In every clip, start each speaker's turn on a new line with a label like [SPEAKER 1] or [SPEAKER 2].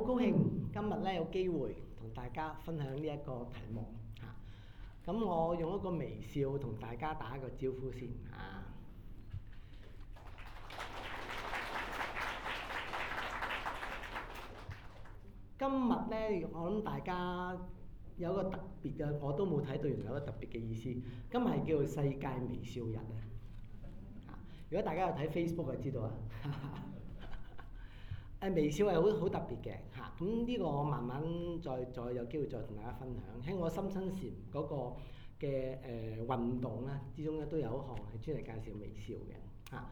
[SPEAKER 1] 好高興今日咧有機會同大家分享呢一個題目嚇。咁、啊、我用一個微笑同大家打一個招呼先嚇、啊。今日咧，我諗大家有個特別嘅，我都冇睇到原來有個特別嘅意思。今日係叫做世界微笑日啊！如果大家有睇 Facebook 就知道啊。哈哈。誒微笑係好好特別嘅嚇，咁、啊、呢個我慢慢再再有機會再同大家分享喺我心身禪嗰個嘅誒、呃、運動啦之中咧都有一項係專嚟介紹微笑嘅嚇，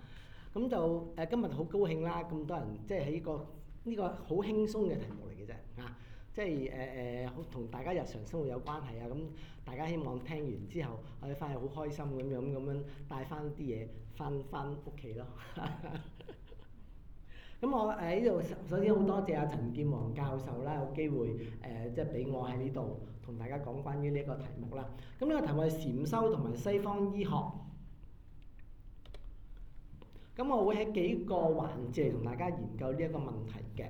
[SPEAKER 1] 咁、啊、就誒、啊、今日好高興啦，咁多人即係喺個呢、這個好輕鬆嘅題目嚟嘅啫嚇，即係誒誒同大家日常生活有關係啊，咁大家希望聽完之後我哋翻去好開心咁樣咁樣帶翻啲嘢翻翻屋企咯。 咁我喺呢度首先好多謝阿陳建王教授啦，有機會誒即係俾我喺呢度同大家講關於呢一個題目啦。咁呢個題目係禪修同埋西方醫學。咁我會喺幾個環節嚟同大家研究呢一個問題嘅。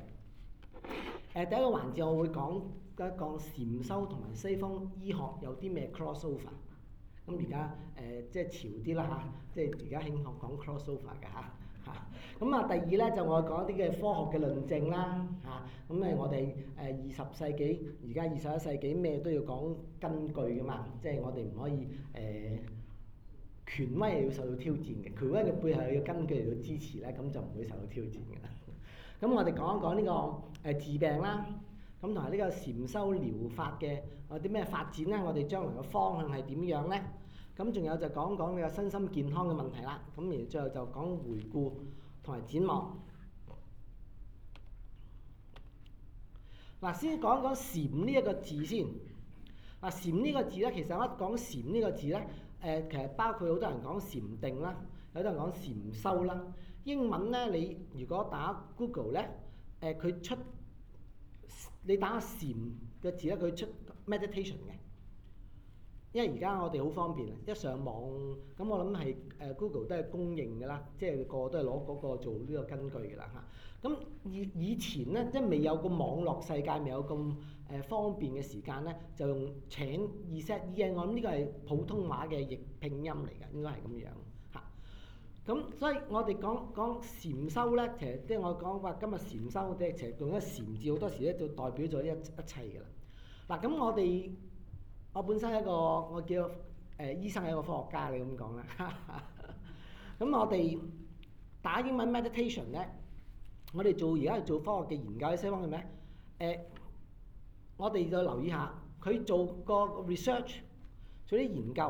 [SPEAKER 1] 誒第一個環節我會講一講禪修同埋西方醫學有啲咩 crossover。咁而家誒即係潮啲啦嚇，即係而家興講 crossover 嘅嚇。咁啊，第二咧就我講一啲嘅科學嘅論證啦，嚇咁誒，我哋誒二十世紀而家二十一世紀咩都要講根據㗎嘛，即係我哋唔可以誒、呃、權威要受到挑戰嘅，權威嘅背後要根據嚟到支持咧，咁就唔會受到挑戰嘅。咁 我哋講一講呢個誒治病啦，咁同埋呢個禪修療法嘅有啲咩發展咧？我哋將來嘅方向係點樣咧？咁、啊、仲有就講講個身心健康嘅問題啦。咁、啊、然最後就講回顧。同埋展望。嗱，先講講禪呢一個字先。嗱，禪呢個字咧，其實我一講禪呢個字咧，誒，其實包括好多人講禪定啦，有啲人講禪修啦。英文咧，你如果打 Google 咧，誒，佢出你打禪嘅字咧，佢出 meditation 嘅。因為而家我哋好方便，一上網咁，我諗係誒 Google 都係公認㗎啦，即係個個都係攞嗰個做呢個根據㗎啦嚇。咁以以前咧，即係未有個網絡世界，未有咁誒方便嘅時間咧，就用請而 s e，我諗呢個係普通話嘅譯拼音嚟㗎，應該係咁樣嚇。咁、嗯、所以我哋講講禪修咧，其實即係我講話今日禪修即其實用咗「禪」字好多時咧，就代表咗一一切㗎啦。嗱咁我哋。我本身係一個我叫誒、呃、醫生係一個科學家，你咁講啦。咁 我哋打英文 meditation 咧，我哋做而家係做科學嘅研究喺西方係咩？誒，我哋就留意下佢做個 research 做啲研究，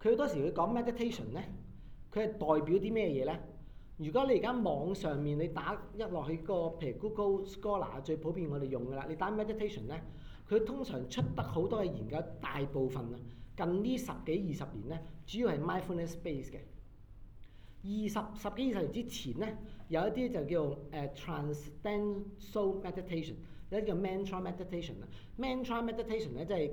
[SPEAKER 1] 佢好、呃、多時會講 meditation 咧，佢係代表啲咩嘢咧？如果你而家網上面你打一落去、嗰個譬如 Google Scholar 最普遍我哋用嘅啦，你打 meditation 咧。佢通常出得好多嘅研究，大部分啊，近呢十幾二十年咧，主要係 mindfulness-based 嘅。二十十幾二十年之前咧，有一啲就叫誒、uh, transcendental meditation，有一啲叫 mantra meditation 啊。mantra meditation 咧，即係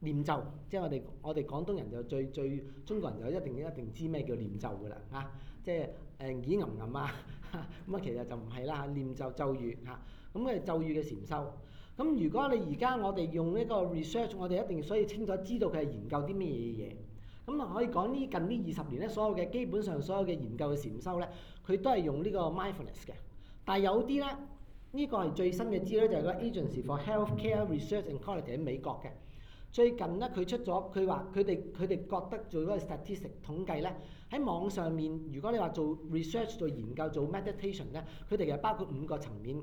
[SPEAKER 1] 念咒，即係我哋我哋廣東人就最最中國人就一定一定知咩叫念咒㗎啦啊！即係誒耳吟吟啊，咁、呃、啊、嗯嗯嗯嗯嗯嗯、其實就唔係啦嚇，唸咒咒語嚇，咁、啊、嘅咒語嘅禪修。咁如果你而家我哋用呢個 research，我哋一定所以清楚知道佢係研究啲咩嘢嘢？咁啊可以講呢近呢二十年咧，所有嘅基本上所有嘅研究嘅禪修咧，佢都係用呢個 mindfulness 嘅。但係有啲咧，呢個係最新嘅資料就係個 Agency for Healthcare Research and Quality 喺美國嘅。最近咧，佢出咗佢話佢哋佢哋覺得做嗰個 statistic 統計咧，喺網上面如果你話做 research 做研究做 meditation 咧，佢哋其實包括五個層面。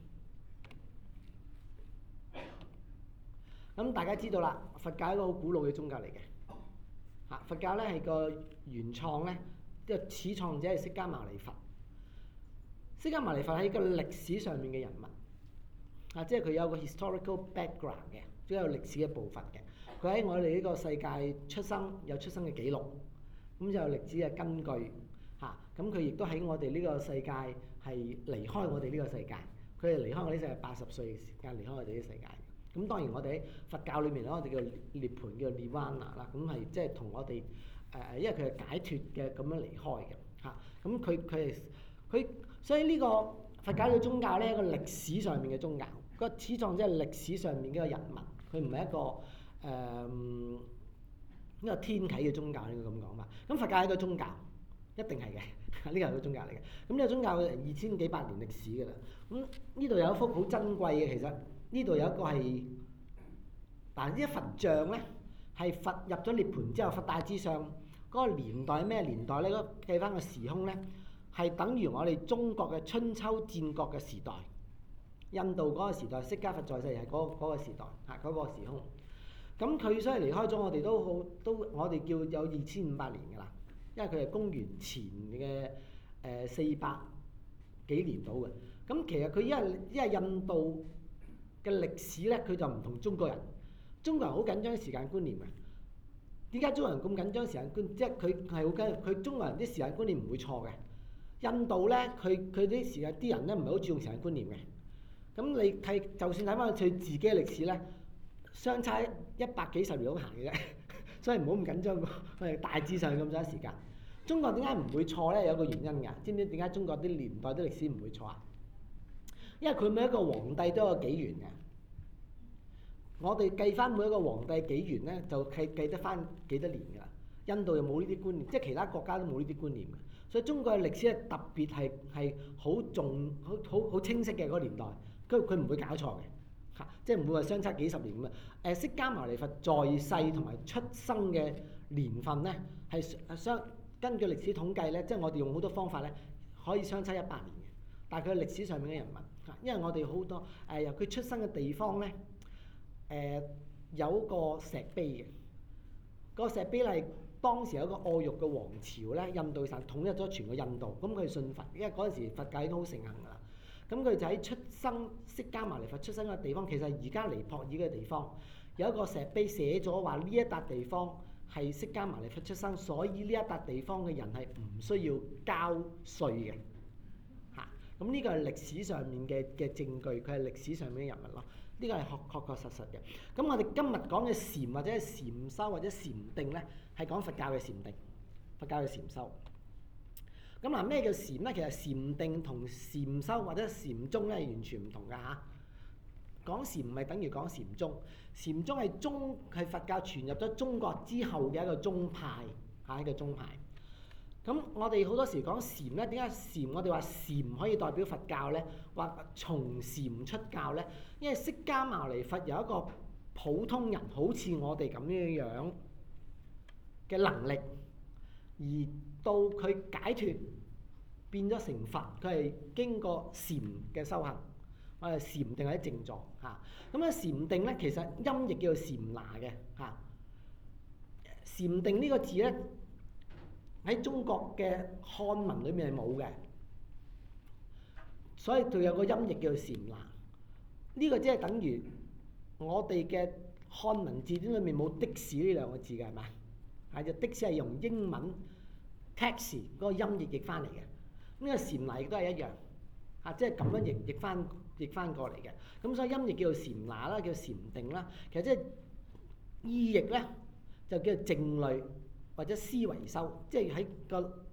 [SPEAKER 1] 咁大家知道啦，佛教一個好古老嘅宗教嚟嘅嚇。佛教咧係個原創咧，即係始創者係釋迦牟尼佛。釋迦牟尼佛係一個歷史上面嘅人物啊，即係佢有個 historical background 嘅，都有歷史嘅部分嘅。佢喺我哋呢個世界出生有出生嘅記錄，咁就有歷史嘅根據，吓，咁佢亦都喺我哋呢個世界係離開我哋呢個世界，佢係離開我哋呢世八十歲嘅時間離開我哋呢世界。咁當然我哋喺佛教裏面咧，我哋叫涅槃，叫 Nirvana 啦，咁係即係同我哋誒，因為佢係解脫嘅咁樣離開嘅嚇。咁佢佢佢，所以呢個佛教嘅宗教咧，一個歷史上面嘅宗教，個始創者歷史上面嘅人物，佢唔係一個誒、呃、一個天啟嘅宗教，應該咁講嘛。咁佛教係一個宗教，一定係嘅，呢個係個宗教嚟嘅。咁、這、呢個宗教二千幾百年歷史㗎啦。咁呢度有一幅好珍貴嘅其實。呢度有一個係，但呢一佛像咧，係佛入咗涅盤之後佛大之上嗰、嗰個年代咩年代咧？嗰計翻個時空咧，係等於我哋中國嘅春秋戰國嘅時代。印度嗰個時代釋迦佛在世係嗰嗰個時代嚇嗰、嗰個時空。咁佢所以離開咗我哋都好都我哋叫有二千五百年㗎啦，因為佢係公元前嘅誒四百幾年到嘅。咁其實佢因為因為印度。嘅歷史咧，佢就唔同中國人。中國人好緊張時間觀念嘅。點解中國人咁緊張時間觀念？即係佢係好緊張，佢中國人啲時間觀念唔會錯嘅。印度咧，佢佢啲時間啲人咧唔係好注重時間觀念嘅。咁你睇就算睇翻佢自己嘅歷史咧，相差一百幾十年咁行嘅啫。 所以唔好咁緊張，我 大致上咁多時間。中國人點解唔會錯咧？有個原因㗎。知唔知點解中國啲年代啲歷史唔會錯啊？因為佢每一個皇帝都有個紀元嘅，我哋計翻每一個皇帝紀元咧，就計計得翻幾多年㗎啦。印度又冇呢啲觀念，即係其他國家都冇呢啲觀念嘅，所以中國嘅歷史係特別係係好重好好好清晰嘅嗰個年代，佢佢唔會搞錯嘅嚇，即係唔會話相差幾十年咁啊。誒，釋迦牟尼佛在世同埋出生嘅年份咧，係相根據歷史統計咧，即係我哋用好多方法咧，可以相差一百年。但係佢歷史上面嘅人物，因為我哋好多誒由佢出生嘅地方咧，誒、呃、有個石碑嘅，個石碑係當時有一個愛玉嘅王朝咧，印度神統一咗全個印度，咁佢係信佛，因為嗰陣時佛教都好盛行噶啦，咁佢就喺出生釋迦牟尼佛出生嘅地方，其實而家尼泊爾嘅地方有一個石碑，寫咗話呢一笪地方係釋迦牟尼佛出生，所以呢一笪地方嘅人係唔需要交稅嘅。咁呢個係歷史上面嘅嘅證據，佢係歷史上面嘅人物咯。呢個係確確確實實嘅。咁我哋今日講嘅禪或者禪修或者禪定呢，係講佛教嘅禪定、佛教嘅禪修。咁嗱，咩叫禪呢？其實禪定同禪修或者禪宗呢，完全唔同㗎嚇。講、啊、禪唔係等於講禪宗，禪宗係中係佛教傳入咗中國之後嘅一個宗派，係、啊、一個宗派。咁我哋好多時講禪，咧，點解禪？我哋話禪可以代表佛教咧，或從禪出教咧？因為釋迦牟尼佛有一個普通人，好似我哋咁樣樣嘅能力，而到佢解脫變咗成佛，佢係經過禪嘅修行，我哋禪定或者靜坐吓。咁咧禪定咧其實音譯叫做禪拿嘅吓，禪定呢個字咧，喺中國嘅漢文裏面係冇嘅，所以佢有個音譯叫做禪那。呢、呢個即係等於我哋嘅漢文字典裏面冇的士呢兩個字嘅係嘛？啊，就的士係用英文 taxi 嗰個音譯譯翻嚟嘅。呢個禪那亦都係一樣，啊，即係咁樣譯譯翻譯翻過嚟嘅。咁所以音譯叫做禪那啦，叫禪定啦。其實即係意譯咧，就叫做靜慮。或者思維修，即係喺個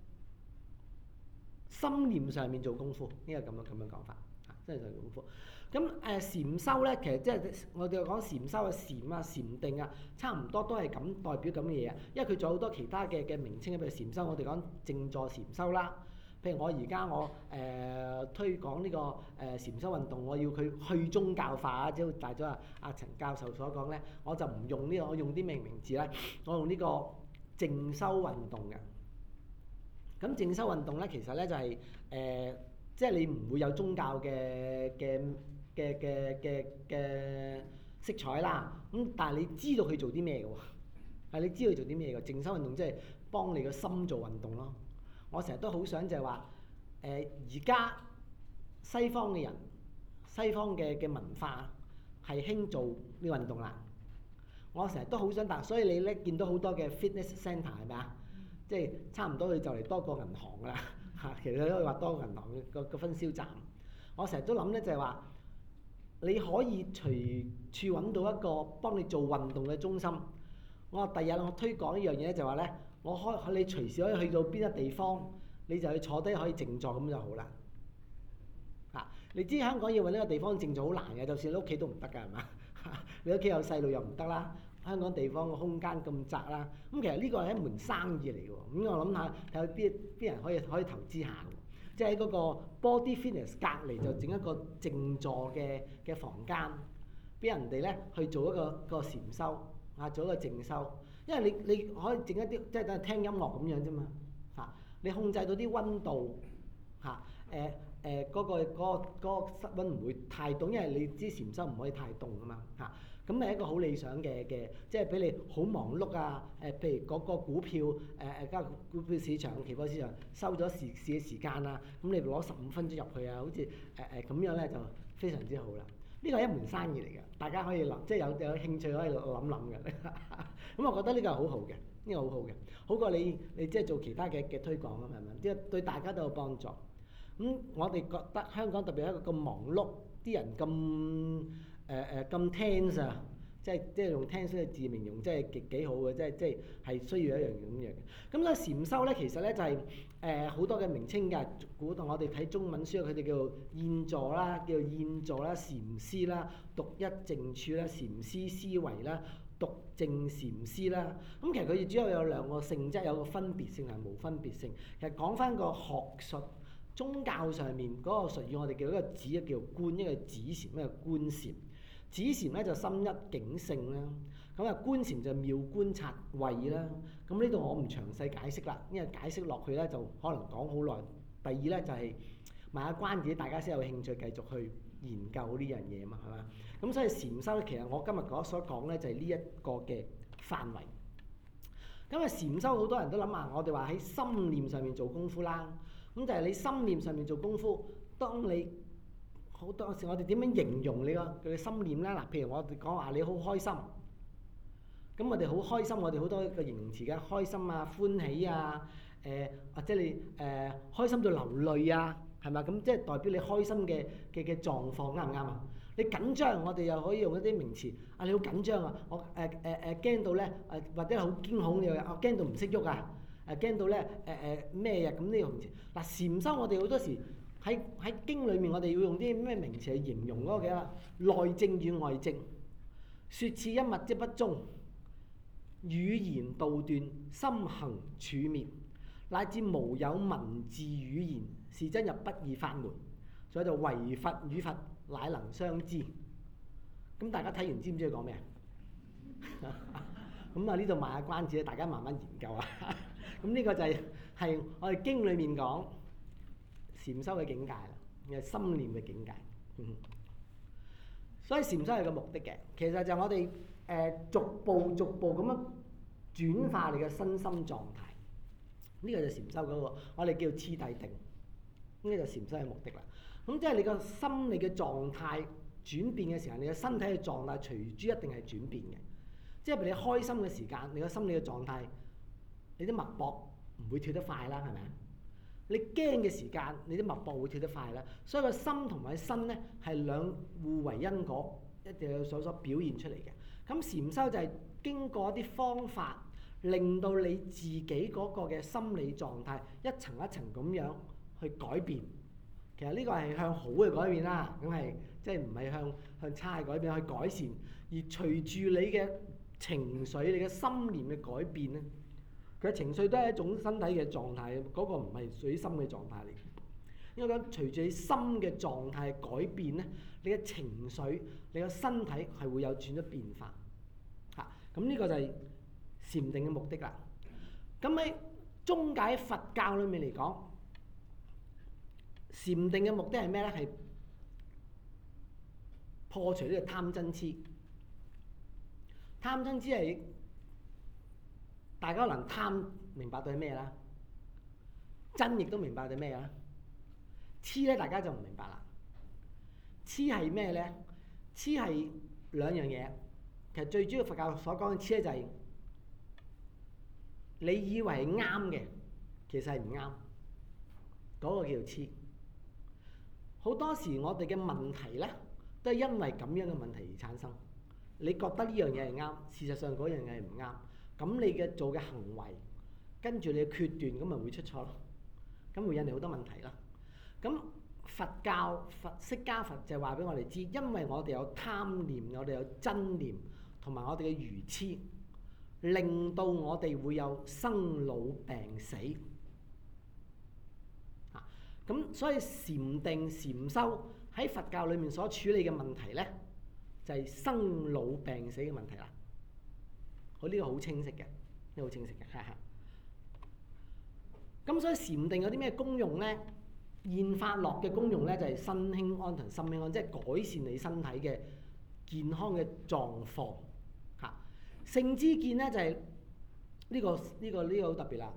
[SPEAKER 1] 心念上面做功夫，呢個咁樣咁樣講法，啊，真係做功夫。咁、嗯、誒，禪修咧，其實即係我哋講禪修啊、禪啊、禪定啊，差唔多都係咁代表咁嘅嘢。因為佢仲有好多其他嘅嘅名稱，譬如禪修，我哋講靜坐禪修啦。譬如我而家我誒、呃、推廣呢個誒禪修運動，我要佢去，去宗教化啊。即係大咗阿阿陳教授所講咧，我就唔用呢、這個，我用啲名名字咧，我用呢、這個。靜修運動嘅，咁靜修運動咧，其實咧就係誒，即係你唔會有宗教嘅嘅嘅嘅嘅嘅色彩啦。咁但係你知道佢做啲咩嘅喎？係你知道佢做啲咩嘅？靜修運動即係、就是呃就是、幫你個心做運動咯。我成日都好想就係話，誒而家西方嘅人，西方嘅嘅文化啊，係興做啲運動啦。我成日都好想打，所以你咧見到好多嘅 fitness centre 係咪啊？即係差唔多，佢就嚟多過銀行啦嚇。其實都可以話多過銀行個個分銷站。我成日都諗咧，就係話你可以隨處揾到一個幫你做運動嘅中心。我話第日我推廣一樣嘢咧，就話咧，我開，你隨時可以去到邊一地方，你就去坐低可以靜坐，咁就好啦嚇。你知香港要揾呢個地方靜坐好難嘅，就算你屋企都唔得㗎係嘛？你屋企有細路又唔得啦。香港地方個空間咁窄啦，咁其實呢個係一門生意嚟嘅喎，咁我諗下有邊邊人可以可以投資下嘅，即係喺嗰個 body fitness 隔籬就整一個靜坐嘅嘅房間，俾人哋咧去做一個個禪修啊，做一個靜修，因為你你可以整一啲即係等聽音樂咁樣啫嘛，嚇，你控制到啲溫度嚇，誒誒嗰個嗰個嗰個室溫唔會太凍，因為你知禪修唔可以太凍啊嘛，嚇。咁係一個好理想嘅嘅，即係俾你好忙碌啊！誒，譬如嗰個股票誒誒，加、那個、股票市場、期貨市場收咗時時嘅時間啊，咁你攞十五分鐘入去啊，好似誒誒咁樣咧，就非常之好啦。呢個係一門生意嚟嘅，大家可以諗，即係有有興趣可以諗諗嘅。咁 我覺得呢個好、呢個、好嘅，呢個好好嘅，好過你你即係做其他嘅嘅推廣啊，係咪？即係對大家都有幫助。咁我哋覺得香港特別係一個咁忙碌，啲人咁。誒誒咁 tense 啊，即係即係用 tense 嘅字嚟形容，即係幾幾好嘅，即係即係係需要一樣咁樣嘅。咁咧禪修咧，其實咧就係誒好多嘅名稱嘅，古代我哋睇中文書，佢哋叫做現座啦，叫做現座啦，禪思啦，獨一靜處啦，禪思思維啦，獨靜禪思啦。咁其實佢哋主要有兩個性質，有個分別性同冇分別性。其實講翻個學術宗教上面嗰個術語，我哋叫一個字叫做「觀」，一個字禪咩觀禪？止禪咧就心一境性啦，咁啊觀禪就妙觀察慧啦，咁呢度我唔詳細解釋啦，因為解釋落去咧就可能講好耐。第二咧就係賣下關子，大家先有興趣繼續去研究呢樣嘢嘛，係嘛？咁所以禪修咧，其實我今日所講咧就係呢一個嘅範圍。咁啊禪修好多人都諗下，我哋話喺心念上面做功夫啦，咁就係你心念上面做功夫，當你。好多時我哋點樣形容呢個佢嘅心念咧？嗱，譬如我哋講話你好開心，咁我哋好開心，我哋好多個形容詞嘅開心啊、歡喜啊、誒、呃、或者你誒、呃、開心到流淚啊，係咪？咁即係代表你開心嘅嘅嘅狀況啱唔啱啊？你緊張，我哋又可以用一啲名詞，啊你好緊張啊，我誒誒誒驚到咧，誒或者好驚恐你我驚到唔識喐啊，誒驚到咧誒誒咩啊？咁、呃呃、呢個名詞嗱，禪修我哋好多時。喺喺經裏面，我哋要用啲咩名詞嚟形容嗰個嘅啦？內證與外證，説似一物即不中，語言道斷，心行處滅，乃至無有文字語言，是真入不二法門。所以就唯佛與佛乃能相知。咁大家睇完知唔知佢講咩？咁啊，呢度賣下關子，大家慢慢研究啊。咁 呢個就係係我哋經裏面講。禪修嘅境界啦，你係心念嘅境界。境界 所以禪修係個目的嘅，其實就我哋誒、呃、逐步逐步咁樣轉化你嘅身心狀態。呢、嗯、個就禪修嗰、那個，我哋叫次第定。呢、這個就禪修嘅目的啦。咁、嗯、即係你個心理嘅狀態轉變嘅時候，你嘅身體嘅狀態隨之一定係轉變嘅。即係你開心嘅時間，你個心理嘅狀態，你啲脈搏唔會跳得快啦，係咪？你驚嘅時間，你啲脈搏會跳得快啦。所以個心同埋身咧，係兩互為因果，一定要有所所表現出嚟嘅。咁禪修就係經過一啲方法，令到你自己嗰個嘅心理狀態一層一層咁樣去改變。其實呢個係向好嘅改變啦，咁係即係唔係向向差嘅改變去改善。而隨住你嘅情緒、你嘅心念嘅改變咧。佢嘅情緒都係一種身體嘅狀態，嗰、那個唔係屬於心嘅狀態嚟。因為講隨住你心嘅狀態改變咧，你嘅情緒、你嘅身體係會有轉咗變化。嚇、啊，咁、嗯、呢、這個就係禪定嘅目的啦。咁喺宗解佛教裏面嚟講，禪定嘅目的係咩咧？係破除呢個貪嗔痴。貪嗔痴係。大家能貪明白對咩啦？真亦都明白對咩啦？黐咧，大家就唔明白啦。黐係咩咧？黐係兩樣嘢。其實最主要佛教所講嘅黐咧，就係你以為啱嘅，其實係唔啱。嗰個叫做黐。好多時我哋嘅問題咧，都係因為咁樣嘅問題而產生。你覺得呢樣嘢係啱，事實上嗰樣嘢係唔啱。咁你嘅做嘅行為，跟住你嘅決斷，咁咪會出錯咯，咁會引嚟好多問題啦。咁佛教佛釋迦佛就話俾我哋知，因為我哋有貪念，我哋有瞋念，同埋我哋嘅愚痴，令到我哋會有生老病死。啊，咁所以禪定禪修喺佛教裏面所處理嘅問題咧，就係生老病死嘅問題啦。佢呢個好清晰嘅，呢個好清晰嘅，嚇！咁所以禪定有啲咩功用咧？現法落嘅功用咧，就係身輕安同心輕安，即係改善你身體嘅健康嘅狀況，嚇！ 性之見咧就係呢個呢個呢個好特別啦。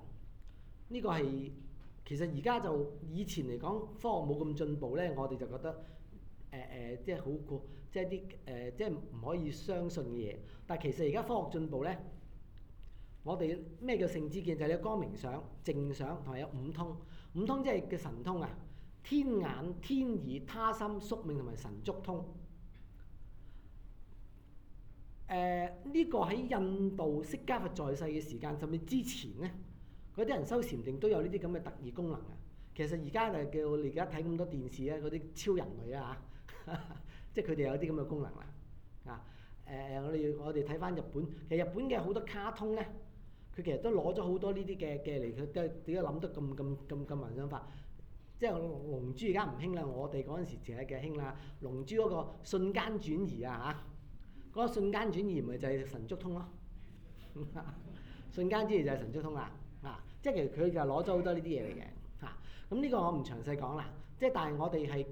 [SPEAKER 1] 呢個係其實而家就以前嚟講，科學冇咁進步咧，我哋就覺得。誒誒、呃，即係好過，即係啲誒，即係唔可以相信嘅嘢。但係其實而家科學進步咧，我哋咩叫聖智見？就係、是、有光明想、正想同埋有五通。五通即係嘅神通啊，天眼、天耳、他心、宿命同埋神足通。誒、呃，呢、這個喺印度釋迦佛在世嘅時間甚至之前咧，嗰啲人修禪定都有呢啲咁嘅特異功能啊。其實而家就叫你而家睇咁多電視咧，嗰啲超人類啊嚇！ 即係佢哋有啲咁嘅功能啦，啊、呃、誒我哋我哋睇翻日本，其實日本嘅好多卡通咧，佢其實都攞咗好多呢啲嘅嘅嚟，佢點解諗得咁咁咁咁幻想法？即係龍珠而家唔興啦，我哋嗰陣時淨係嘅興啦。龍珠嗰個瞬間轉移啊嚇，嗰、嗰個瞬間轉移咪就係神足通咯， 瞬間之餘就係神足通啦，啊即係其實佢就攞咗好多呢啲嘢嚟嘅嚇。咁、啊、呢個我唔詳細講啦，即係但係我哋係。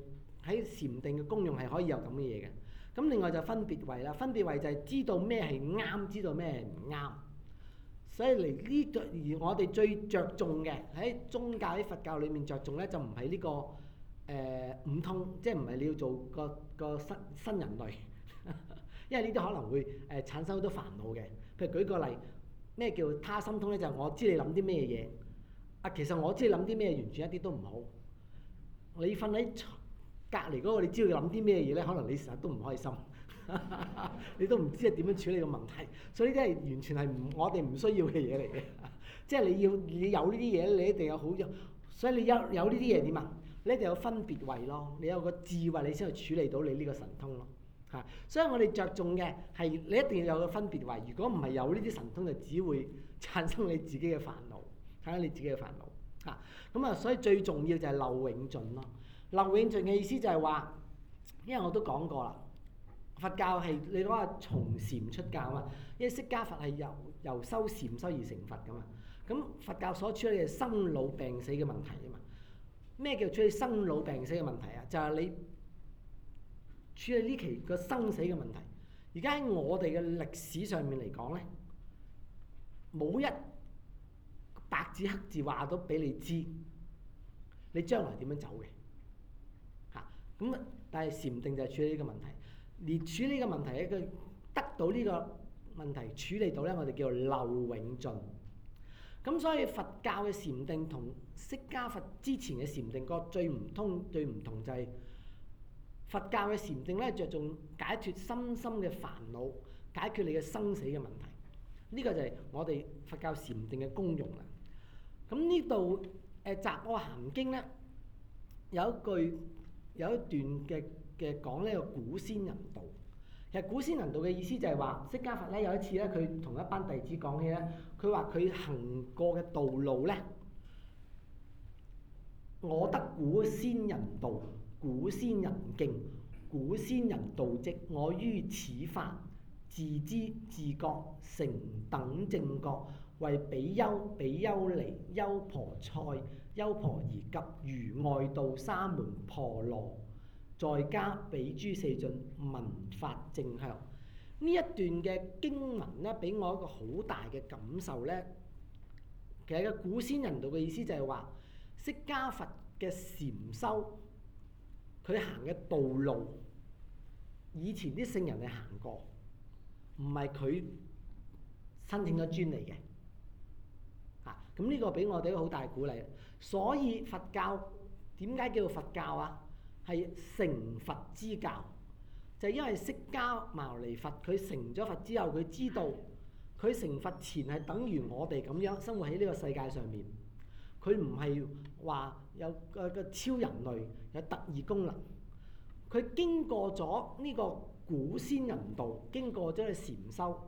[SPEAKER 1] 喺禪定嘅功用係可以有咁嘅嘢嘅。咁另外就分別慧啦，分別慧就係知道咩係啱，知道咩係唔啱。所以嚟呢著而我哋最着重嘅喺宗教喺佛教裏面着重咧，就唔係呢個誒、呃、五通，即係唔係你要做個個新新人類， 因為呢啲可能會誒、呃、產生好多煩惱嘅。譬如舉個例，咩叫他心通咧？就係、是、我知你諗啲咩嘢。啊，其實我知你諗啲咩完全一啲都唔好。你瞓喺。隔離嗰個，你知道諗啲咩嘢咧，可能你成日都唔開心， 你都唔知係點樣處理個問題。所以呢啲係完全係唔，我哋唔需要嘅嘢嚟嘅。即係你要你有呢啲嘢咧，你一定有好。所以你有有呢啲嘢點啊？你一定有分別慧咯，你有個智慧，你先去處理到你呢個神通咯。嚇，所以我哋着重嘅係你一定要有個分別慧。如果唔係有呢啲神通，就只會產生你自己嘅煩惱，產生你自己嘅煩惱。嚇，咁啊，所以最重要就係留永進咯。劉永進嘅意思就係話，因為我都講過啦，佛教係你講話從禪出教啊嘛，因為釋迦佛係由由修禪修而成佛噶嘛。咁佛教所處理嘅生老病死嘅問題啊嘛。咩叫處理生老病死嘅問題啊？就係、是、你處理呢期個生死嘅問題。而家喺我哋嘅歷史上面嚟講咧，冇一白紙黑字話到俾你知，你將來點樣走嘅。咁但係禪定就係處理呢個問題，而處理呢個問題，一個得到呢個問題處理到咧，我哋叫做「流永盡」。咁所以佛教嘅禪定同釋迦佛之前嘅禪定個最唔通、最唔同就係佛教嘅禪定咧，着重解決心心嘅煩惱，解決你嘅生死嘅問題。呢個就係我哋佛教禪定嘅功用啦。咁呢度誒《雜阿含經》咧有一句。有一段嘅嘅講呢個古仙人道，其實古仙人道嘅意思就係話釋迦佛咧有一次咧，佢同一班弟子講起咧，佢話佢行過嘅道路咧，我得古仙人道、古仙人境、古仙人道跡，我於此法自知自覺成等正覺。為比丘、比丘尼、優婆塞、優婆夷及，餘外道、沙門婆羅，在家彼諸四眾聞法正向。呢一段嘅經文咧，俾我一個好大嘅感受咧。其實個古仙人道嘅意思就係話，釋迦佛嘅禪修，佢行嘅道路，以前啲聖人係行過，唔係佢申請咗專利嘅。咁呢個俾我哋一個好大鼓勵，所以佛教點解叫做佛教啊？係成佛之教，就係因為釋迦牟尼佛佢成咗佛之後，佢知道佢成佛前係等於我哋咁樣生活喺呢個世界上面，佢唔係話有個超人類有特異功能，佢經過咗呢個古仙人道，經過咗嘅禪修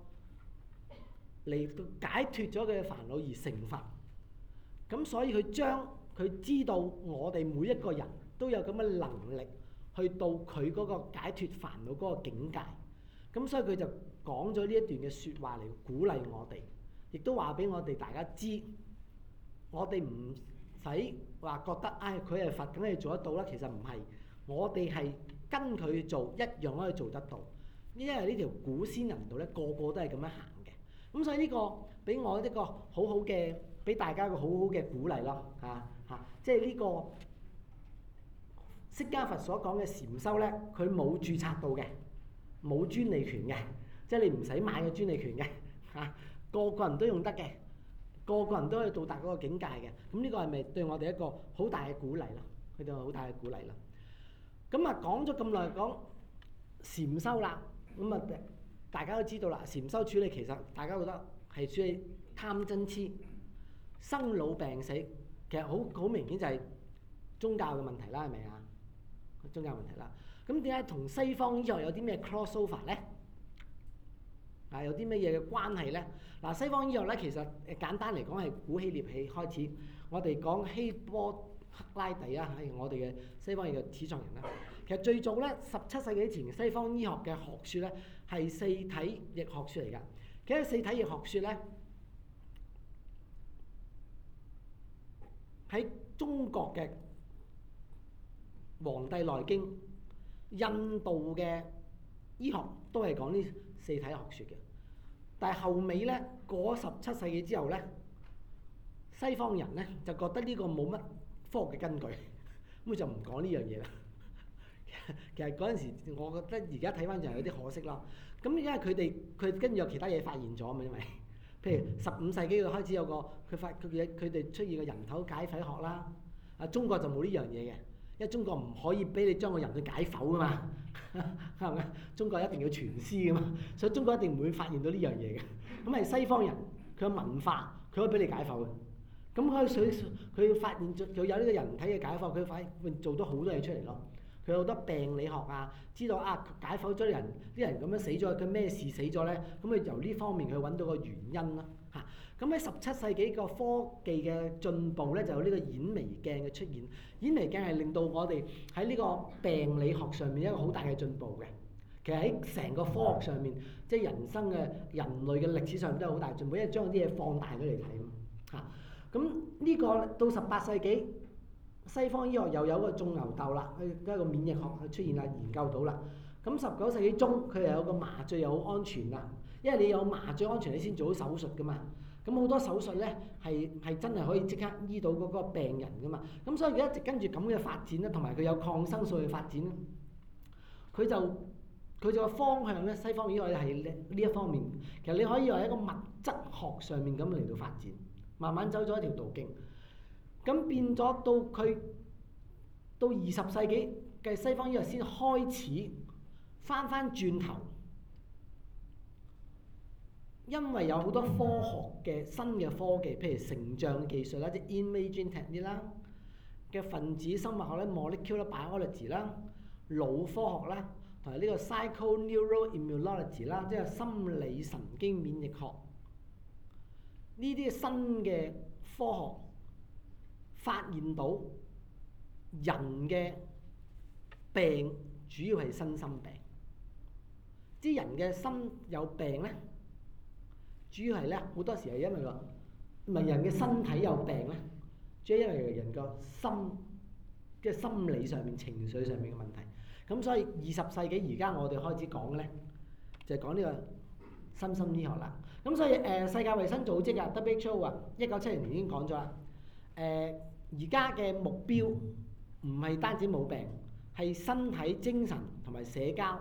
[SPEAKER 1] 嚟到解脫咗佢嘅煩惱而成佛。咁所以佢將佢知道我哋每一個人都有咁嘅能力，去到佢嗰個解脫煩惱嗰個境界。咁所以佢就講咗呢一段嘅說話嚟鼓勵我哋，亦都話俾我哋大家知，我哋唔使話覺得，唉，佢係佛梗係做得到啦。其實唔係，我哋係跟佢做一樣可以做得到，呢因為呢條古仙人道咧，個個都係咁樣行嘅。咁所以呢個俾我一個好好嘅。俾大家一個好好嘅鼓勵咯、啊，嚇、啊、嚇、啊，即係呢、這個釋迦佛所講嘅禪修咧，佢冇註冊到嘅，冇專利權嘅，即係你唔使買嘅專利權嘅，嚇、啊、個個人都用得嘅，個個人都可以到達嗰個境界嘅，咁呢個係咪對我哋一個好大嘅鼓勵咯、啊？佢哋好大嘅鼓勵咯、啊。咁啊，講咗咁耐講禪修啦，咁、嗯、啊大家都知道啦，禪修處理其實大家覺得係處理貪嗔癡。生老病死，其實好好明顯就係宗教嘅問題啦，係咪啊？宗教問題啦。咁點解同西方醫學有啲咩 crossover 咧？啊，有啲乜嘢嘅關係咧？嗱，西方醫學咧，其實簡單嚟講係古希臘起開始，我哋講希波克拉底啊，係我哋嘅西方醫學嘅始創人啦。其實最早咧，十七世紀前西方醫學嘅學説咧係四體液學説嚟㗎。其實四體液學説咧。喺中國嘅《黃帝內經》，印度嘅醫學都係講呢四體學説嘅。但係後尾咧，過咗十七世紀之後咧，西方人咧就覺得呢個冇乜科學嘅根據，咁 佢就唔講呢樣嘢啦。其實嗰陣時，我覺得而家睇翻就有啲可惜啦。咁因為佢哋佢跟住有其他嘢發現咗嘛，因為。譬如十五世紀佢開始有個佢發佢嘢佢哋出現個人頭解剖學啦，啊中國就冇呢樣嘢嘅，因為中國唔可以俾你將個人去解剖㗎嘛，係咪？中國一定要全屍㗎嘛，所以中國一定唔會發現到呢樣嘢嘅，咁係西方人佢嘅文化佢可以俾你解剖嘅，咁佢佢佢發現咗佢有呢個人體嘅解剖，佢發現會做到好多嘢出嚟咯。佢好多病理學啊，知道啊解剖咗人啲人咁樣死咗，佢咩事死咗咧？咁啊由呢方面去揾到個原因咯嚇。咁喺十七世紀個科技嘅進步咧，就有呢個顯微鏡嘅出現。顯微鏡係令到我哋喺呢個病理學上面一個好大嘅進步嘅。其實喺成個科學上面，即係人生嘅人類嘅歷史上面都係好大進步，因為將啲嘢放大咗嚟睇啊。咁呢個到十八世紀。西方醫學又有個種牛痘啦，佢而家個免疫學佢出現啦，研究到啦。咁十九世紀中，佢又有個麻醉又好安全啦，因為你有麻醉安全，你先做好手術㗎嘛。咁好多手術呢，係係真係可以即刻醫到嗰個病人㗎嘛。咁所以一直跟住咁嘅發展咧，同埋佢有抗生素嘅發展，佢就佢就個方向呢，西方醫學係呢一方面。其實你可以話喺一個物質學上面咁嚟到發展，慢慢走咗一條途徑。咁變咗到佢到二十世紀嘅西方醫學先開始翻翻轉頭，因為有好多科學嘅新嘅科技，譬如成像技術啦，即 imaging technique 啦嘅分子生物學咧 molecular biology 啦，腦科學啦，同埋呢個 psycho-neuro-immunology 啦，imm ology，即係心理神經免疫學呢啲新嘅科學。發現到人嘅病主要係身心病，啲人嘅心有病咧，主要係咧好多時係因為個，唔係人嘅身體有病咧，主要因為人個心即係心理上面、情緒上面嘅問題。咁所以二十世紀而家我哋開始講嘅咧，就係講呢個身心醫學啦。咁所以誒，世界衞生組織啊，WHO 啊，一九七零年已經講咗啦，誒、呃。而家嘅目標唔係單止冇病，係身體、精神同埋社交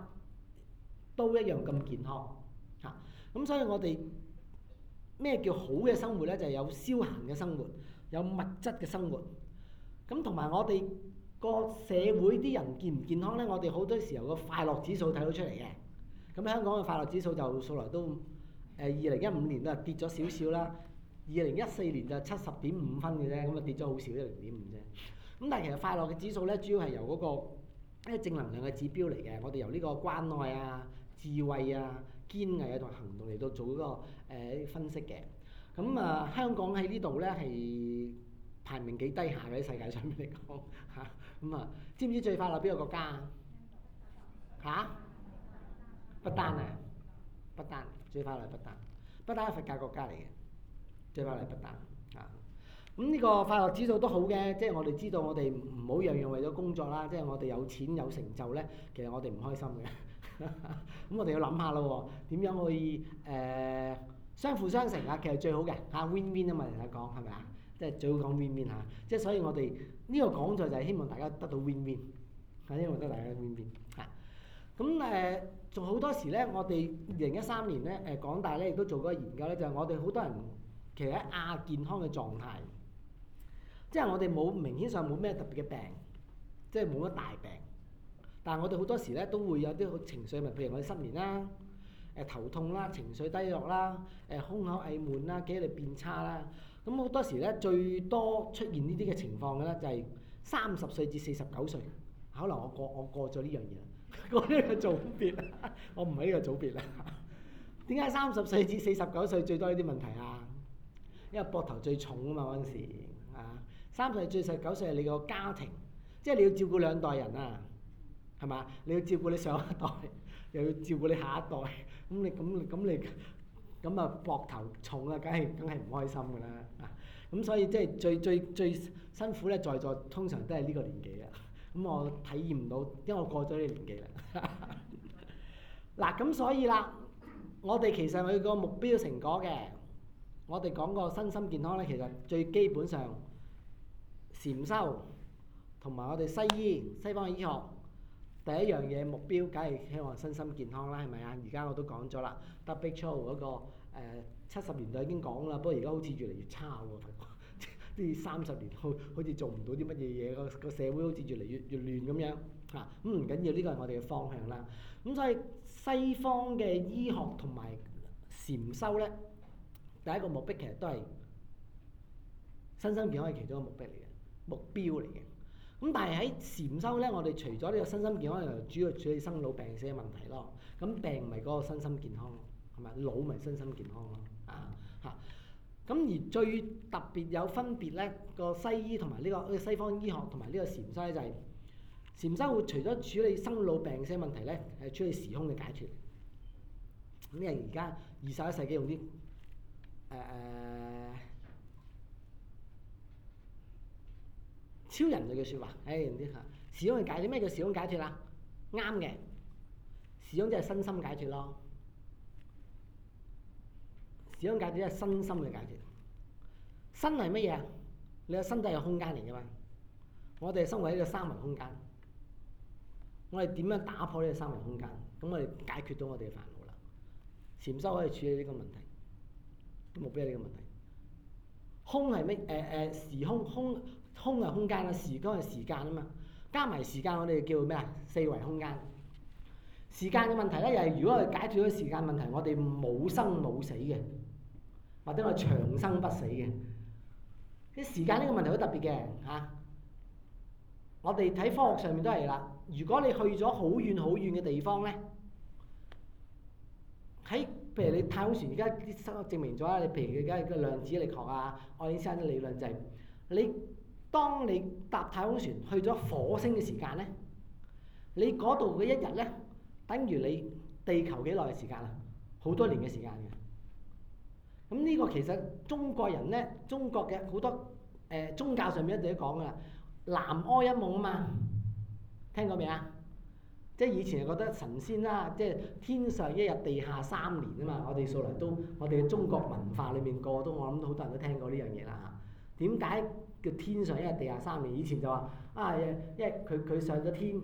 [SPEAKER 1] 都一樣咁健康嚇。咁、啊、所以我哋咩叫好嘅生活呢？就係、是、有消閒嘅生活，有物質嘅生活。咁同埋我哋個社會啲人健唔健康呢？我哋好多時候個快樂指數睇到出嚟嘅。咁香港嘅快樂指數就數來都誒二零一五年都係跌咗少少啦。二零一四年就七十點五分嘅啫，咁啊跌咗好少，一零點五啫。咁但係其實快樂嘅指數咧，主要係由嗰個一啲正能量嘅指標嚟嘅。我哋由呢個關愛啊、智慧啊、堅毅啊同行動嚟到做嗰個誒分析嘅。咁啊，香港喺呢度咧係排名幾低下嘅喺世界上面嚟講嚇。咁啊，啊，知唔知最快樂邊個國家吓、啊？不丹啊，不丹最快樂係，不丹不丹係佛教國家嚟嘅。最怕係平淡啊！咁、嗯、呢、這個快樂指數都好嘅，即係我哋知道，我哋唔好樣樣為咗工作啦。嗯、即係我哋有錢有成就咧，其實我哋唔開心嘅。咁 我哋要諗下咯，點樣可以誒、呃、相輔相成啊？其實最好嘅嚇、啊、win win 啊嘛，人家講係咪啊？即係最好講 win win 吓。即係所以我哋呢、這個講座就係希望大家得到 win win 嚇、啊，希望大家得到 win win 嚇。咁誒仲好多時咧，我哋二零一三年咧誒港大咧亦都做過個研究咧，就係、是、我哋好多人。其實喺亞健康嘅狀態，即係我哋冇明顯上冇咩特別嘅病，即係冇乜大病。但係我哋好多時咧都會有啲好情緒問題，譬如我哋失眠啦、誒頭痛啦、情緒低落啦、誒胸口翳悶啦、記憶力變差啦。咁好多時咧最多出現呢啲嘅情況嘅咧，就係三十歲至四十九歲。可能我過我過咗呢樣嘢啦，我過呢個組別，我唔喺呢個組別啦。點解三十歲至四十九歲最多呢啲問題啊？因為膊頭最重啊嘛，嗰陣時啊，三歲最細，九歲係你個家庭，即係你要照顧兩代人啊，係嘛？你要照顧你上一代，又要照顧你下一代，咁你咁咁你咁啊膊頭重啦，梗係梗係唔開心㗎啦啊！咁所以即係最最最辛苦咧，在座通常都係呢個年紀啦。咁我體驗唔到，因為我過咗呢年紀 啦。嗱，咁所以啦，我哋其實佢個目標成果嘅。我哋講個身心健康咧，其實最基本上禪修同埋我哋西醫西方嘅醫學第一樣嘢目標，梗係希望身心健康啦，係咪啊？而家我都講咗啦，WHO 嗰個誒七十年代已經講啦，不過而家好似越嚟越差喎，呢三十年後好似做唔到啲乜嘢嘢，個社會好似越嚟越越亂咁樣嚇。咁唔緊要，呢個係我哋嘅方向啦。咁所以西方嘅醫學同埋禪修咧。第一個目標其實都係身心健康，係其中一個目標嚟嘅目標嚟嘅。咁但係喺禪修咧，我哋除咗呢個身心健康，又主要處理生老病死嘅問題咯。咁病咪嗰個身心健康咯，係咪？老咪身心健康咯，啊嚇。咁、啊、而最特別有分別咧，個西醫同埋呢個西方醫學同埋呢個禪修咧、就是，就係禪修會除咗處理生老病死嘅問題咧，係處理時空嘅解決。咁因為，而家二十一世紀用啲。誒、uh, 超人類嘅説話，誒、哎、唔知嚇。時空解脱，咩叫時空解脱啊？啱嘅，時空即係身心解脱咯。時空解脱即係身心嘅解脱。身係乜嘢啊？你個身體係空間嚟嘅嘛。我哋生活喺個三維空間。我哋點樣打破呢個三維空間？咁我哋解決到我哋嘅煩惱啦。禪修可以處理呢個問題。目標呢個問題，空係咩？誒、呃、誒、呃，時空空空係空間啦，時間係時間啊嘛。加埋時間，時間我哋叫咩啊？四維空間。時間嘅問題咧，又係如果我哋解決咗時間問題，我哋冇生冇死嘅，或者我哋長生不死嘅。啲時間呢個問題好特別嘅嚇、啊。我哋睇科學上面都係啦。如果你去咗好遠好遠嘅地方咧，喺～譬如你太空船而家啲實證明咗啦，你譬如而家嘅量子力學啊，愛因斯坦嘅理論就係、是、你當你搭太空船去咗火星嘅時間咧，你嗰度嘅一日咧，等於你地球幾耐嘅時間啊，好多年嘅時間嘅。咁呢個其實中國人咧，中國嘅好多誒、呃、宗教上面一都講噶啦，南柯一夢啊嘛，聽過未啊？即係以前係覺得神仙啦，即係天上一日，地下三年啊嘛！我哋數嚟都，我哋嘅中國文化裏面個個都，我諗好多人都聽過呢樣嘢啦嚇。點解叫天上一日，地下三年？以前就話啊，因為佢佢上咗天，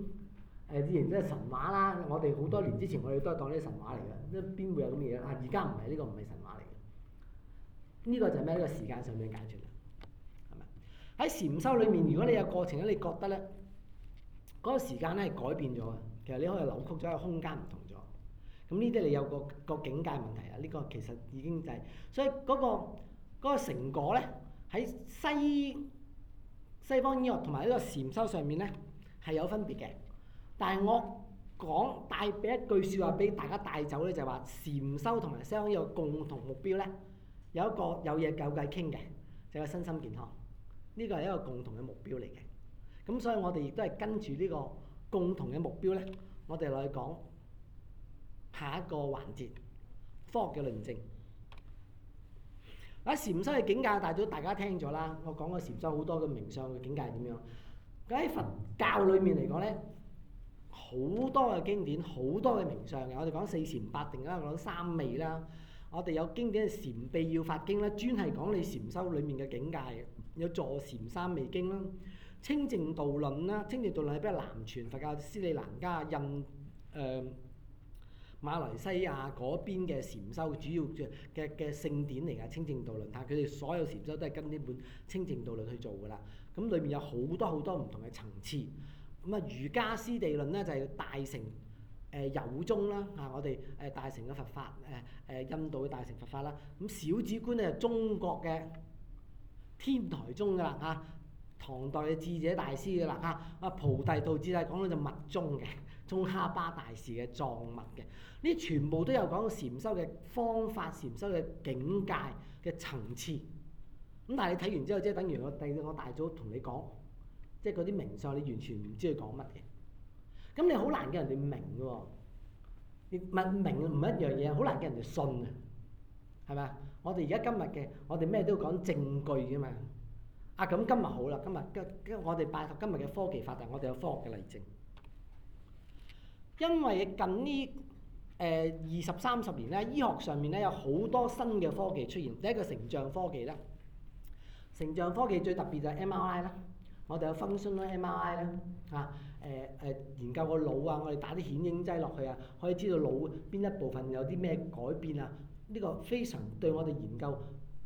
[SPEAKER 1] 誒之前即係神話啦。我哋好多年之前，我哋都係講呢啲神話嚟嘅，邊會有咁嘅嘢啊？而家唔係呢個，唔係神話嚟嘅。呢個就係咩？呢個時間上面嘅解決啦，係咪？喺禪修裏面，如果你有過程咧，你覺得咧，嗰個時間咧係改變咗嘅。其實你可以扭曲咗個空間唔同咗。咁呢啲你有個個境界問題啊！呢個其實已經就係，所以嗰個嗰個成果咧，喺西西方醫學同埋呢個禪修上面咧係有分別嘅。但係我講帶俾一句說話俾大家帶走咧，就係話禪修同埋西方醫學共同目標咧有一個有嘢夠計傾嘅，就係身心健康。呢個係一個共同嘅目標嚟嘅。咁所以我哋亦都係跟住呢個。共同嘅目標咧，我哋落去講下一個環節，科學嘅論證。喺禪修嘅境界，大都大家聽咗啦。我講過禪修好多嘅名相嘅境界係點樣？咁喺佛教裏面嚟講咧，好多嘅經典，好多嘅名相嘅。我哋講四禪八定啦，講三昧啦。我哋有經典嘅禪秘要法經啦，專係講你禪修裏面嘅境界嘅，有坐禪三昧經啦。清淨道論啦，清淨道論係比較南傳佛教，斯里蘭卡、印、誒、呃、馬來西亞嗰邊嘅禪修主要嘅嘅聖典嚟噶。清淨道論，嚇佢哋所有禪修都係跟呢本清淨道論去做噶啦。咁裏面有好多好多唔同嘅層次。咁啊，瑜伽師地論咧就係大乘誒有宗啦，嚇我哋誒大乘嘅佛法，誒誒印度嘅大乘佛法啦。咁小止觀咧就中國嘅天台宗噶啦，嚇。嗯唐代嘅智者大師嘅啦，啊啊菩提道智大講到就密宗嘅，宗喀巴大師嘅藏文嘅，呢全部都有講到禪修嘅方法、禪修嘅境界嘅層次。咁但係你睇完之後，即係等於我第我大早同你講，即係嗰啲名相，你完全唔知佢講乜嘢。咁你好難叫人哋明嘅，唔明唔一樣嘢，好難叫人哋信啊，係咪啊？我哋而家今日嘅，我哋咩都要講證據嘅嘛。啊，咁今日好啦，今日我哋拜託今日嘅科技發達，我哋有科學嘅例證。因為近呢二十三十年咧，醫學上面咧有好多新嘅科技出現。第一個成像科技咧，成像科技最特別就係 MRI 啦、啊呃，我哋有 functional MRI 啦。嚇誒研究個腦啊，我哋打啲顯影劑落去啊，可以知道腦邊一部分有啲咩改變啊？呢、這個非常對我哋研究。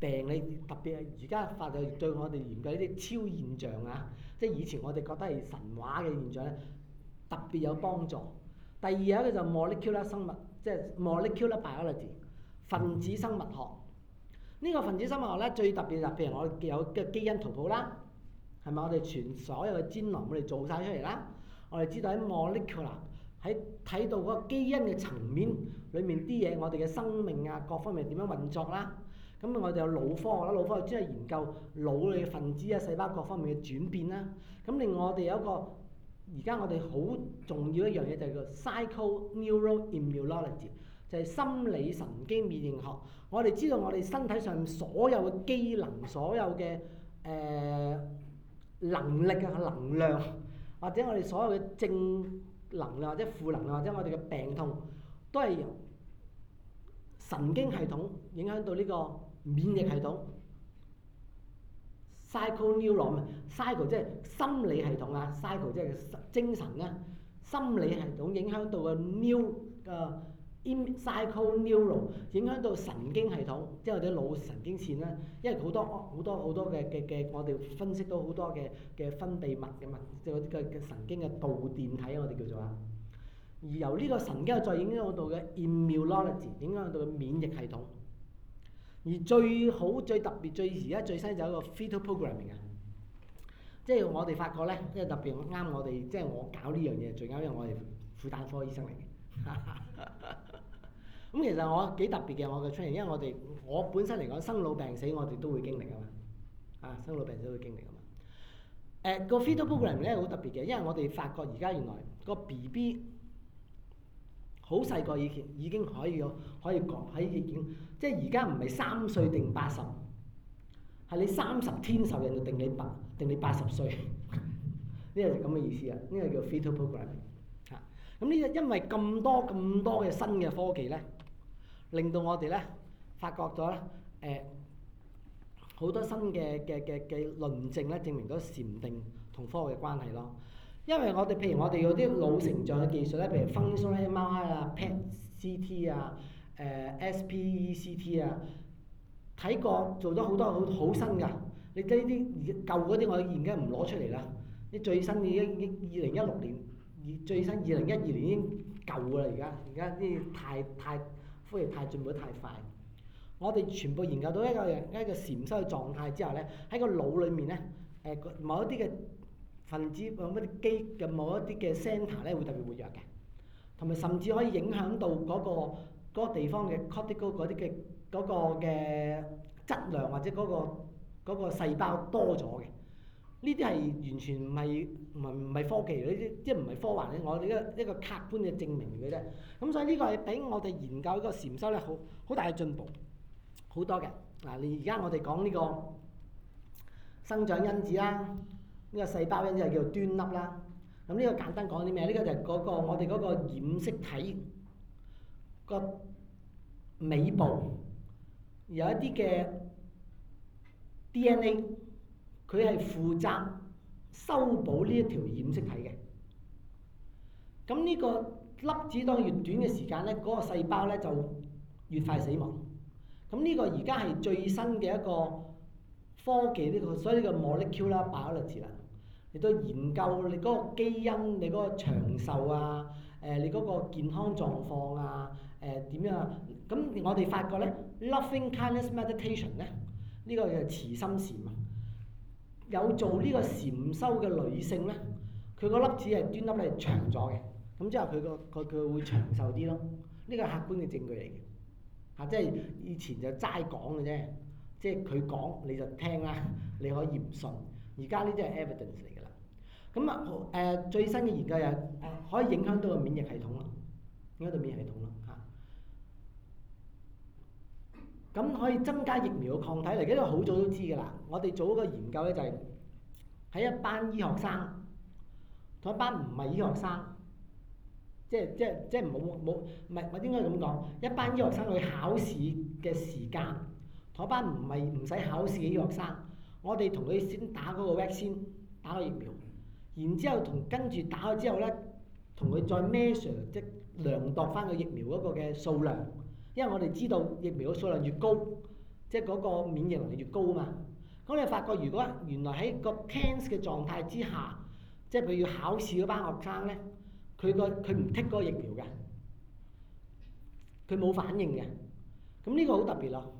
[SPEAKER 1] 病你，特別係而家法律對我哋研究呢啲超現象啊，即係以前我哋覺得係神話嘅現象咧，特別有幫助。第二有一個就係、molecular 生物，即、就、係、是、molecular biology 分子生物學。呢、這個分子生物學咧最特別特別，我哋有嘅基因圖譜啦，係咪我哋全所有嘅 genome 我哋做晒出嚟啦？我哋知道喺 molecular 喺睇到嗰個基因嘅層面裏面啲嘢，我哋嘅生命啊各方面點樣運作啦？咁我哋有腦科學啦，腦科學即係研究腦裏嘅分子啊、細胞各方面嘅轉變啦。咁另外我哋有一個，而家我哋好重要一樣嘢就係叫 psychoneuroimmunology，就係心理神經免疫學。我哋知道我哋身體上所有嘅機能、所有嘅誒、呃、能力啊、能量，或者我哋所有嘅正能量或者負能量或者我哋嘅病痛，都係由神經系統影響到呢、這個。免疫系統、psycho-neuron 啊，psycho 即係心理系統啊，psycho 即係精神啊，心理系統影響到個 neuron 嘅 in psycho-neuron，影響到神經系統，即係我哋啲腦神經線啦。因為好多好多好多嘅嘅嘅，我哋分析到好多嘅嘅分泌物嘅物，即係嗰啲嘅嘅神經嘅導電體啊，我哋叫做啊。而由呢個神經再影響到嘅 immunology，影響到嘅免疫系統。而最好最特別最而家最新就係、一個 fetal programming 啊，即係我哋發覺咧，即係特別啱我哋，即係我搞呢樣嘢最啱，因為我哋婦產科醫生嚟嘅。咁 其實我幾特別嘅，我嘅 training 因為我哋，我本身嚟講生老病死我哋都會經歷啊嘛，啊生老病死都會經歷啊嘛。誒，個 fetal programming 咧好特別嘅，因為我哋發覺而家原來個 B B。好細個以前已經可以可可以講喺已院，即係而家唔係三歲定八十，係你三十天受人就定你八定你八十歲，呢 個就咁嘅意思啊，呢、這個叫 fetal programming 嚇。咁呢？因為咁多咁多嘅新嘅科技咧，令到我哋咧發覺咗咧，誒、呃、好多新嘅嘅嘅嘅論證咧，證明咗禪定同科學嘅關係咯。因為我哋譬如我哋有啲老成像嘅技術咧，譬如 functional MRI 啊、PET、CT 啊、呃、誒 SPECT 啊，睇、e、過做咗好多好好新㗎。你呢啲舊嗰啲，我而家唔攞出嚟啦。你最新嘅已經二零一六年，最新二零一二年已經舊㗎啦。而家而家啲太太科技太進步得太快。我哋全部研究到一個嘢，喺個禪修嘅狀態之後咧，喺個腦裡面咧，誒、呃、某一啲嘅。分子有或啲基嘅某一啲嘅 center 咧，會特別活躍嘅，同埋甚至可以影響到嗰個嗰個地方嘅 coding 嗰啲嘅嗰個嘅質量或者嗰個嗰個細胞多咗嘅，呢啲係完全唔係唔係唔係科技，呢啲即係唔係科幻咧？我哋一個一個客觀嘅證明嚟嘅啫。咁所以呢個係俾我哋研究呢個禪修咧，好好大嘅進步，好多嘅嗱。你而家我哋講呢個生長因子啦。呢個細胞咧就叫端粒啦。咁呢個簡單講啲咩？呢個就係嗰個我哋嗰個染色體個尾部有一啲嘅 DNA，佢係負責修補呢一條染色體嘅。咁呢個粒子當越短嘅時間咧，嗰個細胞咧就越快死亡。咁呢個而家係最新嘅一個科技呢個，所以呢個 molecule 啦，biology 啦。你都研究你嗰個基因，你嗰個長壽啊，誒，你嗰個健康狀況啊，誒、呃、點樣？咁我哋發覺咧 ，loving kindness meditation 咧，呢、呢個就慈心禪啊。有做呢個禪修嘅女性咧，佢個粒子係端粒咧長咗嘅，咁之後佢個佢佢會長壽啲咯。呢個係客觀嘅證據嚟嘅，嚇、啊，即係以前就齋講嘅啫，即係佢講你就聽啦，你可以唔信。而家呢啲係 evidence 嚟咁啊誒，最新嘅研究又可以影響到個免疫系統啦，影響到免疫系統啦嚇。咁、嗯嗯、可以增加疫苗嘅抗體嚟，因為好早都知㗎啦。我哋做一個研究呢、就係，就係喺一班醫學生同一班唔係醫學生，即係即係即係冇冇唔係我應該咁講，一班醫學生去考試嘅時間，同一班唔係唔使考試嘅醫學生，我哋同佢先打嗰個 vaccine 先打個疫苗。然之後同跟住打咗之後呢，同佢再 measure 即量度翻個疫苗嗰個嘅數量，因為我哋知道疫苗嘅數量越高，即係嗰個免疫能力越高嘛。咁你發覺如果原來喺個 test 嘅狀態之下，即係譬如考試嗰班學生呢，佢個佢唔 take 嗰個疫苗嘅，佢冇反應嘅。咁、這、呢個好特別咯，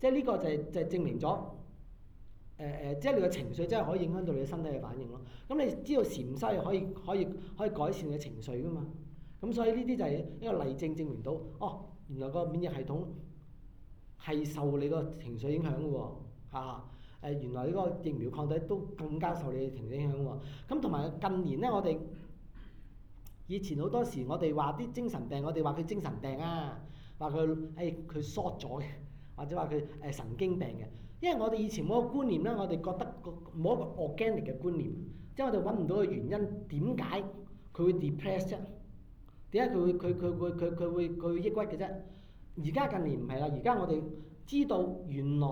[SPEAKER 1] 即係呢個就係、是、就係、是、證明咗。誒誒、呃，即係你嘅情緒真係可以影響到你嘅身體嘅反應咯。咁、嗯、你知道禪修可以可以可以改善你嘅情緒噶嘛？咁、嗯、所以呢啲就係一個例證，證證明到，哦，原來個免疫系統係受你個情緒影響嘅喎。啊，呃、原來呢個疫苗抗體都更加受你嘅情緒影響喎。咁同埋近年呢，我哋以前好多時我哋話啲精神病，我哋話佢精神病啊，話佢誒佢 short 咗嘅，或者話佢誒神經病嘅。因為我哋以前冇個觀念咧，我哋覺得冇一個 organic 嘅觀念，即係我哋揾唔到個原因，點解佢會 depressed 啫？點解佢會佢佢佢佢佢會佢會抑鬱嘅啫？而家近年唔係啦，而家我哋知道原來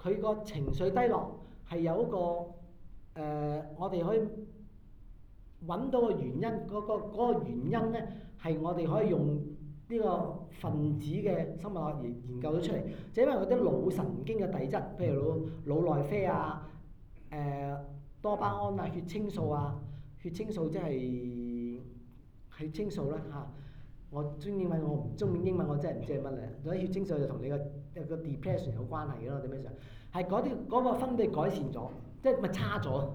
[SPEAKER 1] 佢個情緒低落係有一個誒、呃，我哋可以揾到個原因，嗰個嗰個原因咧係我哋可以用。呢個分子嘅生物學研研究咗出嚟，就是、因為佢啲腦神經嘅遞質，譬如腦腦內啡啊、誒、呃、多巴胺啊、血清素啊、血清素即、就、係、是、血清素啦嚇、啊。我中英文我唔中意，英文，我真係唔知係乜咧。嗰啲血清素就同你個個 depression 有關係嘅咯，基本上係嗰啲嗰個分泌改善咗，即係咪差咗？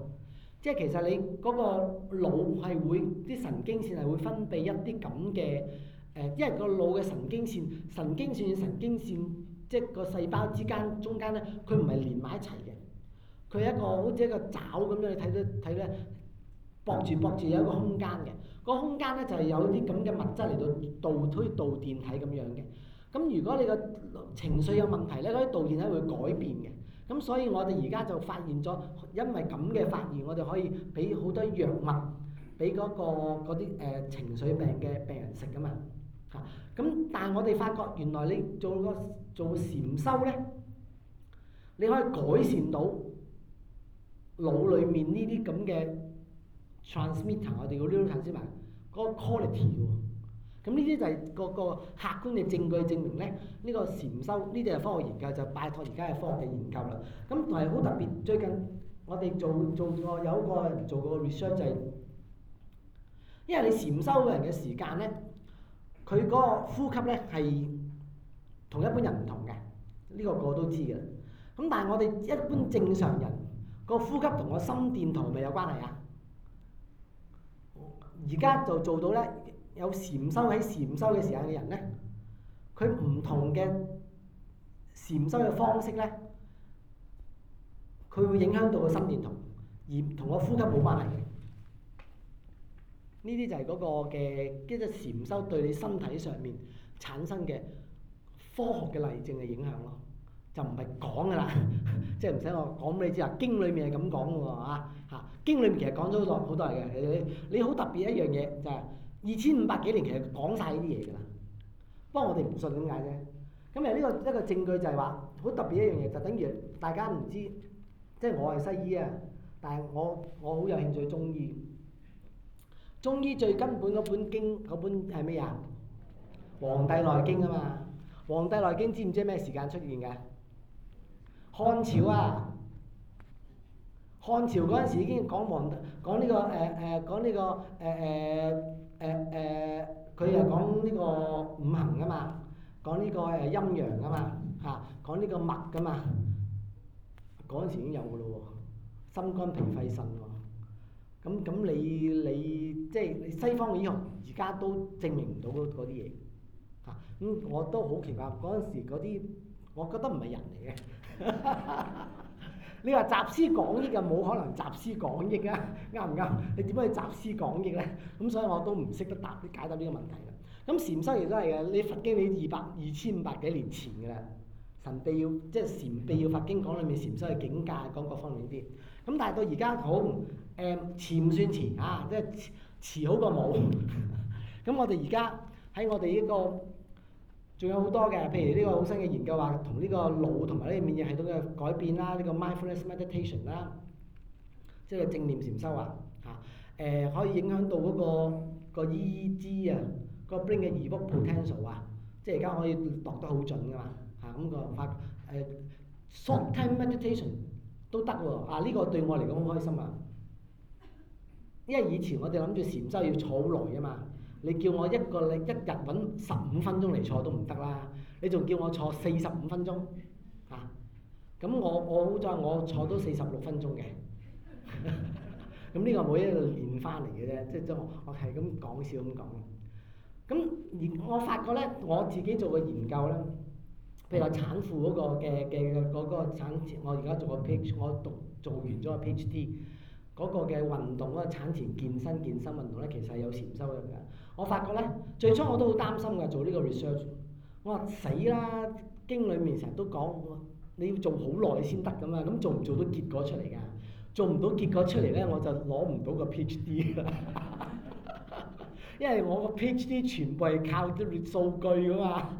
[SPEAKER 1] 即、就、係、是、其實你嗰個腦係會啲神經線係會分泌一啲咁嘅。誒，因為個腦嘅神經線、神經線與神經線，即係個細胞之間中間咧，佢唔係連埋一齊嘅，佢係一個好似一個爪咁樣，你睇到睇咧，駁住駁住有一個空間嘅個空間咧，就係有啲咁嘅物質嚟到導推導電體咁樣嘅。咁如果你個情緒有問題咧，嗰啲導電體會改變嘅。咁所以我哋而家就發現咗，因為咁嘅發現我哋可以俾好多藥物俾嗰個嗰啲誒情緒病嘅病人食噶嘛。咁但係我哋發覺原來你做個做禪修咧，你可以改善到腦裏面呢啲咁嘅 transmitter，我哋叫 neurotransmitter，嗰 quality 咁，呢啲就係個個客觀嘅證據證明咧，呢個禪修呢啲係科學研究，就係、拜託而家係科學嘅研究啦。咁但係好特別，最近我哋做做過有個有個做個 research 就係，因為你禪修嘅人嘅時間咧。佢嗰個呼吸咧係同一般人唔同嘅，呢個個個都知嘅。咁但係我哋一般正常人個呼吸同個心電圖咪有關係啊？而家就做到咧有禪修喺禪修嘅時間嘅人咧，佢唔同嘅禪修嘅方式咧，佢會影響到個心電圖，而唔同個呼吸冇關係。呢啲就係嗰個嘅一隻禪修對你身體上面產生嘅科學嘅例證嘅影響咯，就唔係講噶啦，即係唔使我講畀你知啦。經裏面係咁講嘅喎，嚇嚇經裏面其實講咗好多好多嘅，你你好特別一樣嘢就係二千五百幾年其實講晒呢啲嘢噶啦，不過我哋唔信點解啫？咁有呢個一個證據就係話好特別一樣嘢就等於大家唔知，即係我係西醫啊，但係我我好有興趣中醫。中醫最根本嗰本經嗰本係咩啊？《黃帝內經》啊嘛，《黃帝內經》知唔知咩時間出現嘅？漢朝啊，漢朝嗰陣時已經講黃講呢、這個誒誒、呃、講呢、這個誒誒誒誒，佢、呃、又、呃呃呃、講呢個五行啊嘛，講呢個誒陰陽啊嘛，嚇、啊、講呢個脈噶嘛，嗰陣時已經有嘅咯喎，心肝脾肺腎喎。咁咁你你即係，就是，你西方嘅醫學而家都證明唔到嗰啲嘢嚇，咁我都好奇怪，嗰陣時嗰啲我覺得唔係人嚟嘅， 你話集思廣益啊，冇可能集思廣益啊啱唔啱？對對嗯、你點樣以集思廣益咧？咁所以我都唔識得答解答呢個問題啦。咁禪修亦都係嘅，你佛經你二百二千五百幾年前㗎啦，神秘要即係禪秘要佛經講裡面禪修嘅境界講各方面啲。咁但係到而家好誒遲唔、呃、算遲啊，即係遲好過冇、 嗯。咁、 嗯、我哋而家喺我哋呢個仲有好多嘅，譬如呢個好新嘅研究話，同呢個腦同埋呢個免疫系統嘅改變啦，呢、呢個 mindfulness meditation 啦，即係正念禪修啊嚇誒、呃，可以影響到嗰、嗰個、嗰個 EEG、嗯嗯、啊，個 brain 嘅 evoked potential 啊，即係而家可以度得好準噶嘛嚇咁個發誒 short time meditation、嗯。都得喎，啊呢、呢個對我嚟講好開心啊！因為以前我哋諗住禪修要坐好耐啊嘛，你叫我一個你一日揾十五分鐘嚟坐都唔得啦，你仲叫我坐四十五分鐘，嚇、啊、咁我我好在我坐到四十六分鐘嘅，咁 呢個每一個練翻嚟嘅啫，即係即係我係咁講笑咁講咁研我發覺呢，我自己做個研究呢。譬如話產婦嗰個嘅嘅嗰個產前，我而家做個 PhD，我讀做完咗個 PhD，嗰個嘅運動嗰個產前健身健身運動咧，其實係有禪修用嘅。我發覺咧，最初我都好擔心嘅，做呢個 research，我話死啦，經裏面成日都講，你要做好耐先得㗎嘛，咁做唔做到結果出嚟㗎，做唔到結果出嚟咧，我就攞唔到個 PhD。 因為我個 PhD 全部係靠啲數據噶嘛，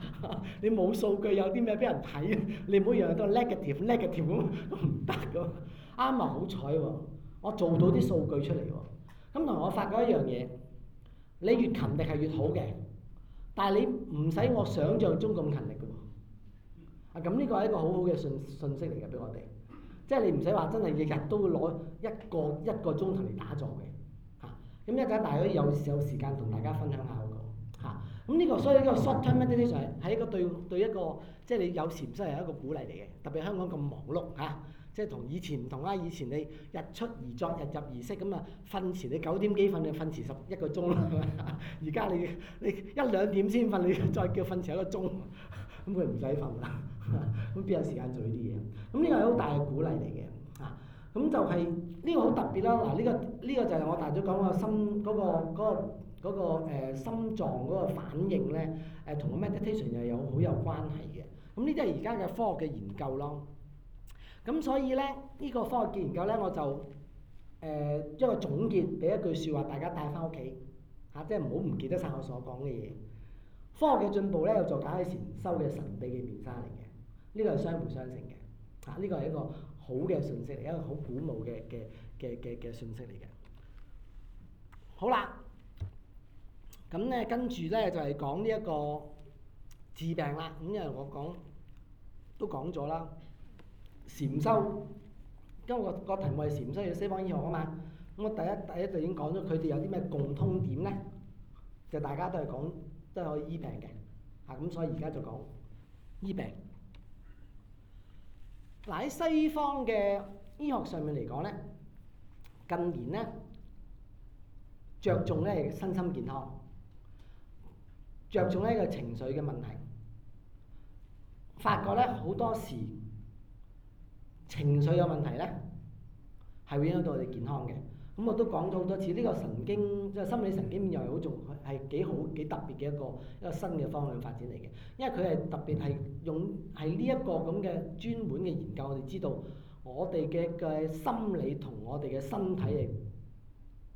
[SPEAKER 1] 你冇數據有啲咩俾人睇啊？ 你唔好日日都 negative negative 咁都唔得噶。啱啊， 好彩喎，我做到啲數據出嚟喎、啊 mm。咁、hmm。同我發覺一樣嘢，你越勤力係越好嘅，但係你唔使我想像中咁勤力嘅喎。啊，咁呢個係一個好好嘅信信息嚟嘅，俾我哋。即係你唔使話真係日日都會攞一個一個鐘頭嚟打坐嘅。咁一陣大家有時有時間同大家分享下嗰個咁呢、啊呢個所以呢個 short term achievement 係一個對對一個即係、就是、你有潛質係一個鼓勵嚟嘅，特別香港咁忙碌嚇，即係同以前唔同啦，以前你日出而作日入而息咁啊瞓前你九點幾瞓你瞓前十一個鐘啦，而家你你一兩點先瞓你再叫瞓前一個鐘，咁佢唔使瞓啦，咁、啊、邊有時間做呢啲嘢？咁呢個係好大嘅鼓勵嚟嘅。咁就係、是、呢、這個好特別啦！嗱、這個，呢個呢個就係我大組講個心嗰、那個、嗰、那個、呃、心臟嗰個反應咧，誒同個 meditation 又有好有關係嘅。咁呢啲係而家嘅科學嘅研究咯。咁所以咧，呢、這個科學嘅研究咧，我就誒、呃、一個總結，俾一句説話大家帶翻屋企嚇，即係唔好唔記得晒我所講嘅嘢。科學嘅進步咧，有助解開禪修嘅神秘嘅面紗嚟嘅。呢、這個係相輔相成嘅嚇，呢、啊這個係一個好嘅信息嚟，一個好鼓舞嘅嘅嘅嘅嘅信息嚟嘅。好啦，咁咧跟住咧就係講呢一個治病啦。咁因為我講都講咗啦，禪修，因為我個題目係禪修，與西方醫學啊嘛。咁我第一第一就已經講咗，佢哋有啲咩共通點咧？就大家都係講都係可以醫病嘅，啊咁所以而家就講醫病。嗱，喺西方嘅醫學上面嚟講咧，近年咧着重咧身心健康，着重呢個情緒嘅問題，發覺咧好多時情緒嘅問題咧，係會影響到我哋健康嘅。咁、嗯、我都講咗好多次，呢、這個神經即係心理神經面又係好重，係幾好幾特別嘅一個一個新嘅方向發展嚟嘅。因為佢係特別係用係呢一個咁嘅專門嘅研究，我哋知道我哋嘅嘅心理同我哋嘅身體係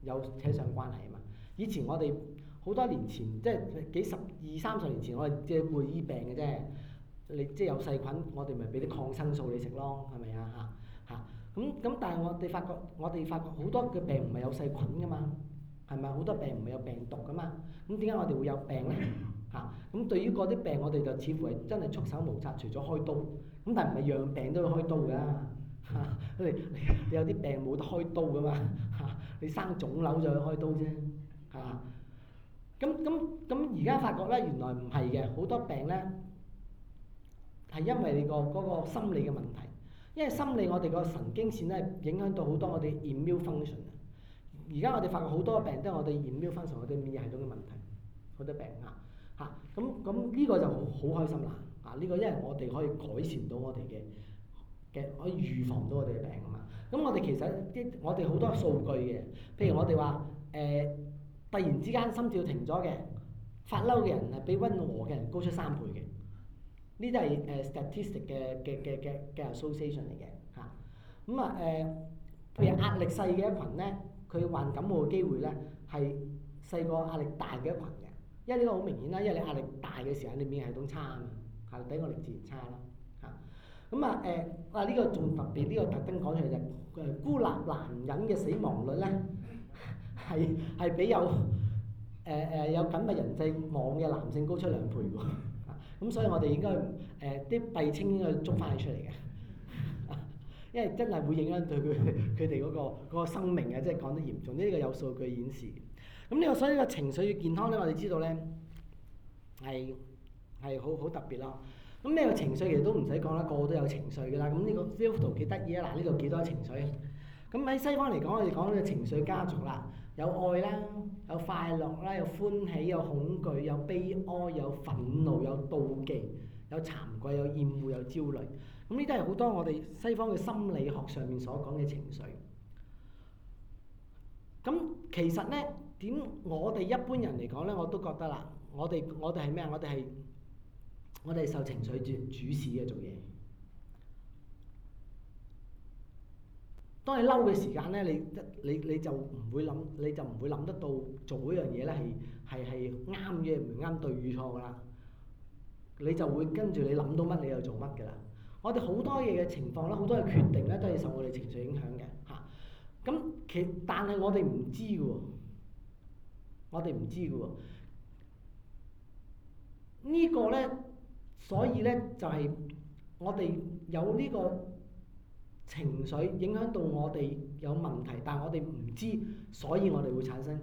[SPEAKER 1] 有扯上關係啊嘛。以前我哋好多年前，即係幾十二三十年前，我哋即係會醫病嘅啫。你即係有細菌，我哋咪俾啲抗生素你食咯，係咪啊？咁咁、嗯，但係我哋發覺，我哋發覺好多嘅病唔係有細菌噶嘛，係咪？好多病唔係有病毒噶嘛？咁點解我哋會有病呢？嚇、啊！咁對於嗰啲病，我哋就似乎係真係束手無策，除咗開刀。咁但係唔係樣病都要開刀嘅、啊啊？你有啲病冇得開刀噶嘛、啊？你生腫瘤就要開刀啫，嚇、啊！咁咁咁，而家發覺呢，原來唔係嘅，好多病呢，係因為你、個嗰、個心理嘅問題。因為心理我哋個神經線咧，影響到好多我哋 immune function 啊！而家我哋發覺好多病都係我哋 immune function，我哋免疫系統嘅問題，好多病啊嚇！咁咁呢個就好開心啦啊！呢個因為我哋可以改善到我哋嘅嘅可以預防到我哋嘅病啊嘛！咁我哋其實啲我哋好多數據嘅，譬如我哋話誒，突然之間心跳停咗嘅發嬲嘅人係比溫和嘅人高出三倍嘅。呢啲係誒 statistic 嘅嘅嘅嘅嘅 association 嚟嘅嚇，咁啊誒，譬如壓力細嘅一羣咧，佢患感冒嘅機會咧係細個壓力大嘅一羣嘅，因為呢個好明顯啦，因為你壓力大嘅時候你免疫系統差啊嘛，係抵抗力自然差咯嚇。咁啊誒，啊呢個仲特別呢個特登講出嚟就誒孤立男人嘅死亡率咧係係比有誒誒有緊密人際網嘅男性高出兩倍喎。咁所以我哋應該誒啲、呃、弊青應該捉翻佢出嚟嘅， 因為真係會影響對佢佢哋嗰個生命嘅，即係講得嚴重，呢、呢個有數據顯示。咁呢、呢個所以呢個情緒與健康咧，我哋知道咧係係好好特別咯。咁咩個情緒其實都唔使講啦，個個都有情緒㗎啦。咁呢個 self 圖幾得意啊！嗱，呢度幾多情緒？咁喺西方嚟講，我哋講呢個情緒家族啦。有愛啦，有快樂啦，有歡喜，有恐懼，有悲哀，有憤怒，有妒忌，有慚愧，有厭惡，有焦慮。咁呢啲係好多我哋西方嘅心理學上面所講嘅情緒。咁其實呢，點我哋一般人嚟講呢，我都覺得啦，我哋我哋係咩啊？我哋係我哋係受情緒主主使嘅做嘢。當你嬲嘅時間咧，你你你就唔會諗，你就唔會諗得到做嗰樣嘢咧係係係啱嘅，唔啱對與錯噶啦，你就會跟住你諗到乜，你又做乜噶啦。我哋好多嘢嘅情，情況咧，好多嘅決定咧，都係受我哋情緒影響嘅嚇。咁其但係我哋唔知嘅喎，我哋唔知嘅喎，呢個、呢個咧，所以咧就係、係、我哋有呢、呢個。情緒影響到我哋有問題，但我哋唔知，所以我哋會產生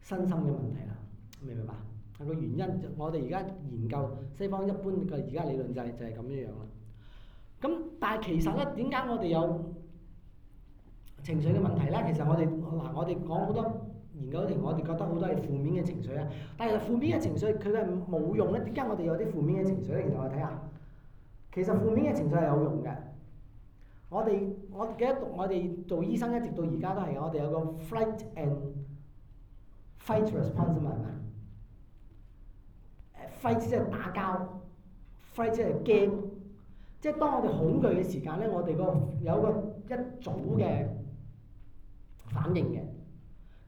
[SPEAKER 1] 身心嘅問題啦。明唔明白？係個原因，我哋而家研究西方一般嘅而家理論就係就係咁樣樣啦。咁但係其實咧，點解我哋有情緒嘅問題咧？其實我哋嗱，我哋講好多研究完，我哋覺得好多係負面嘅情緒啊。但係負面嘅情緒佢係冇用咧，點解我哋有啲負面嘅情緒咧？其實我哋睇下，其實負面嘅情緒係有用嘅。我哋我記得我哋做醫生一直到而家都係我哋有個 fight and flight response 嘛係嘛？誒，fight 即係打交，flight 即係驚，即係當我哋恐懼嘅時間咧，我哋個有個,有個一組嘅反應嘅。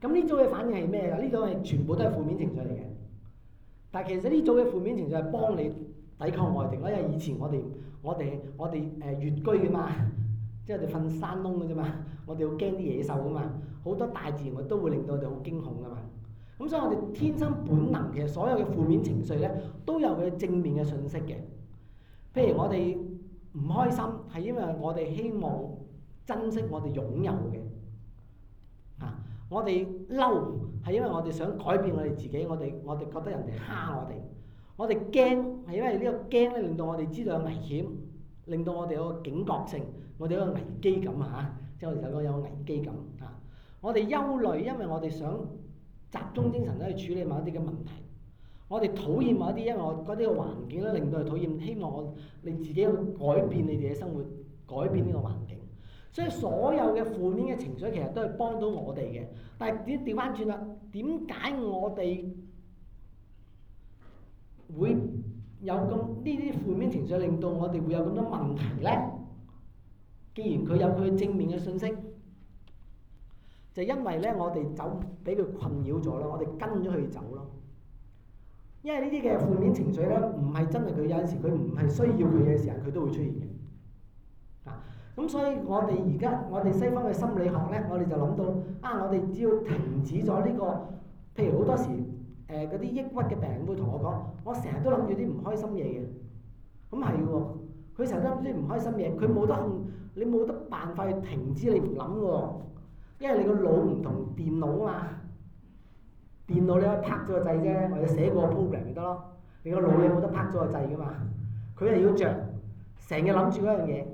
[SPEAKER 1] 咁呢組嘅反應係咩啊？呢組係全部都係負面情緒嚟嘅。但係其實呢組嘅負面情緒係幫你抵抗外敵咯，因為以前我哋我哋我哋誒穴居㗎嘛。即係我哋瞓山窿嘅啫嘛，我哋好驚啲野獸㗎嘛，好多大自然佢都會令到我哋好驚恐㗎嘛。咁所以我哋天生本能嘅所有嘅負面情緒呢，都有佢正面嘅訊息嘅。譬如我哋唔開心係因為我哋希望珍惜我哋擁有嘅。啊，我哋嬲係因為我哋想改變我哋自己，我哋我哋覺得人哋蝦我哋，我哋驚係因為呢個驚咧令到我哋知道有危險。令到我哋有個警覺性，我哋有個危機感嚇、啊，即係我哋頭先講有個危機感嚇、啊。我哋憂慮，因為我哋想集中精神咧去處理某一啲嘅問題；我哋討厭某一啲，因為我嗰啲嘅環境咧令到佢討厭，希望我令自己去改變你哋嘅生活，改變呢個環境。所以所有嘅負面嘅情緒其實都係幫到我哋嘅，但係掉返轉啦，點解我哋會有咁呢啲負面情緒令到我哋會有咁多問題呢？既然佢有佢正面嘅信息，就因為呢，我哋走俾佢困擾咗啦，我哋跟咗佢走咯。因為呢啲嘅負面情緒呢，唔係真係，佢有陣時佢唔係需要佢嘅時候佢都會出現嘅。啊，咁所以我哋而家我哋西方嘅心理學呢，我哋就諗到啊，我哋只要停止咗呢個，譬如好多時。誒，嗰啲抑鬱嘅病會同我講，我成日都諗住啲唔開心嘢嘅，咁係喎，佢成日都諗啲唔開心嘢，佢冇得控，你冇得辦法去停止你唔諗喎，因為你個腦唔同電腦啊嘛，電腦你可以拍咗個掣啫，或者寫個 program 咪得咯，你個腦你冇得拍咗個掣噶嘛，佢係要着，成日諗住嗰樣嘢，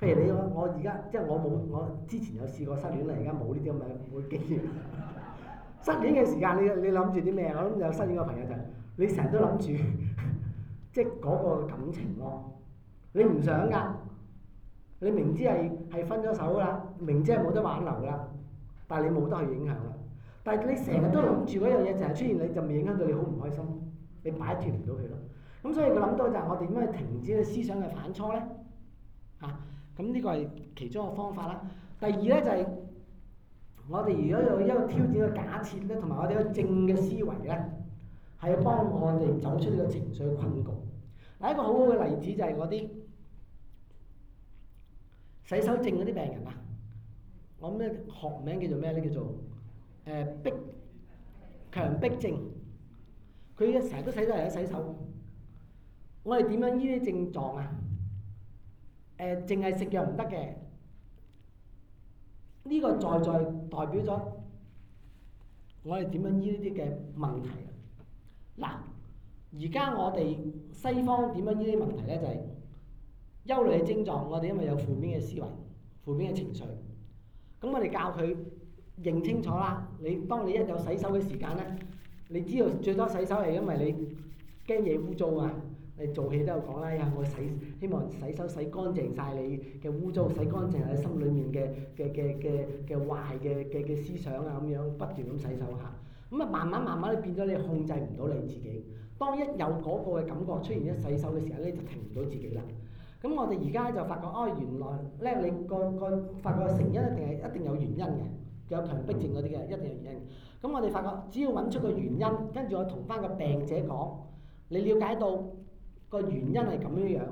[SPEAKER 1] 譬如你我而家即係我冇，我之前有試過失戀啦，而家冇呢啲咁嘅會經驗。 失戀嘅時間，你你諗住啲咩？我諗有失戀嘅朋友就係你成日都諗住，即係嗰個感情咯。你唔想噶，你明知係係分咗手噶啦，明知係冇得挽留噶啦，但係你冇得去影響啦。但係你成日都諗住嗰樣嘢，成日出現你就未影響到你好唔開心，你擺脱唔到佢咯。咁所以佢諗到就係我哋點樣停止思想嘅反衝咧？啊，咁呢個係其中一個方法啦。第二咧就係。我哋如果有一個挑戰嘅假設咧，同埋我哋嘅正嘅思維咧，係要幫我哋走出呢個情緒嘅困局。嗱，一個好好嘅例子就係嗰啲洗手症嗰啲病人啊，我諗咧學名叫做咩咧？叫做誒逼強迫症，佢成日都洗手嚟洗手。我哋點樣醫呢啲症狀啊？誒、呃，淨係食藥唔得嘅。呢個在在代表咗我哋點樣醫呢啲嘅問題啊！嗱，而家我哋西方點樣醫呢啲問題咧，就係、是、憂慮嘅症狀。我哋因為有負面嘅思維、負面嘅情緒，咁我哋教佢認清楚啦。你當你一有洗手嘅時間咧，你知道最多洗手係因為你驚嘢污糟啊！你做戲都有講啦，呀！我洗希望洗手洗乾淨晒你嘅污糟，洗乾淨喺心裡面嘅嘅嘅嘅嘅壞嘅嘅思想啊，咁樣不斷咁洗手吓，咁啊慢慢慢慢你變咗你控制唔到你自己。當一有嗰個嘅感覺出現一洗手嘅時候咧，你就停唔到自己啦。咁我哋而家就發覺，哦，原來咧你個個發覺成因一定係一定有原因嘅，有強迫症嗰啲嘅一定有原因。咁我哋發覺只要揾出個原因，跟住我同返個病者講，你了解到。個原因係咁樣樣，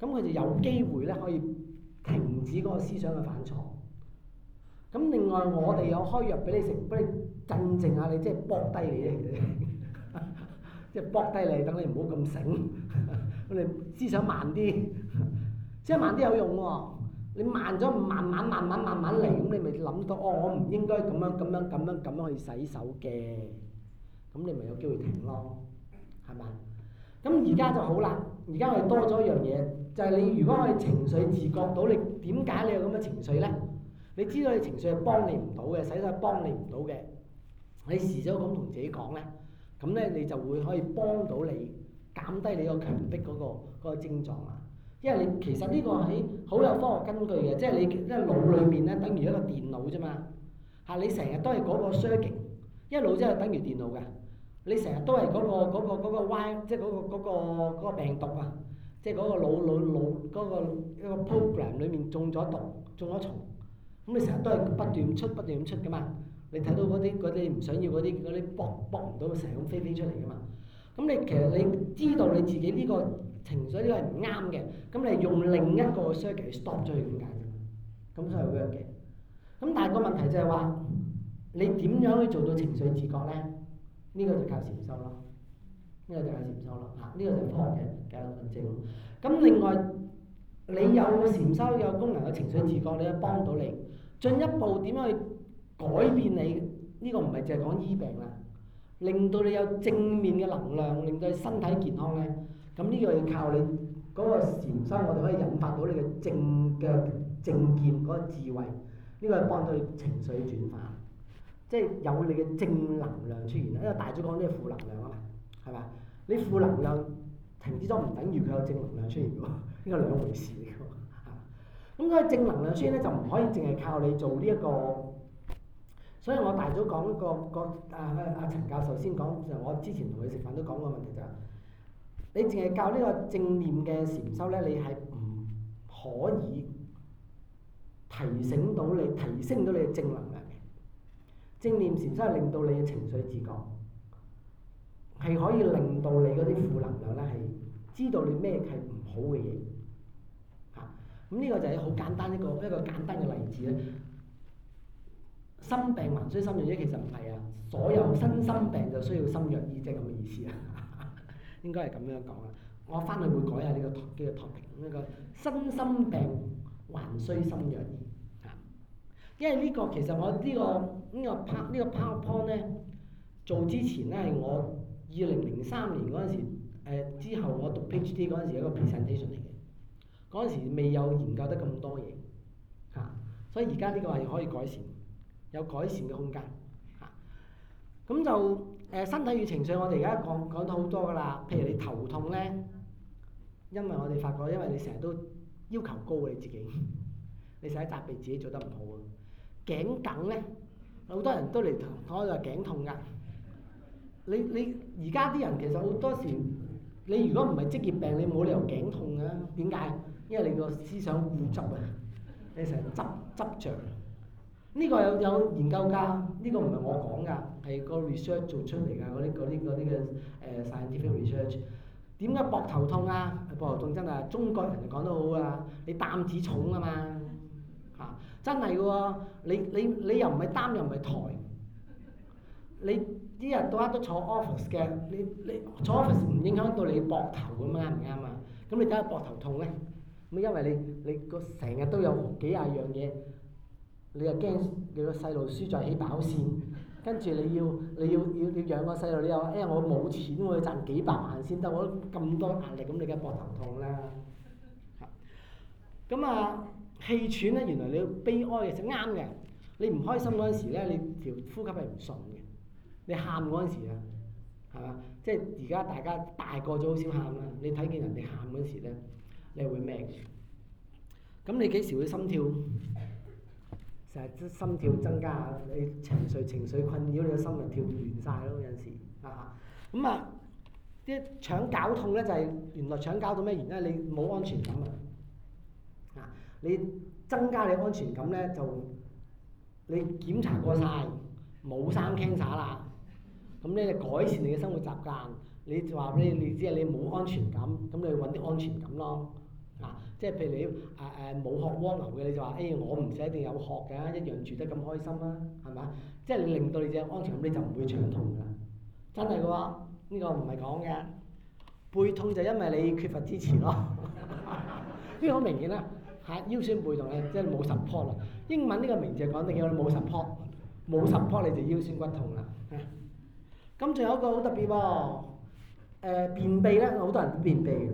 [SPEAKER 1] 咁佢就有機會咧可以停止嗰個思想嘅犯錯。咁另外我哋有開藥俾你食，俾你鎮靜下你，即係搏低你，即係搏低你，等你唔好咁醒，我 哋思想慢啲，即 係慢啲有用喎。你慢咗，慢慢慢慢慢慢嚟，咁你咪諗到哦，我唔應該咁樣咁樣咁樣咁樣去洗手嘅，咁你咪有機會停咯，係嘛？咁而家就好啦，而家我哋多咗一樣嘢，就係你如果可以情緒自覺到你點解你有咁嘅情緒呢？你知道你情緒係幫你唔到嘅，使咗幫你唔到嘅，你時咗咁同自己講呢，咁呢你就會可以幫到你減低你個強迫嗰個嗰個症狀啊！
[SPEAKER 2] 因為你其實呢個係好有科學根據嘅，即係你因為腦裏
[SPEAKER 1] 面呢，等於一個電腦啫嘛嚇，你成日都係嗰個 shooting，因為腦真係等於電腦㗎。你成日都係嗰個嗰個嗰個 Y，即係嗰個嗰個病毒啊！即係嗰個腦腦腦嗰個 program 裏面中咗毒、中咗蟲。咁你成日都係不斷出、不斷出噶嘛？你睇到嗰啲嗰啲唔想要嗰啲嗰啲搏搏唔到，成日咁飛飛出嚟噶嘛？咁你其實你知道你自己呢個情緒呢個係唔啱嘅，咁你用另一個嘅 search stop 咗佢咁解嘅？咁就係咁樣嘅。咁但係個問題就係話，你點樣去做到情緒自覺咧？呢個就靠禪修咯，呢、這個就係禪修咯嚇，呢、這個就科學嘅，有憑證。咁、嗯、另外，你有禪修有功能嘅情緒自覺，你可以幫到你進一步點樣去改變你。呢、嗯、個唔係淨係講醫病啦，令到你有正面嘅能量，令到你身體健康咧。咁呢個要靠你嗰、那個禪修，我哋可以引發到你嘅正嘅正見嗰、那個智慧，呢、這個係幫到你情緒轉化。即係有你嘅正能量出現啦，因為大早講啲係負能量啊嘛，係嘛？你負能量停止咗，唔等於佢有正能量出現喎，呢個兩回事嚟嘅。咁所以正能量出現咧，就唔可以淨係靠你做呢一個。所以我大早講個個啊啊陳教授先講，就我之前同佢食飯都講過問題就係：你淨係教呢個正念嘅禪修咧，你係唔可以提醒到你提升到你嘅正能量。正念禪真係令到你嘅情緒自覺，係可以令到你嗰啲負能量咧係知道你咩係唔好嘅嘢嚇。咁、啊、呢、嗯這個就係好簡單一個一個簡單嘅例子咧。心病還需心藥醫，其實唔係啊，所有身心病就需要心藥醫，即係咁嘅意思啊。應該係咁樣講啊。我翻去會改下呢、這個呢、這個 topic，呢、這個身心病還需心藥醫。因為呢、這個其實我、這個這個、呢個呢個拍呢個 PowerPoint 咧做之前咧係我二零零三年嗰陣時、呃、之後我讀 PhD 嗰陣時有一個 presentation 嚟嘅，嗰陣時未有研究得咁多嘢嚇、啊，所以而家呢個話又可以改善，有改善嘅空間嚇。咁、啊、就誒、呃、身體與情緒，我哋而家講講咗好多噶啦，譬如你頭痛咧，因為我哋發覺因為你成日都要求高你自己，你成日責備自己做得唔好啊。頸梗咧，好多人都嚟同我話頸痛㗎。你你而家啲人其實好多時，你如果唔係職業病，你冇理由頸痛㗎。點解？因為你個思想固執啊，你成日執執着。呢個有有研究㗎，呢個唔係我講㗎，係個 research 做出嚟㗎。嗰啲嗰啲嗰啲嘅誒 scientific research。點解膊頭痛啊？膊頭痛真係，中國人講得好啊，你擔子重啊嘛，嚇、啊。真係喎！你你你又唔係擔，又唔係抬，你一日到黑都坐 office 嘅，你你坐 office 唔影響到你膊頭，咁啱唔啱啊？咁你點解膊頭痛咧？咁因為你你個成日都有幾廿樣嘢，你又驚你個細路輸在起跑線，跟住你要你要你要你養個細路，你又話誒我冇錢，我要賺幾百萬先得，我咁多壓力，咁你梗係膊頭痛啦。咁啊～氣喘咧，原來你要悲哀嘅，即啱嘅。你唔開心嗰陣時咧，你條呼吸係唔順嘅。你喊嗰陣時啊，係嘛？即係而家大家大個咗，好少喊啦。你睇見人哋喊嗰陣時咧，你會咩？咁你幾時會心跳？成日心跳增加啊！你情緒情緒困擾，你個心就跳亂晒咯，有時啊。咁啊，即腸絞痛咧就係、是、原來腸絞到咩原因？你冇安全感啊！你增加你安全感咧，就你檢查過晒，冇生 cancer 啦，咁咧改善你嘅生活習慣。你就話咧，你知係你冇安全感，咁你揾啲安全感咯。啊，即係譬如你誒誒冇殼蝸牛嘅，你就話：哎，我唔使一定有殼㗎，一樣住得咁開心啊，係咪啊？即係你令到你隻安全感，你就唔會長痛噶啦。真係噶喎，呢個唔係講嘅，背痛就因為你缺乏支持咯。呢個好明顯啦。嚇腰酸背痛咧，即係冇 support 咯。英文呢個名字就講定叫冇 support，冇 support 你就腰酸骨痛啦。咁、嗯、仲有一個好特別喎、哦呃，便秘咧，好多人都便秘嘅。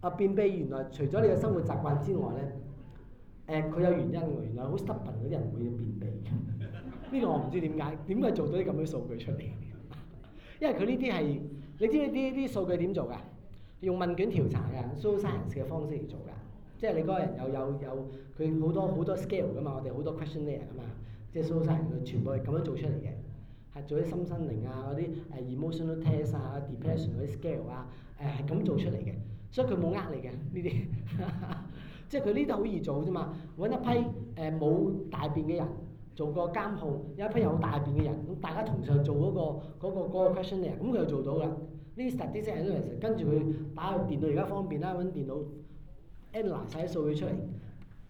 [SPEAKER 1] 啊、呃，便秘原來除咗你嘅生活習慣之外咧，誒、呃、佢有原因喎。原來好 stubborn 嗰啲人會便秘嘅。呢 個我唔知點解，點解做到啲咁嘅數據出嚟？ 因為佢呢啲係你知唔知呢啲數據點做㗎？用問卷調查嘅 social science 嘅方式嚟做㗎。即係你嗰個人有有有佢好多好多 scale 噶嘛，我哋好多 questionnaire 噶嘛，即係 social science 佢全部係咁樣做出嚟嘅，係做啲心身量心身靈啊嗰啲 emotional test 啊 depression 嗰啲 scale 啊誒咁做出嚟嘅，所以佢冇呃你嘅呢啲， 即係佢呢啲好易做啫嘛，揾一批誒冇大便嘅人做個監控，有一批有大便嘅人，咁大家同上做嗰個嗰個嗰個 questionnaire，咁佢就做到㗎，呢啲 statistical analysis 跟住佢打去電腦而家方便啦，揾電腦。Anna 曬啲數據出嚟，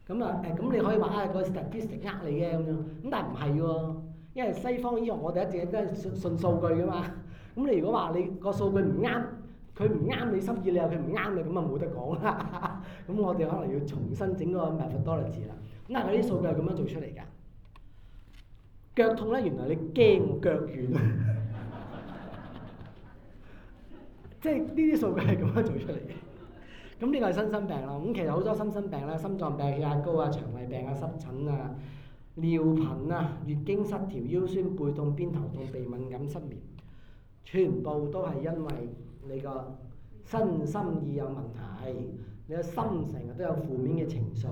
[SPEAKER 1] 咁啊誒，咁那、嗯、你可以話啊、嗯、個 Statistic 呃你嘅咁樣，咁但係唔係喎，因為西方醫學我哋一直都係信數據噶嘛。咁你如果話你個數據唔啱，佢唔啱你心意，你又佢唔啱你，咁啊冇得講啦。咁我哋可能要重新整個 Methodology 啦。咁但係啲數據係咁樣做出嚟㗎。腳痛咧，原來你驚腳軟，即係呢啲數據係咁樣做出嚟。咁呢個係心身病咯。咁其實好多身心病咧，心臟病、血壓高啊、腸胃病啊、濕疹啊、尿頻啊、月經失調、腰酸背痛、偏頭痛、鼻敏感、失眠，全部都係因為你個身心而有問題。你個心成日都有負面嘅情緒，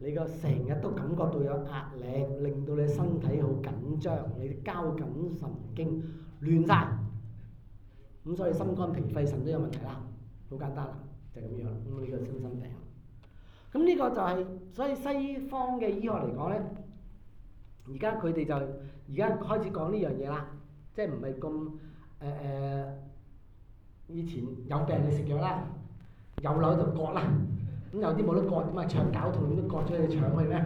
[SPEAKER 1] 你個成日都感覺到有壓力，令到你身體好緊張，你交感神經亂晒。咁所以心肝脾肺腎都有問題啦，好簡單啦。就咁樣，咁呢個身心病。咁呢個就係、是、所以西方嘅醫學嚟講咧，而家佢哋就而家開始講呢樣嘢啦，即係唔係咁誒誒，以前有病就食藥啦，有瘤就割啦。咁有啲冇得割，唔係腸絞痛點都割咗去，腸去咩？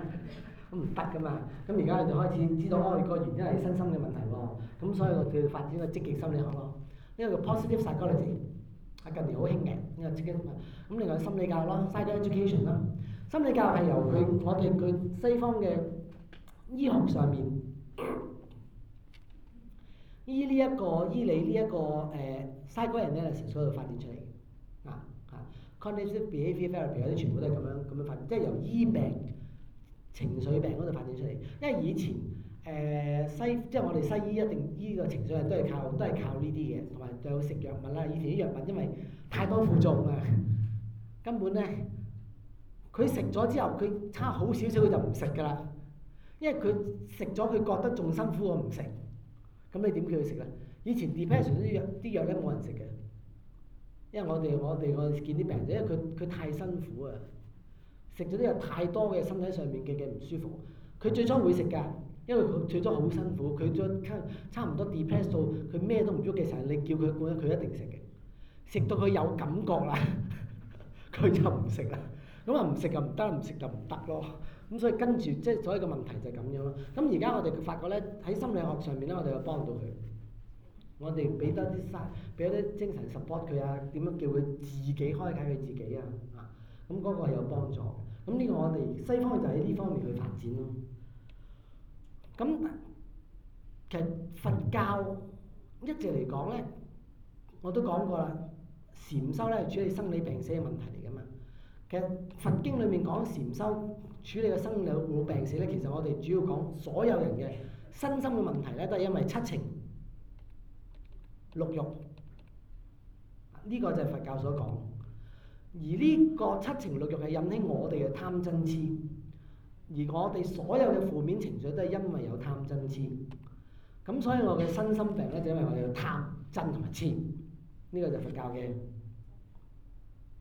[SPEAKER 1] 咁唔得噶嘛。咁而家就開始知道 哦，原原因係身心嘅問題喎。咁所以佢哋發展個積極心理學咯，呢、這個叫 positive psychology。啊，近年好興嘅，呢個咁另外心理教育啦 psycho-education 啦，hmm. educ ation, 心理教育係由佢我哋佢西方嘅醫學上面醫呢、這、一個醫理呢、這、一個誒 psychoanalysis 咧，從所度發展出嚟嘅，啊嚇 cognitive behavior therapy 嗰啲全部都係咁樣咁樣發展，即係由醫病情緒病嗰度發展出嚟，因為以前。誒西即係、就是、我哋西醫，一定依個情緒係都係靠都係靠呢啲嘢，同埋就有食藥物啦。以前啲藥物因為太多副作用啊，根本咧佢食咗之後，佢差好少少，佢就唔食噶啦。因為佢食咗佢覺得仲辛苦，我唔食。咁你點叫佢食咧？以前 depression 啲藥啲藥咧冇人食嘅，因為我哋我哋我見啲病者，因為佢佢太辛苦啊，食咗啲藥太多嘅身體上面嘅嘅唔舒服，佢最初會食噶。因為佢做咗好辛苦，佢做差差唔多 depress 到，佢咩都唔喐嘅時候，你叫佢食，佢一定食嘅。食到佢有感覺啦，佢 就唔食啦。咁啊唔食就唔得，唔食就唔得咯。咁所以跟住即係所有嘅問題就係咁樣咯。咁而家我哋發覺咧，喺心理學上面咧，我哋有幫到佢。我哋俾多啲精神，俾多啲精神 support 佢啊，點樣叫佢自己開解佢自己啊？啊，咁嗰個係有幫助嘅。咁呢個我哋西方就喺呢方面去發展咯。咁其實佛教一直嚟講咧，我都講過啦，禪修咧係處理生理病死嘅問題嚟噶嘛。其實佛經裡面講禪修處理嘅生理病死咧，其實我哋主要講所有人嘅身心嘅問題咧，都係因為七情六欲。呢個就係佛教所講。而呢個七情六欲係引起我哋嘅貪嗔痴。而我哋所有嘅負面情緒都係因為有貪真痴，咁所以我嘅身心病咧，就因為我有貪真同埋痴。呢個就佛教嘅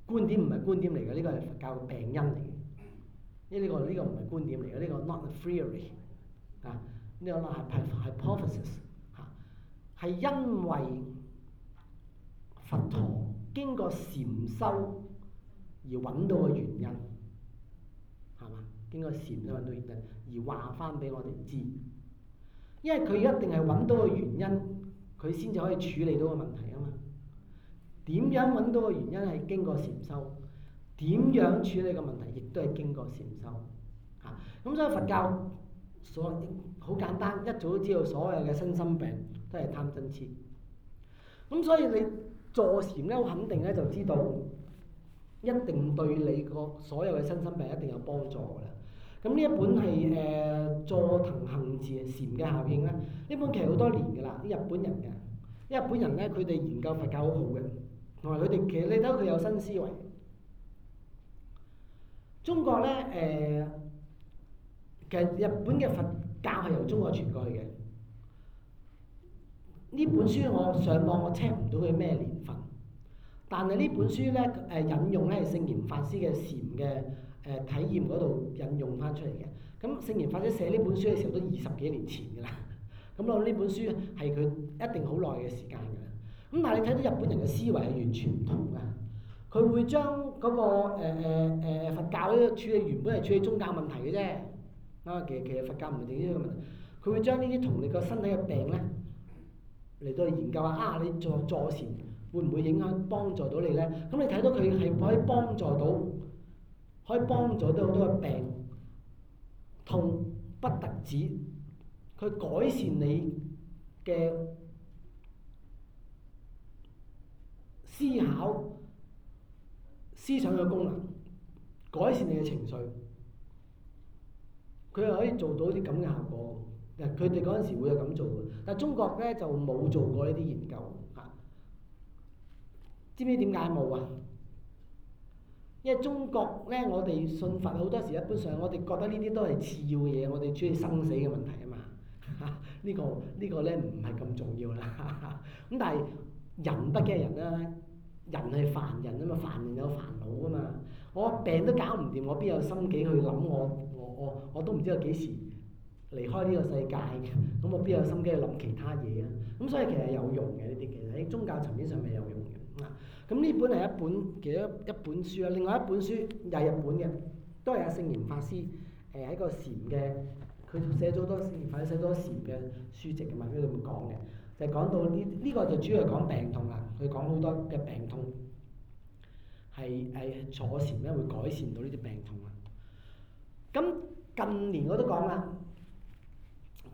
[SPEAKER 1] 觀點，唔係觀點嚟嘅，呢個係佛教嘅病因嚟嘅。呢個呢個唔係觀點嚟嘅，呢個 not theory 啊，呢個 not 係 hypothesis，係因為佛陀經過禪修而揾到嘅原因。應該善優劣人而話翻俾我哋知，因為佢一定係揾到個原因，佢先至可以處理到個問題啊嘛。點樣揾到個原因係經過禪修，點樣處理個問題亦都係經過禪修。咁、啊、所以佛教所好簡單，一早都知道所有嘅身心病都係貪嗔痴。咁所以你坐禪呢，我肯定呢就知道一定對你個所有嘅身心病一定有幫助㗎啦。咁呢一本係誒、呃、坐藤行字「禪」嘅效應咧，呢本其實好多年嘅啦，日本人嘅。日本人咧，佢哋研究佛教好好嘅，同埋佢哋其實你睇佢有新思維。中國咧誒、呃，其實日本嘅佛教係由中國傳過去嘅。呢本書我上網我 check 唔到佢咩年份，但係呢本書咧誒、呃、引用咧聖嚴法師嘅「禪」嘅。誒體驗嗰度引用翻出嚟嘅，咁聖嚴法師寫呢本書嘅時候都二十幾年前㗎啦，咁我諗呢本書係佢一定好耐嘅時間㗎啦。咁但係你睇到日本人嘅思維係完全唔同㗎，佢會將嗰、那個誒誒、呃呃、佛教咧處理原本係處理宗教問題嘅啫，啊其實其實佛教唔係點呢個問題，佢會將呢啲同你個身體嘅病咧嚟到研究下啊，你助坐禪會唔會影響幫助到你咧？咁你睇到佢係可以幫助到。可以幫助到好多嘅病痛不特止，佢改善你嘅思考、思想嘅功能，改善你嘅情緒。佢又可以做到啲咁嘅效果，但佢哋嗰陣時會有咁做嘅，但係中國咧就冇做過呢啲研究嚇，知唔知點解冇啊？因為中國呢，我哋信佛好多時，一般上我哋覺得呢啲都係次要嘅嘢，我哋鍾意生死嘅問題啊嘛。呢、這個這個呢個呢唔係咁重要啦。咁但係人畢竟係人啦，啊，人係凡人啊嘛，凡人有煩惱啊嘛。我病都搞唔掂，我邊有心機去諗我我我我都唔知道幾時離開呢個世界，咁我邊有心機去諗其他嘢啊？咁所以其實有用嘅呢啲其實喺宗教層面上係有用嘅。咁呢本係一本，其實一本書啊？另外一本書又係日本嘅，都係阿聖嚴法師誒喺個禪嘅，佢寫咗好多聖嚴法師寫咗好多禪嘅書籍嘅嘛，佢喺度會講嘅，就講、是、到呢呢、這個就主要係講病痛啦。佢講好多嘅病痛係係坐禪咧，會改善到呢啲病痛啊。咁近年我都講啦。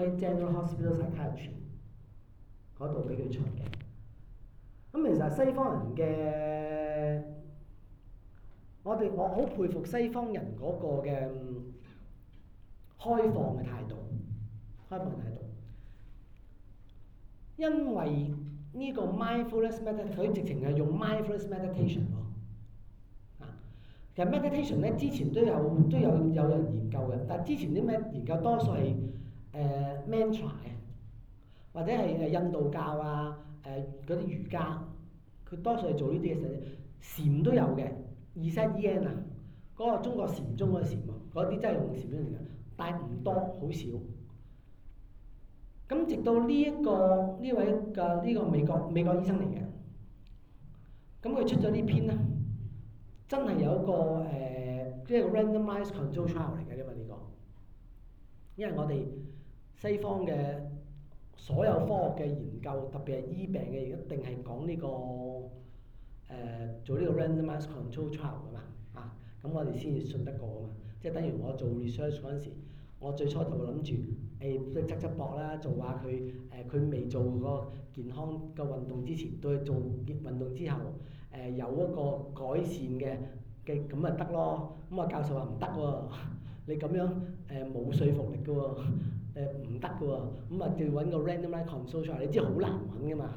[SPEAKER 1] general hospital psychiatry 度，俾佢出嘅。咁其實係西方人嘅，我哋我好佩服西方人個嘅開放嘅態度，開放嘅態度，因為呢個 mindfulness medita，佢直情係用 mindfulness meditation 咯。其實 meditation 咧，之前都有都有有人研究嘅，但係之前啲咩研究多數係誒 Mantra 啊，呃、Mantra，或者係誒印度教啊，誒嗰啲瑜伽，佢多數係做呢啲嘢。嘅嘢。禪都有嘅，ZEN 啊，嗰、那個中國禪，中嗰個禪啊，嗰啲真係用禪嚟嘅，但係唔多，好少。咁直到呢一個呢位嘅呢個美國美國醫生嚟嘅，咁佢出咗呢篇咧，真係有一個誒，即、呃、係 randomized control trial 嚟嘅，因為呢個，因為我哋。西方嘅所有科學嘅研究，特別係醫病嘅，一定係講呢個誒、呃、做呢個 randomised control trial 㗎嘛啊，咁、嗯、我哋先至信得過㗎嘛。即係等於我做 research 嗰陣時，我最初就會諗住誒即係側側膊啦，做下佢誒佢未做個健康嘅運動之前，對做健運動之後誒、呃、有一個改善嘅嘅，咁咪得咯。咁啊、嗯、教授話唔得喎， 你咁樣誒冇、呃、說服力㗎喎。 誒唔得嘅喎，咁啊、呃嗯、要揾個 randomized control 嚟，你知好難揾嘅嘛，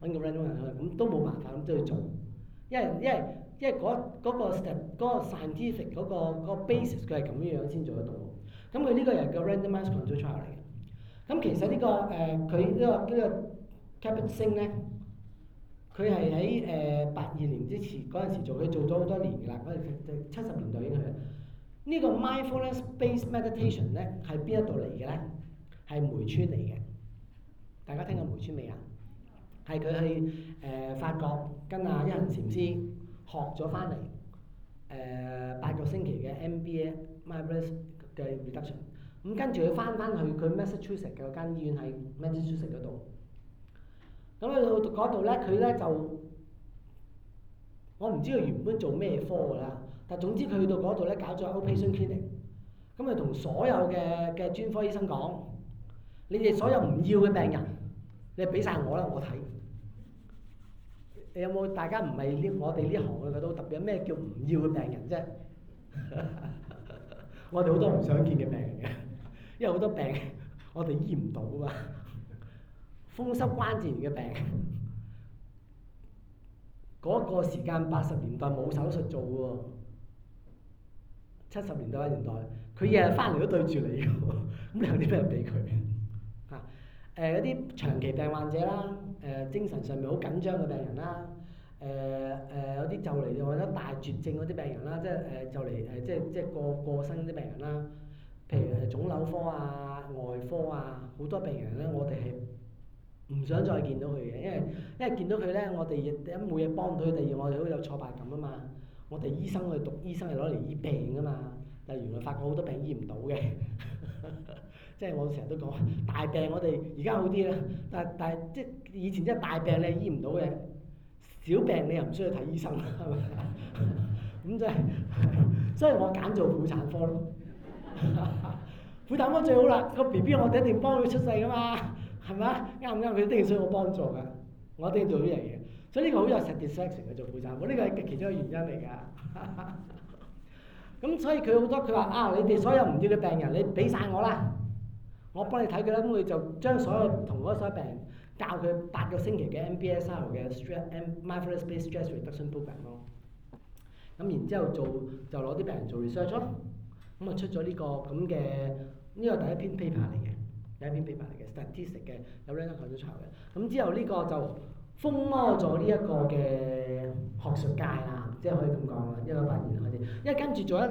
[SPEAKER 1] 揾個 random 人去，咁都冇辦法，咁都要做，因為因為因為嗰嗰個，個 scientific 嗰個、那個、basis 佢係咁樣樣先做得到，咁佢呢個人叫 randomized control 嚟嘅，咁其實、這個呃這個這個、呢個誒佢呢個呢個 Kabat-Zinn 咧，佢係喺誒八二年之前嗰陣時做，佢做咗好多年嘅啦，嗰七十年代已經去，呢、這個 mindfulness based meditation 咧係邊一度嚟嘅咧？係梅村嚟嘅，大家聽過梅村未啊？係佢去誒、呃、法國跟阿一行禪師學咗翻嚟誒八個星期嘅 MBA My Bless 嘅 reduction、嗯。咁跟住佢翻翻去佢 Massachusetts 嗰間醫院喺 Massachusetts 嗰度。咁去、嗯、到嗰度咧，佢咧就我唔知佢原本做咩科㗎啦，但係總之佢去到嗰度咧搞咗個 outpatient clinic、嗯。咁佢同所有嘅嘅專科醫生講。你哋所有唔要嘅病人，你俾曬我啦，我睇。你有冇大家唔係呢？我哋呢行嘅都特別有咩叫唔要嘅病人啫？我哋好多唔想見嘅病人嘅，因為好多病我哋醫唔到啊嘛。風濕關節炎嘅病，嗰個時間八十年代冇手術做喎，七十年代八十年代，佢日日翻嚟都對住你㗎，咁你有啲咩俾佢？誒啲、呃、長期病患者啦，誒、呃、精神上面好緊張嘅病人啦，誒、呃、誒、呃、有啲就嚟或者大絕症嗰啲病人啦，即係誒就嚟誒即係即係過過身啲病人啦。譬如係腫瘤科啊、外科啊，好多病人咧，我哋係唔想再見到佢嘅，因為因為見到佢咧，我哋第一冇嘢幫到佢哋，第二我哋好有挫敗感啊嘛。我哋醫生去讀醫生係攞嚟醫病啊嘛，但係原來發覺好多病醫唔到嘅。 即係我成日都講大病，我哋而家好啲啦。但係但係即係以前真係大病你醫唔到嘅，小病你又唔需要睇醫生，係咪咁即係？ 就是、 所以我揀做婦產科咯。婦產科最好啦，個 B B 我哋一定幫佢出世噶嘛，係咪啊？啱唔啱？佢一定要需要我幫助㗎，我一定要做呢樣嘢，所以呢個好有 satisfaction 嘅做婦產科，呢、這個係其中一個原因嚟㗎。咁 所以佢好多佢話啊，你哋所有唔要嘅病人，你俾晒我啦。我幫你睇佢啦，咁佢就將所有同嗰啲病人教佢八個星期嘅 MBSR 嘅 mindfulness based stress reduction program 咯。咁然之後做就攞啲病人做 research 咯，這個，咁啊出咗呢個咁嘅呢個第一篇 paper 嚟嘅，第一篇 paper 嚟嘅 statistic 嘅有 length 嘅。咁之後呢個就風魔咗呢一個嘅學術界啦，即係可以咁講啦，一個發現嗰啲，因為跟住做一。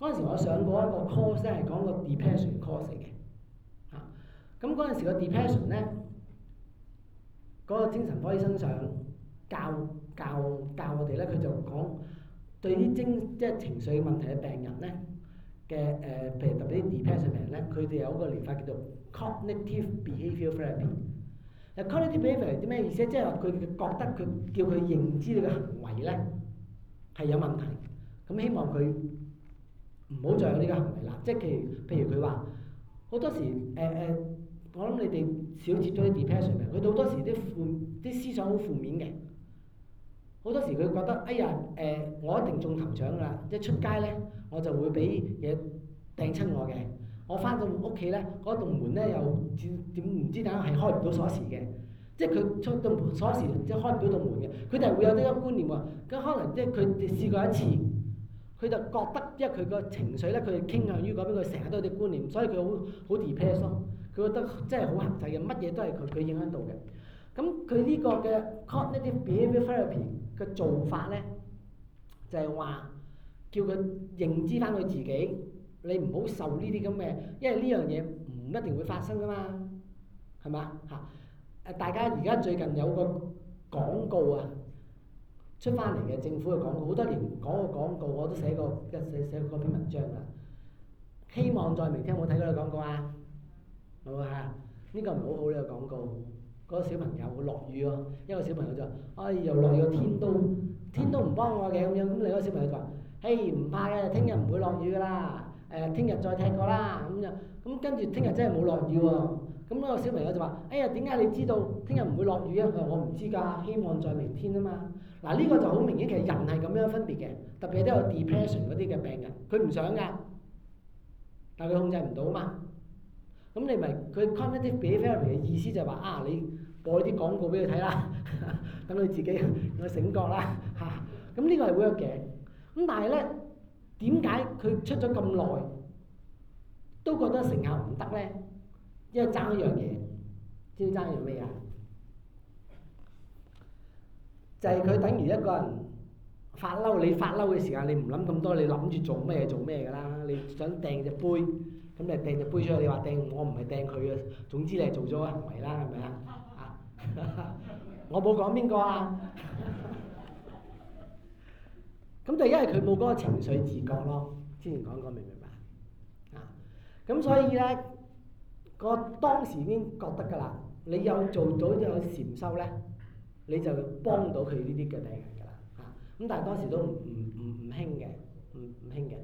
[SPEAKER 1] 嗰陣時，我上過一個 course，係講個 depression course 嚟嘅嚇。咁嗰陣時個 depression 咧，嗰、那個精神科醫生想教教教我哋咧，佢就講對啲精即係情緒問題嘅病人咧嘅誒，譬如、呃、特別啲 depression 病人咧，佢哋有一個療法叫做 cognitive behaviour therapy、嗯。嗱，cognitive behavior 係啲咩意思？而且即係話佢覺得佢叫佢認知你嘅行為咧係有問題，咁希望佢。唔好再有呢個行為啦！即係譬如譬如佢話，好多時誒誒、呃，我諗你哋少接觸啲 depression 嘅，佢好多時啲負啲思想好負面嘅。好多時佢覺得哎呀誒、呃，我一定中頭獎㗎啦！即係出街咧，我就會俾嘢掟親我嘅。我翻到屋企咧，嗰棟門咧又點點唔知點係開唔到鎖匙嘅。即係佢出到門鎖匙即係開唔到棟門嘅。佢哋係會有呢個觀念喎。咁可能即係佢哋試過一次。佢就覺得，因為佢個情緒咧，佢傾向於嗰邊，佢成日都有啲觀念，所以佢好好 depress 咯。佢覺得即係好限制嘅，乜嘢都係佢佢影響到嘅。咁佢呢個嘅 cognitive behavioural therapy 嘅做法咧，就係話叫佢認知翻佢自己，你唔好受呢啲咁嘅，因為呢樣嘢唔一定會發生噶嘛，係嘛嚇？誒，大家而家最近有個廣告啊。出翻嚟嘅政府嘅廣告，好多年講個廣告，我都寫過，寫過一寫寫嗰篇文章噶。希望在明天，有冇睇嗰個廣告啊，係咪啊？呢個唔好好呢、這個廣告，嗰、那個小朋友會落雨咯、啊，一個小朋友就話：，唉、哎，又落雨天，天都天都唔幫我嘅咁樣。咁另一個小朋友就話：，嘿，唔怕嘅，聽日唔會落雨噶啦。誒，聽日再踢過啦，咁就咁跟住，聽日真係冇落雨喎、啊。咁、那、嗰個小朋友就話：，哎呀，點解你知道聽日唔會落雨啊？佢話：我唔知㗎、啊，希望在明天啊嘛。嗱、啊，呢、這個就好明顯，其實人係咁樣分別嘅，特別都有 depression 嗰啲嘅病人，佢唔想㗎，但係佢控制唔到嘛。咁你咪佢 cognitive behavioral 嘅意思就係話：，啊，你播啲廣告俾佢睇啦，等佢自己醒覺啦，嚇、啊。咁呢個係 work 有嘅。k 咁但係咧。點解佢出咗咁耐都覺得成效唔得咧？因為爭一樣嘢，知唔知爭一樣咩啊？就係佢等於一個人發嬲，你發嬲嘅時間，你唔諗咁多，你諗住做咩做咩㗎啦？你想掟隻杯，咁你掟隻杯出去，你話掟我唔係掟佢啊。總之你係做咗個行為啦，係咪 啊？啊，我冇講邊個啊？咁就因為佢冇嗰個情緒自覺咯，之前講過明唔明白啊？咁所以咧，個當時已經覺得㗎啦。你有做到呢個禪修咧，你就幫到佢呢啲嘅病人㗎啦。啊，咁但係當時都唔唔唔唔興嘅，唔唔興嘅。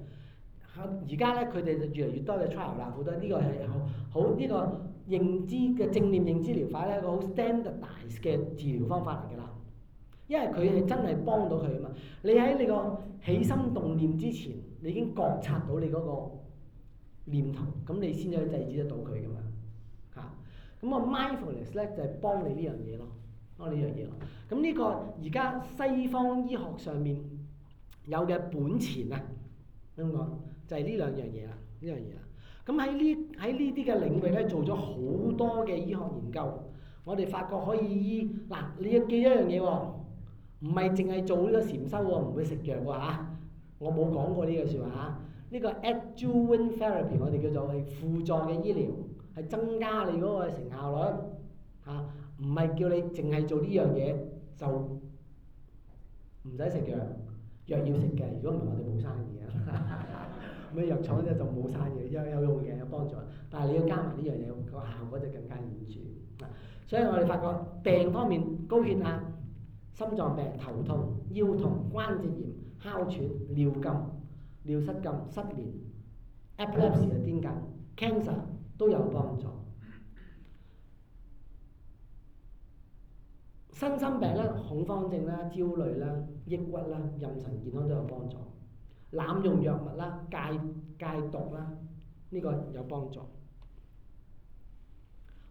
[SPEAKER 1] 而家咧，佢哋、啊、就越嚟越多嘅 trial 啦，好多呢個係好好呢個認知嘅正念認知療法咧，一個好 standardized 嘅治療方法嚟㗎啦。因為佢係真係幫到佢啊嘛。你喺你個起心動念之前，你已經覺察到你嗰個念頭，咁你先至制止得到佢噶嘛嚇。咁個 mindfulness 咧就係幫你呢樣嘢咯，幫你樣嘢咯。咁呢個而家西方醫學上面有嘅本錢啊，咁講就係呢兩樣嘢啊，呢樣嘢啊。咁喺呢喺呢啲嘅領域咧做咗好多嘅醫學研究，我哋發覺可以醫，嗱，你要記一樣嘢喎。唔係淨係做呢個禪修喎，唔會食藥喎吓，啊，我冇講過呢個説話嚇。呢、啊呢個 adjunct therapy 我哋叫做輔助嘅醫療，係增加你嗰個成效率吓，唔、啊、係叫你淨係做呢樣嘢就唔使食藥，藥要食嘅。如果唔係我哋冇生意啊。咁 啊藥廠咧就冇生意，有有用嘅有幫助，但係你要加埋呢樣嘢，個效果就更加顯著，啊。所以我哋發覺病方面高血壓、啊。心臟病、頭痛、腰痛、關節炎、哮喘、尿禁、尿失禁、失眠、epilepsy 嘅癲癇、cancer ile 都有幫助。身心病咧，恐慌症咧、焦慮咧、抑鬱咧、妊娠健康都有幫助。濫用藥物啦、戒戒毒啦，呢、這個有幫助。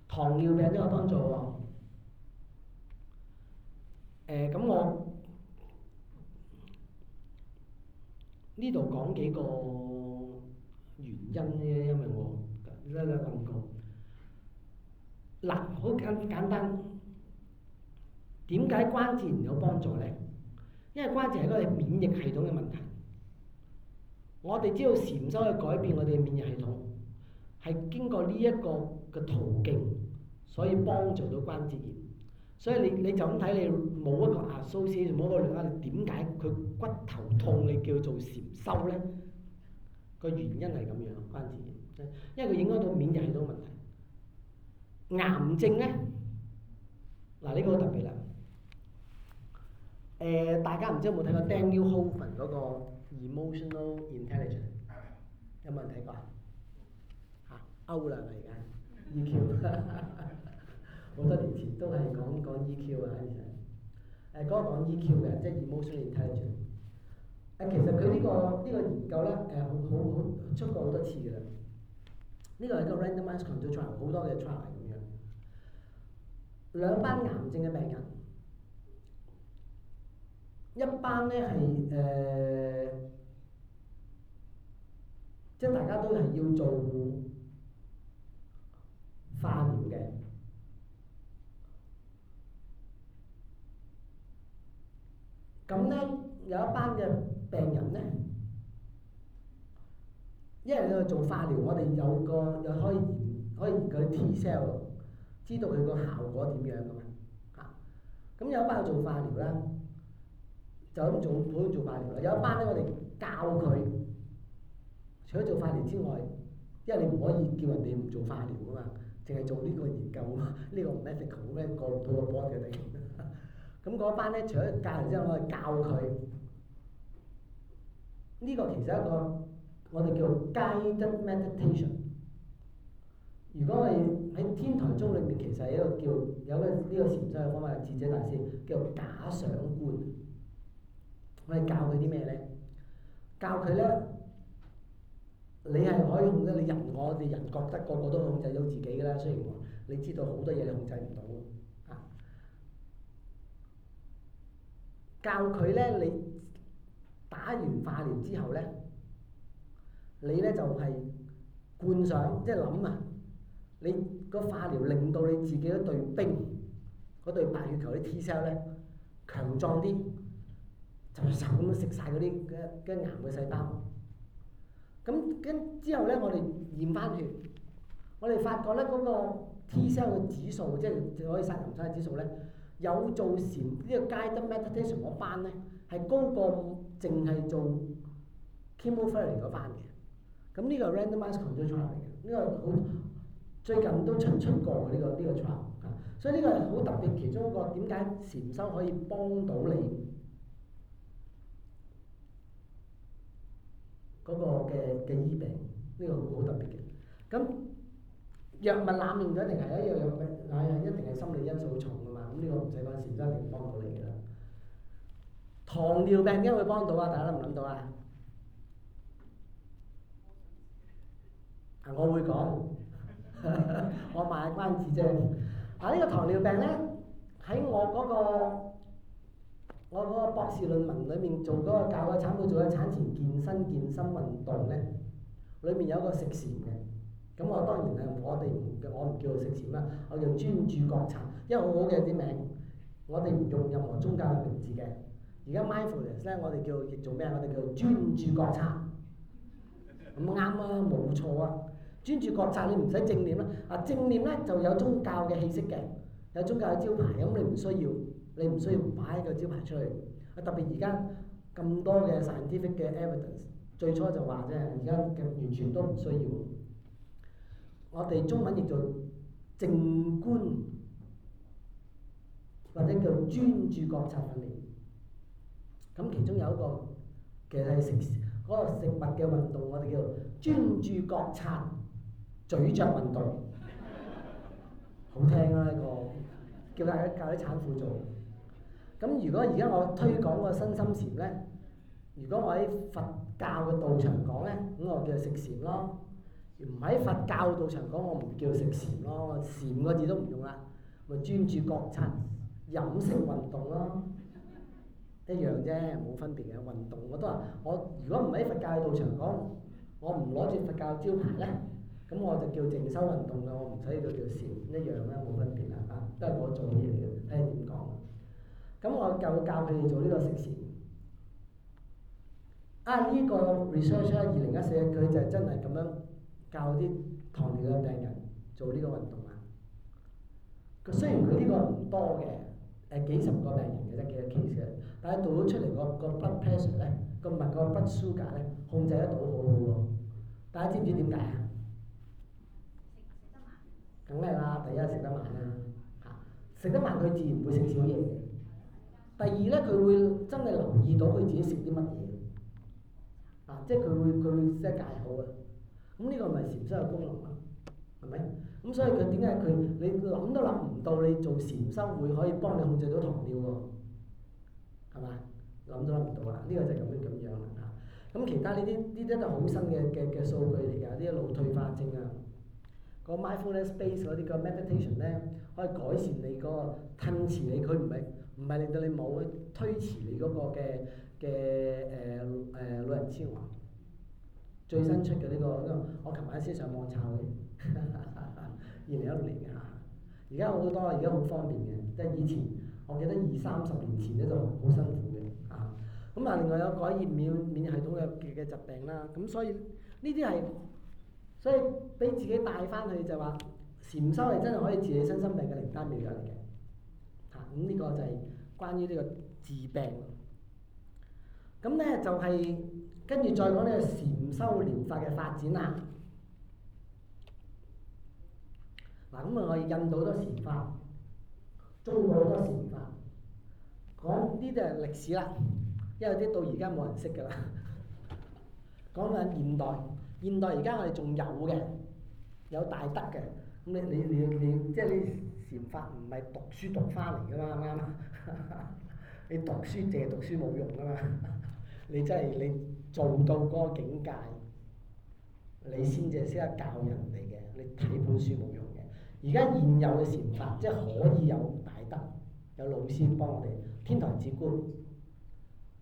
[SPEAKER 1] 糖尿病都有幫助喎。誒咁、嗯、我呢度講幾個原因啫，因為我啦得咁講。嗱，好簡簡單，點解關節炎有幫助咧？因為關節係嗰個免疫系統嘅問題。我哋知道禪修去改變我哋嘅免疫系統，係經過呢一個嘅途徑，所以幫助到關節炎。所以你你就咁睇，你冇一個阿蘇斯，冇一個瞭解，點解佢骨頭痛你叫做禪修咧？個原因係咁樣，關注，因為佢影響到免疫系統問題。癌症咧，嗱呢、呢個特別啦。誒、呃，大家唔知有冇睇過 Daniel Goleman 嗰個 Emotional Intelligence？有冇睇過啊？嚇 out 啦嘛而好多年前都係講、e、講 EQ 啊，呢、就、誒、是，誒講講 EQ 嘅，即係 emotional intelligence。誒其實佢呢個呢個研究咧，誒好好，好出過好多次嘅。呢個係一個 randomised control 好多嘅 trial 咁樣，兩班癌症嘅病人，一班咧係誒，即係大家都係要做化療。咁咧有一班嘅病人咧，因為你去做化療，我哋有個又可以可以研究 T cell，知道佢個效果點樣噶嘛嚇。咁、啊、有一班去做化療啦，就咁做，普通做化療啦。有一班咧，我哋教佢，除咗做化療之外，因為你唔可以叫人哋唔做化療噶嘛，淨係做呢個研究嘛，呢、呢個唔 medical 咧過唔到個 border 嘅咁嗰班呢，除咗教人之後，我哋教佢呢、這個其實一個我哋叫 guided meditation。如果我哋喺天台宗裏面，其實係一個叫有個呢個禪修嘅方法，智者大師叫假想觀。我哋教佢啲咩呢？教佢呢，你係可以控制你人，我哋人覺得個個都控制到自己㗎啦。雖然話你知道好多嘢，你控制唔到。教佢咧，你打完化療之後咧，你咧就係、是、灌上，即係諗啊，你個化療令到你自己嗰隊兵、嗰隊白血球啲 T cell 咧強壯啲，就手咁食晒嗰啲嘅嗰癌嘅細胞。咁跟之後咧，我哋驗翻血，我哋發覺咧嗰、那個 T cell 嘅指數，嗯、即係可以殺癌細胞指數咧。有做禪呢個 guided meditation 嗰班咧，係高過淨係做 chemotherapy 嗰班嘅。咁呢個 randomised controlled trial 嚟嘅，呢個好最近都出出過嘅呢個呢個 trial。所以呢個係好特別，其中一個點解禪修可以幫到你嗰個嘅嘅醫病？呢個好特別嘅。咁藥物濫用咗，一定係一樣；藥藥一定係心理因素好重。咁呢個唔使講嗰陣時真係一定幫到你嘅啦。糖尿病點解會幫到啊？大家諗唔諗到啊？我會講， 我賣關子啫。啊，呢、這個糖尿病咧喺我嗰、那個我嗰博士論文裏面做嗰個教嘅產婦做嘅產前健身健身運動咧，裏面有個食禪嘅。咁我當然係我哋唔我唔叫佢食禪啦，我叫專注覺察。因為我嘅啲名，我哋唔用任何宗教嘅名字嘅。而家 mindfulness 咧，我哋叫亦做咩？我哋叫專注國策咁啱啊，冇錯啊！專注國策，你唔使正念啦。啊，正念咧就有宗教嘅氣息嘅，有宗教嘅招牌咁，你唔需要，你唔需要擺個招牌出去。啊！特別而家咁多嘅 scientific 嘅 evidence，最初就話啫，而家嘅完全都唔需要。我哋中文亦做靜觀。或者叫專注國策訓練，咁其中有一個其實係食嗰、那個、食物嘅運動，我哋叫專注國策咀嚼運動， 好聽啦、啊、呢、這個叫大家教啲產婦做。咁如果而家我推廣個身心禪咧，如果我喺佛教嘅道場講咧，咁我叫食禪咯；唔喺佛教道場講，我唔叫食禪咯，禪個字都唔用啦，咪專注國策。飲食運動咯，一樣啫，冇分別嘅運動我都話，我如果唔喺佛教道場講，我唔攞住佛教招牌咧，咁我就叫靜修運動噶，我唔使去叫禪一樣啦，冇分別啦，嚇、啊、都係我做嘅嘢嚟嘅，睇下點講。咁我教教佢哋做呢個食禪。啊呢、呢個 research 出、er、二零一四，佢就真係咁樣教啲糖尿病病人做呢個運動啊。雖然佢呢個唔多嘅。誒幾十個病人嘅啫，幾多 case 嘅，但係讀咗出嚟、那個 bl 呢、那個 blood pressure 咧，個物個 blood sugar 咧，控制得到好好喎。嗯、大家知唔知點解啊？梗係、嗯、啦，第一食得慢啦，嚇、嗯、食得慢佢自然會食少嘢。嗯嗯、第二咧佢會真係留意到佢自己食啲乜嘢，嗱、嗯啊、即係佢會佢會識戒口嘅。咁呢個咪禪修嘅功能啊？係咪？咁所以佢點解佢你諗都諗唔到，你，想想到你做禪修會可以幫你控制到糖尿喎？係嘛？諗都諗唔到啦！呢、這個就咁樣咁樣啦嚇。咁、啊、其他呢啲呢啲都係好新嘅嘅嘅數據嚟㗎，腦退化症啊，嗯、個 mindfulness base 嗰啲個 meditation 咧可以改善你嗰個、嗯、推遲你，佢唔係唔係令到你冇去推遲你嗰個嘅嘅誒誒老人痴呆。最新出嘅呢、這個，我琴晚先上網查嘅。 二零一六年嘅嚇，而家好多，而家好方便嘅，即係以前，我記得二三十年前咧就好辛苦嘅嚇。咁啊，另外有改個免免疫系統嘅嘅疾病啦。咁所以呢啲係，所以俾自己帶翻去就話禪修係真係可以治你身心病嘅靈丹妙藥嚟嘅嚇。咁、啊、呢、嗯呢個就係關於呢個治病。咁咧就係跟住再講呢個禪修療法嘅發展啊。嗱，咁啊、嗯，我印度好多禪法，中國好多禪法，講呢啲係歷史啦，因為啲到而家冇人識噶啦。講緊現代，現代而家我哋仲有嘅，有大德嘅。咁你你你你，即係你，禪法唔係讀書讀翻嚟噶嘛？啱啱？ 你讀書淨係讀書冇用噶嘛？你真係你做到嗰個境界，你先至係識得教人哋嘅。你睇本書冇用。而家現有嘅禪法，即係可以有大德有老師幫我哋。天台止觀、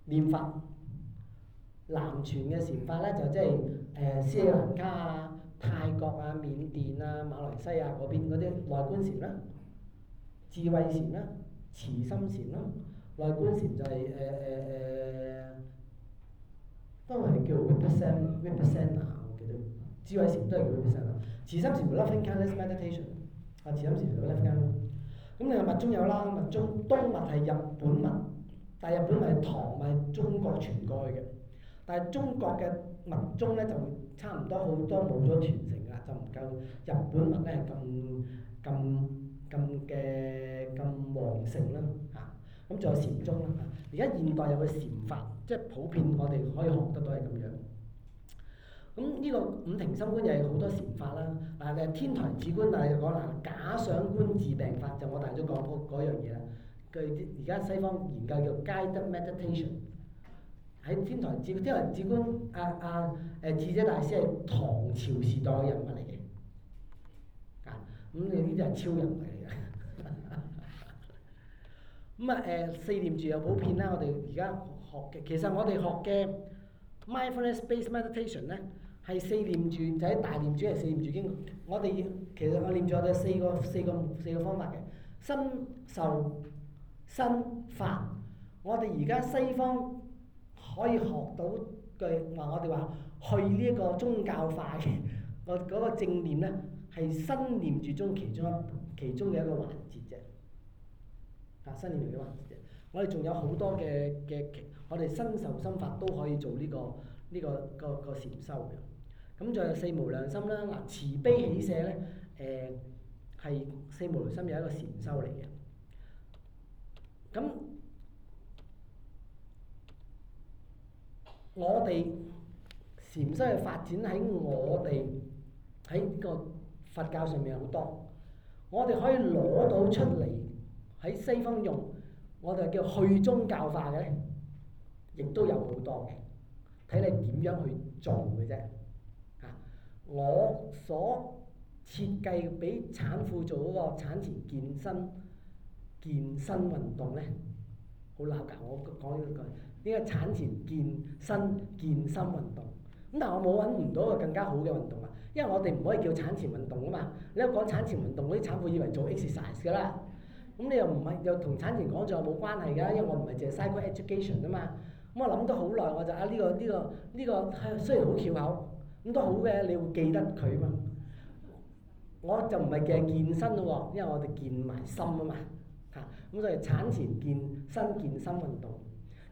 [SPEAKER 1] 念法，南傳嘅禪法咧，就即係誒斯里蘭卡啊、泰國啊、緬甸啊、馬來西亞嗰啲內觀禪啦、智慧禪啦、慈心禪啦。內觀禪就係誒誒誒，都係叫 represent represent 啊，我記得智慧禪都係叫 represent 啊，慈心禪 loving kindness meditation。啊！前幾時咁，到咧，咁你話物中有啦，物中東物係日本物，但係日本物係唐係中國傳過去嘅，但係中國嘅物中呢，就差唔多好多冇咗傳承啦，就唔夠日本物呢。係咁咁咁嘅咁旺盛啦嚇。咁仲有禪宗啦，而家現代有個禪法，即係普遍我哋可以學得到，係咁樣。咁呢個五停心觀又有好多禪法啦，嗱誒天台止觀，但係講嗱假想觀治病法就是，我頭先講嗰嗰樣嘢啦，佢而家西方研究叫 guided meditation 喺天台止天台止觀，阿阿誒智者大師係唐朝時代人物嚟嘅。啊咁你呢啲係超人嚟嘅，咁啊誒四念住有普遍啦，我哋而家學嘅其實我哋學嘅 mindfulness-based meditation 咧。係四念住，就係、是、大念住係四念住經。我哋其實我念咗就四個四個四個方法嘅身受心法。我哋而家西方可以學到句話，我哋話去呢一個宗教化嘅個嗰個正念咧，係身念住中其中一其中嘅一個環節啫。啊，身念住嘅環節啫。我哋仲有好多嘅嘅，我哋身受心法都可以做呢、這個呢、這個個個,個禪修嘅。咁仲有四無量心啦。嗱，慈悲喜捨咧，誒、呃、係四無量心又一個禪修嚟嘅。咁我哋禪修嘅發展喺我哋喺個佛教上面好多，我哋可以攞到出嚟喺西方用，我哋叫去宗教化嘅咧，亦都有好多嘅，睇你點樣去做嘅啫。我所設計俾產婦做嗰個產前健身健身運動咧，好鬧架！我講呢句，呢個產前健身健身運動，咁但係我冇揾唔到一個更加好嘅運動啊，因為我哋唔可以叫產前運動啊嘛。你一講產前運動，嗰啲產婦以為做 exercise 㗎啦。咁你又唔係又同產前講就冇關係㗎，因為我唔係淨係 psycho education 啫嘛。咁我諗咗好耐，我就啊呢、呢個呢、呢個呢、呢個、哎、雖然好翹口。咁都好嘅，你會記得佢嘛？我就唔係嘅健身咯，因為我哋健埋心嘛啊嘛嚇。咁所以產前健身健身運動。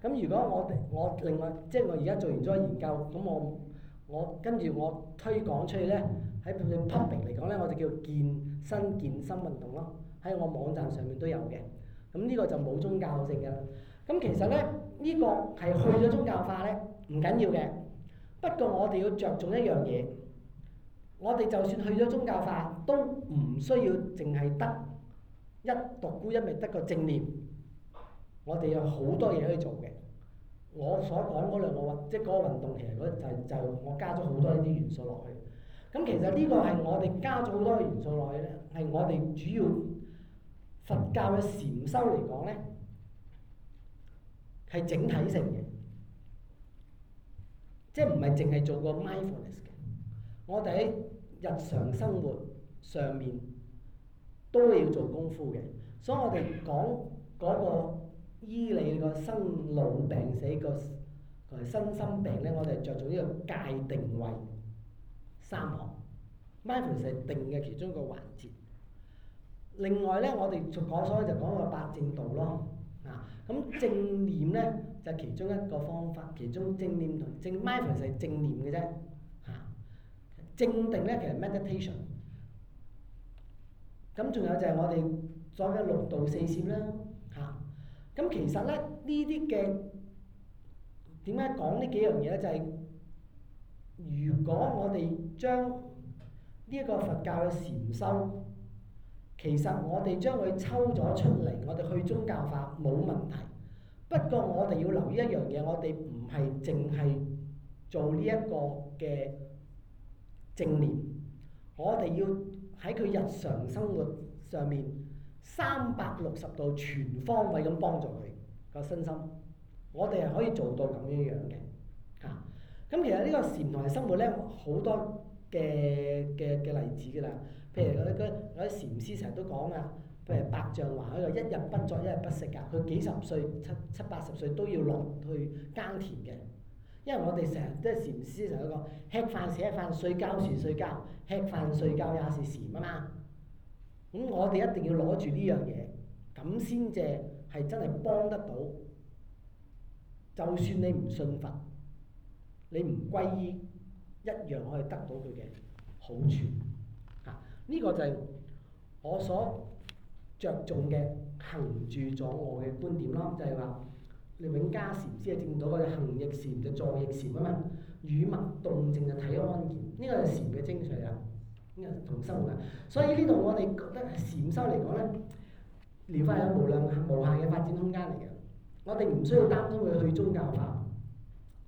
[SPEAKER 1] 咁、啊、如果我哋，我另外即係我而家做完咗研究，咁我我跟住我推廣出去咧，喺佢 public 嚟講咧，我就叫健身健身運動咯。喺我網站上面都有嘅。咁、啊、呢、呢個就冇宗教性嘅。咁、啊、其實咧，呢、呢個係去咗宗教化咧，唔緊要嘅。不過我哋要着重一樣嘢，我哋就算去咗宗教化，都唔需要淨係得一獨孤一味得個正念，我哋有好多嘢可以做嘅。我所講嗰兩個運，即係嗰個運動，其實就就我加咗好多呢啲元素落去。咁其實呢個係我哋加咗好多元素落去咧，係我哋主要佛教嘅禪修嚟講咧，係整體性嘅。即係唔係淨係做個 mindfulness 嘅，我哋喺日常生活上面都要做功夫嘅，所以我哋講嗰個醫你、嗰個生老病死個、嗰個身心病咧，我哋係着重呢個界定位。三項，mindfulness 係定嘅其中一個環節。另外咧，我哋講所以就講個八正道咯，啊咁正念咧。就其中一個方法，其中正念同正 mindfulness 係正念嘅啫嚇。正定咧其實 meditation，咁仲有就係我哋所嘅六度四攝啦嚇。咁、啊、其實咧呢啲嘅點解講呢幾樣嘢咧？就係、是、如果我哋將呢一個佛教嘅禪修，其實我哋將佢抽咗出嚟，我哋去宗教化冇問題。不過我哋要留意一樣嘢，我哋唔係淨係做呢一個嘅正念，我哋要喺佢日常生活上面三百六十度全方位咁幫助佢個身心，我哋係可以做到咁樣樣嘅，嚇、啊。咁其實呢個禪同生活咧好多嘅嘅嘅例子㗎啦，譬如嗰啲嗰啲嗰啲禪師成日都講啊。百丈話喺度，一日不作，一日不食㗎。佢幾十歲、七七八十歲都要落去耕田嘅，因為我哋成日都係禪師成日講，吃飯是吃飯，睡覺是睡覺，吃飯睡覺也是禪啊嘛。咁我哋一定要攞住呢樣嘢，咁先至係真係幫得到。就算你唔信佛，你唔皈依，一樣可以得到佢嘅好處。嚇、啊，呢、這個就係我所。着重嘅行住坐臥嘅觀點咯，就係、是、話你永嘉禪先係見到嗰個行亦禪，就坐亦禪啊嘛。語默動靜就體安然，呢個係禪嘅精髓啊，呢個同生啊。所以呢度我哋覺得禪修嚟講咧，留翻係無量無限嘅發展空間嚟嘅。我哋唔需要擔心佢去宗教化，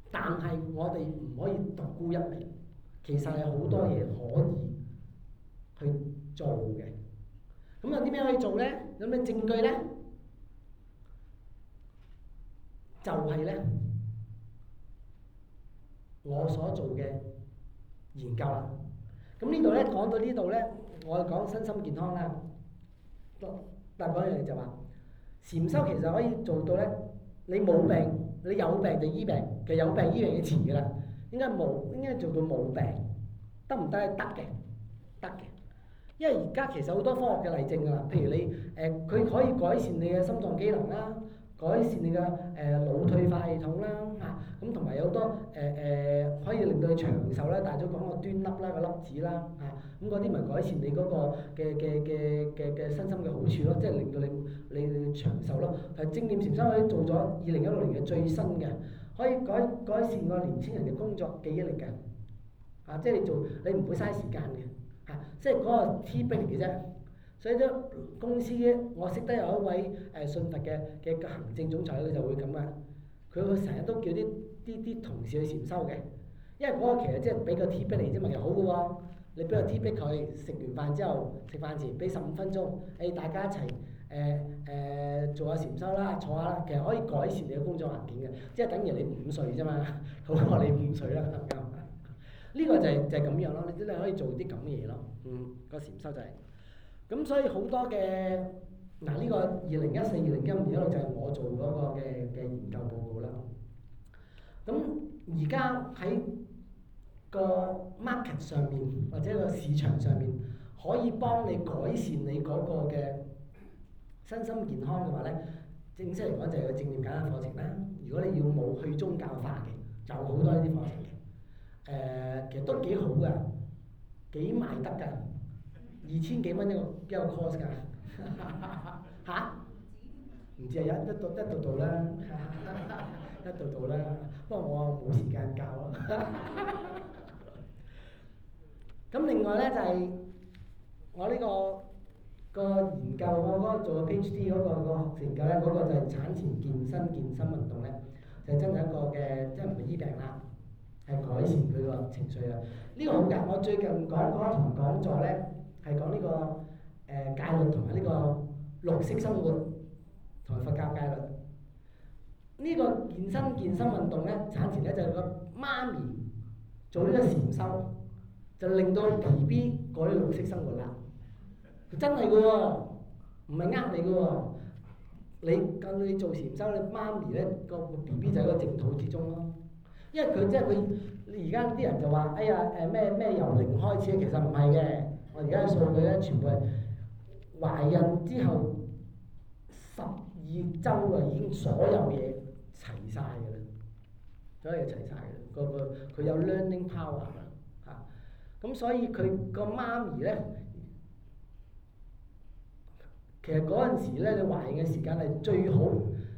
[SPEAKER 1] 但係我哋唔可以獨沽一味。其實係好多嘢可以去做嘅。咁有啲咩可以做咧？有咩證據咧？就係咧，我所做嘅研究啦。咁呢度咧講到呢度咧，我就講身心健康啦。但講一樣嘢就話，禪修其實可以做到咧，你冇病，你有病就醫病，其實有病醫完已經遲噶啦。應該冇，應該做到冇病，得唔得？得嘅，得嘅。因為而家其實好多科學嘅例證㗎啦，譬如你誒，佢、呃、可以改善你嘅心臟機能啦，改善你嘅誒腦退化系統啦，嚇咁同埋有好多誒誒、呃呃、可以令到你長壽啦。大咗講個端粒啦，個粒子啦，嚇咁嗰啲咪改善你嗰個嘅嘅嘅嘅嘅身心嘅好處咯，即係令到你你,你長壽咯。但係正念禪修可以做咗二零一六年嘅最新嘅，可以改改善個年輕人嘅工作記憶力嘅，嚇、啊、即係你做你唔會嘥時間嘅。嚇、啊，即係嗰個 t 逼嚟嘅啫，所以呢公司呢，我識得有一位誒、呃、信佛嘅嘅行政總裁，佢就會咁噶，佢佢成日都叫啲啲啲同事去禪修嘅，因為嗰個其實即係俾個 t 逼嚟啫，咪又好㗎喎、哦，你俾個 t 逼佢食完飯之後食飯前俾十五分鐘，誒大家一齊誒誒做下禪修啦，坐下啦，其實可以改善你嘅工作環境嘅，即係等於你午睡啫嘛，好過你午睡啦， 呢個就係就係咁樣咯，你啲你可以做啲咁嘅嘢咯。嗯，這個禪修就係咁。咁所以好多嘅嗱，呢、啊這個二零一四、二零一五、二零一六就係我做嗰個嘅嘅研究報告啦。咁而家喺個 market 上面或者個市場上面，可以幫你改善你嗰個嘅身心健康嘅話咧，正式嚟講就係個正念簡單課程啦。如果你要冇去宗教化嘅，就好多呢啲課程誒、呃，其實都幾好噶，幾賣得噶，二千幾蚊一個，一個 course 噶，吓，唔知啊，一一度一度度啦，一度度啦，不過我冇時間教咯。咁另外咧就係、是、我呢、這個、那個研究、那個，我嗰、那個做、那個 PhD 嗰個個研究咧，嗰個就係產前健身健身運動咧，就係、是、真係一個嘅，即係唔係醫病啦。係改善佢個情緒啊！呢、這個好㗎，我最近講過一堂講座咧，係講呢個誒戒律同埋呢個綠色生活同埋佛教戒律。呢、這個健身健身運動咧，產前咧就個媽咪做呢個禪修，就令到 B B 改綠色生活啦。真係嘅喎，唔係呃你嘅喎、啊。你咁你做禪修，你媽咪咧個 B B 就喺個淨土之中咯。因為佢即係佢，而家啲人就話：哎呀，誒咩咩由零開始，其實唔係嘅。我而家嘅數據咧，全部係懷孕之後十二週啊，已經所有嘢齊晒嘅啦，所有嘢齊晒嘅啦。個個佢有 learning power 啊嚇，咁所以佢個媽咪咧，其實嗰陣時咧，你懷孕嘅時間係最好，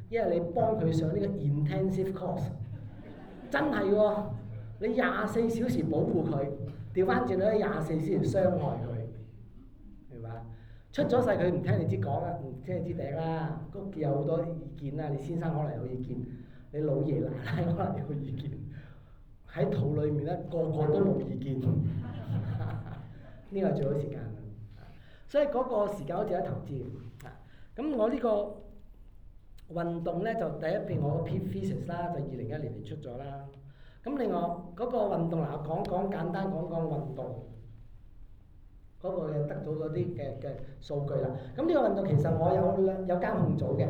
[SPEAKER 1] 因為你幫佢上呢個 intensive course。真係喎！你廿四小時保護佢，調翻轉咧廿四小時傷害佢，明白？出咗世佢唔聽你之講啦，唔聽你之頂啦，屋企有好多意見啦，你先生可能有意見，你老爺奶奶可能有意見，喺肚裏面咧個,個個都冇意見，呢 個最好時間啊！所以嗰個時間好似有投資咁，我呢、呢個。運動咧就第一便我嘅 Peak Fitness 啦，就二零一年嚟出咗啦。咁另外嗰、那個運動嗱，講講簡單講講運動嗰、那個嘅得到嗰啲嘅嘅數據啦。咁呢個運動其實我有有監控組嘅，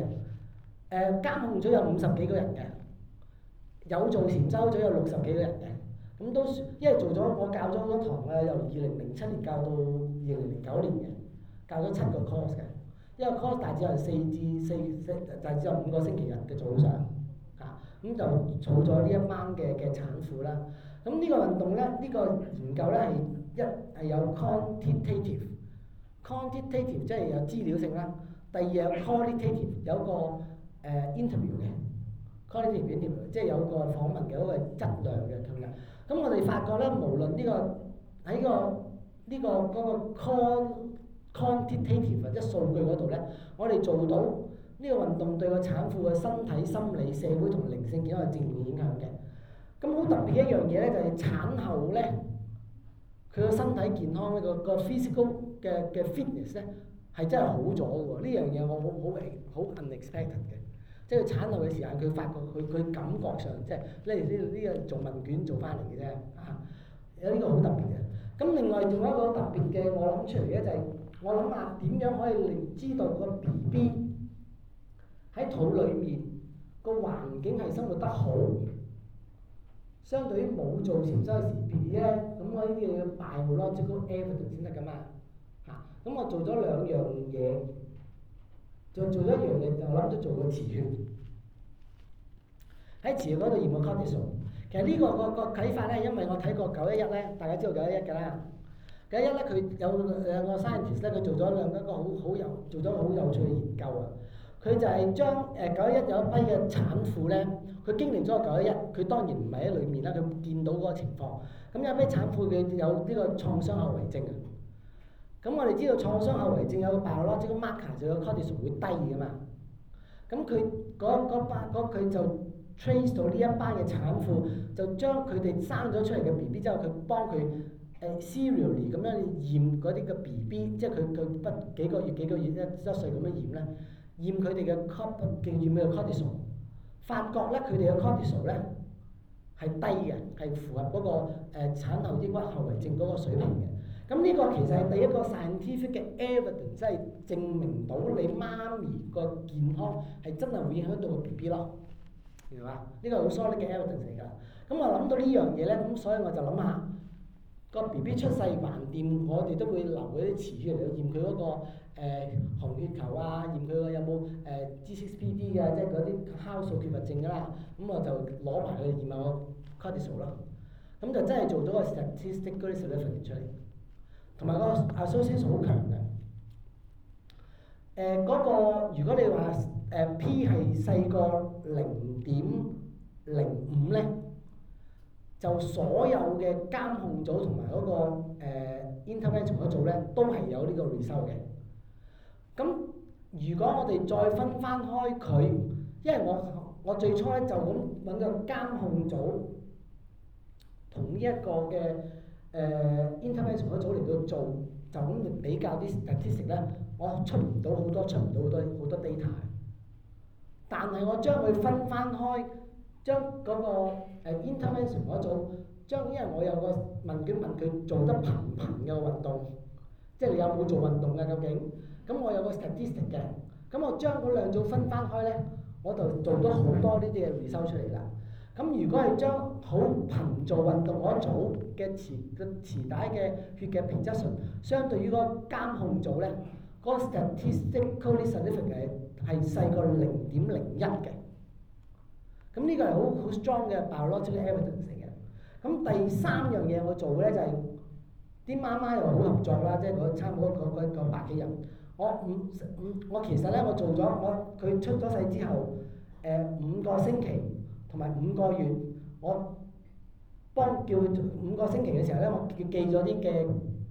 [SPEAKER 1] 誒監控組有五十幾個人嘅，有做禪修組有六十幾個人嘅。咁都因為做咗我教咗好多堂啦，由二零零七年教到二零零九年嘅，教咗七個 course 嘅。因為 course 大約係四至四大約有五個星期日嘅早上，啊，咁就儲咗呢一班嘅嘅產婦啦。咁呢個運動咧，呢、呢個研究咧係一係有 quantitative，quantitative quantitative，即係有資料性啦。第二係 qualitative，有個誒、呃、interview 嘅，qualitative 即係有個訪問嘅一個質量嘅咁樣。咁我哋發覺咧，無論呢、呢個喺、呢個呢、呢個嗰、呢個、嗰個、con quantitative 或者數據嗰度咧，我哋做到呢個運動對個產婦嘅身體、心理、社會同靈性健康係正面影響嘅。咁好特別嘅一樣嘢咧，就係產後咧，佢個身體健康咧，個個 physical 嘅嘅 fitness 咧係真係好咗嘅喎。呢樣嘢我好好好 unexpected 嘅，即係產後嘅時間佢發覺佢佢感覺上即係呢呢呢個做問卷做翻嚟嘅啫啊，有呢個好特別嘅。咁另外仲有一個特別嘅，我諗出嚟咧就係。我諗下點樣可以令知道個 B B 喺肚裡面個環境係生活得好，相對於冇做禪修時 B B 咧，咁我一定要要擺 biological evidence 先得噶嘛嚇。咁、啊、我做咗兩樣嘢，就做咗一樣嘢，我諗都做個磁血喺磁血嗰度，驗個 cortisol。其實呢、這個個個啟發咧，因為我睇過九一一咧，大家知道九一一㗎啦。九一一咧，佢有兩個 scientist 咧，佢做咗兩一個好好有做咗好有趣嘅研究啊！佢就係將誒九一一有一批嘅產婦咧，佢經歷咗九一一，佢當然唔係喺裏面啦，佢見到嗰個情況。咁有啲產婦佢有呢個創傷後遺症啊！咁我哋知道創傷後遺症有個 bio 即個 marker，就個 cortisol 會低嘅嘛。咁佢嗰班嗰佢就 trace 到呢一班嘅產婦，就將佢哋生咗出嚟嘅 B B 之後，佢幫佢。serially 咁樣驗嗰啲嘅 B B，即係佢佢不幾個月幾個月一一歲咁樣驗咧，驗佢哋嘅 cort，驗佢嘅 cortisol，發覺咧佢哋嘅 cortisol 咧係低嘅，係符合嗰個誒產後憂鬱後遺症嗰個水平嘅。咁呢個其實係第一個 scientific 嘅 evidence，即係證明到你媽咪個健康係真係會影響吧到個 B B 咯，明嘛？呢個係好 solid 嘅 evidence 嚟㗎。咁我諗到呢樣嘢咧，咁所以我就諗下。個 B B 出世橫掂，我哋都會留嗰啲臍血嚟去驗佢嗰、那個誒、呃、紅血球啊，驗佢有冇誒 G6PD 嘅，即係嗰啲酵素缺乏症㗎啦。咁、嗯、我就攞埋佢驗下個 cortisol 啦。咁、嗯、就真係做到個 statistical significance 出嚟，同埋個 association 好強嘅。誒、呃、嗰、那個如果你話誒、呃、P 係細過零點零五咧？就所有嘅監控組同埋嗰個誒 intervention 嗰組咧，都係有呢個 result 嘅。咁如果我哋再分翻開佢，因為我我最初咧就咁揾個監控組同呢一個嘅誒 intervention 嗰組嚟到做，就咁比較啲 statistics 咧，我出唔到好多，出唔到好多好多 data。但係我將佢分翻開。將嗰個 intervention 嗰組，將因為我有個問卷問佢做得頻唔頻嘅運動，即係你有冇做運動呀？究竟？咁我有個 statistic 嘅，咁我將嗰兩組分翻開咧，我就做咗好多呢啲嘢回收出嚟啦。咁如果係將好頻做運動嗰組嘅磁嘅磁帶嘅血嘅皮質醇，相對於嗰監控組咧，嗰、那個、statistically significant 係細過零點零一嘅。咁呢個係好好 strong 嘅 biological evidence 嚟嘅。咁第三樣嘢我做嘅咧就係啲媽媽又好合作啦，即係差唔多我我個百幾人，我五五我其實呢，我做咗我佢出咗世之後，誒、呃、五個星期同埋五個月，我幫叫佢做。五個星期嘅時候呢，我寄寄咗啲嘅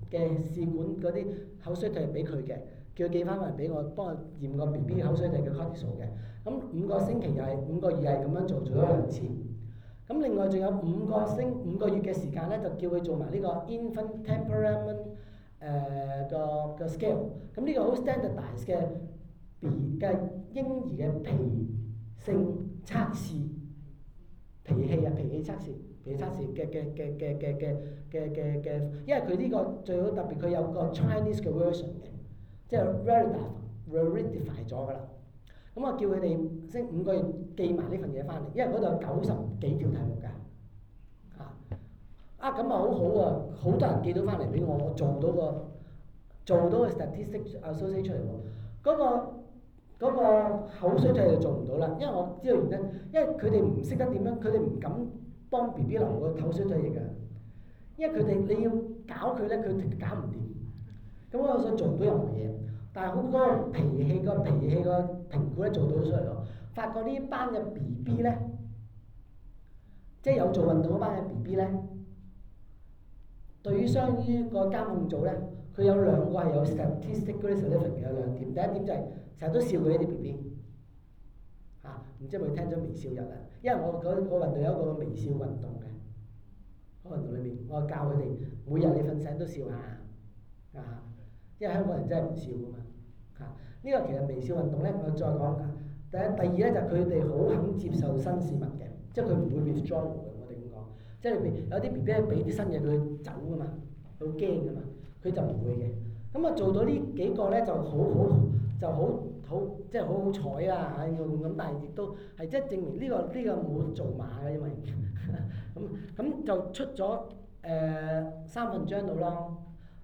[SPEAKER 1] 嘅試管嗰啲口水袋俾佢嘅。叫佢寄翻嚟俾我，幫我驗個 B B 口水地嘅 cortisol 嘅。咁五個星期又係五個月係咁樣做，做咗五次。咁另外仲有五個星五個月嘅時間咧，就叫佢做埋呢個 infant temperament 誒、呃嗰個、嗰個 scale。咁呢個好 standardize 嘅 B 嘅嬰兒嘅脾性測試，脾氣啊脾氣測試脾氣測試，嘅嘅嘅嘅嘅嘅嘅嘅，因為佢呢個最好特別佢有個 Chinese 嘅 version 嘅。即係 validate，validate 咗㗎啦。咁我叫佢哋先五個月寄埋呢份嘢翻嚟，因為嗰度有九十幾條題目㗎。啊，啊咁啊好好啊，好多人寄到翻嚟俾我，我做到個做到個 statistics 啊，n 息出嚟喎。嗰、那個嗰、那個口水就液做唔到啦，因為我知道原因，因為佢哋唔識得點樣，佢哋唔敢幫 B B 留個口水唾液㗎。因為佢哋你要搞佢咧，佢搞唔掂。咁、嗯、我想做到任何嘢，但係好多脾氣個脾氣個評估咧，做到都出嚟喎，發覺呢班嘅 B B 咧，即係有做運動嗰班嘅 B B 咧，對於相於個監控組咧，佢有兩個係有 statistically significant 嘅兩點，第一點就係成日都笑佢呢啲 B B。嚇，唔知係咪聽咗微笑日啊？因為我嗰個運動有一個微笑運動嘅，喺運動裏面，我教佢哋每日你瞓醒都笑下，啊！因為香港人真係唔笑噶嘛。嚇呢個其實微笑運動咧，我再講第一、第二咧就佢哋好肯接受新事物嘅，即係佢唔會 withdraw 嘅，我哋咁講，即係有啲 BB 俾啲新嘢佢走噶嘛，佢好驚噶嘛，佢就唔會嘅。咁啊做到呢幾個咧就好好就好好即係好好彩啊咁，但係亦都係即係證明呢、呢個呢、呢個冇做馬嘅， 因為咁咁就出咗誒、呃、三分張到咯。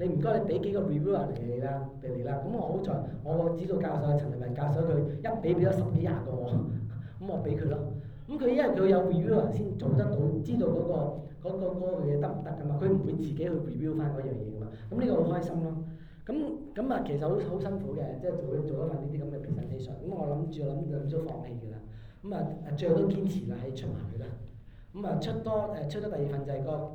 [SPEAKER 1] 你唔該，你俾幾個 reviewer 嚟你啦，俾你啦。咁我好在，我指導教授陳黎明教授佢一俾俾咗十幾廿個,個我，咁我俾佢咯。咁佢因為佢有 reviewer 先做得到，知道嗰、嗰個嗰、嗰個嗰個嘢得唔得噶嘛？佢唔會自己去 review 翻嗰樣嘢噶嘛。咁呢個好開心咯。咁咁啊，其實好好辛苦嘅，即係做做咗份呢啲咁嘅 presentation。咁我諗住諗諗到放棄噶啦。咁啊，最後都堅持啦，係出埋去啦。咁啊，出多誒出多第二份就係個。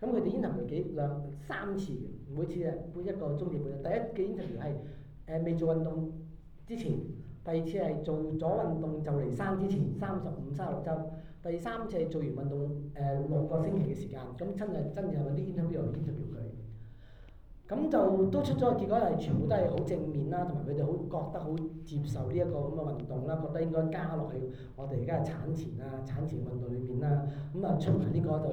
[SPEAKER 1] 咁佢哋 interview 係幾兩三次每次啊每一個鐘頭日第一個 interview 係誒未做運動之前，第二次係做咗運動就嚟生之前三十五三十六周，第三次係做完運動誒六、呃、個星期嘅時間。咁親人真係係啲 interview 嚟 interview 佢。咁就都出咗個結果係全部都係好正面啦，同埋佢哋好覺得好接受呢一個咁嘅運動啦，覺得應該加落去我哋而家嘅產前啊產前運動裏面啦。咁啊出埋呢個就。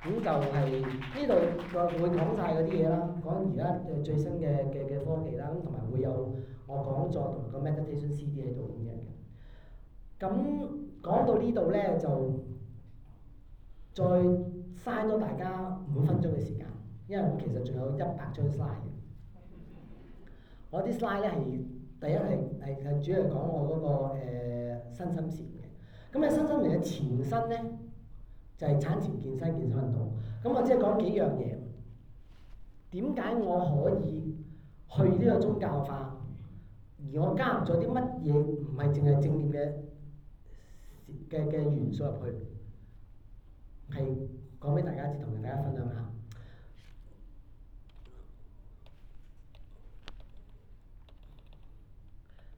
[SPEAKER 1] 咁、嗯、就係呢度，再會講晒嗰啲嘢啦，講而家最新嘅嘅嘅科技啦，咁同埋會有我講座同個 meditation CD 喺度咁樣嘅。咁講到呢度咧，就再嘥咗大家五分鐘嘅時間，因為我其實仲有一百張 slide 嘅。我啲 slide 咧係第一係係係主要係講我嗰、嗰個誒身、呃、心事，嘅，咁喺身心線嘅前身咧。就係產前健身、健身運動。咁我只係講幾樣嘢。點解我可以去呢個宗教化，而我加入咗啲乜嘢？唔係淨係正念嘅嘅嘅元素入去，係講俾大家一啲，同大家分享下。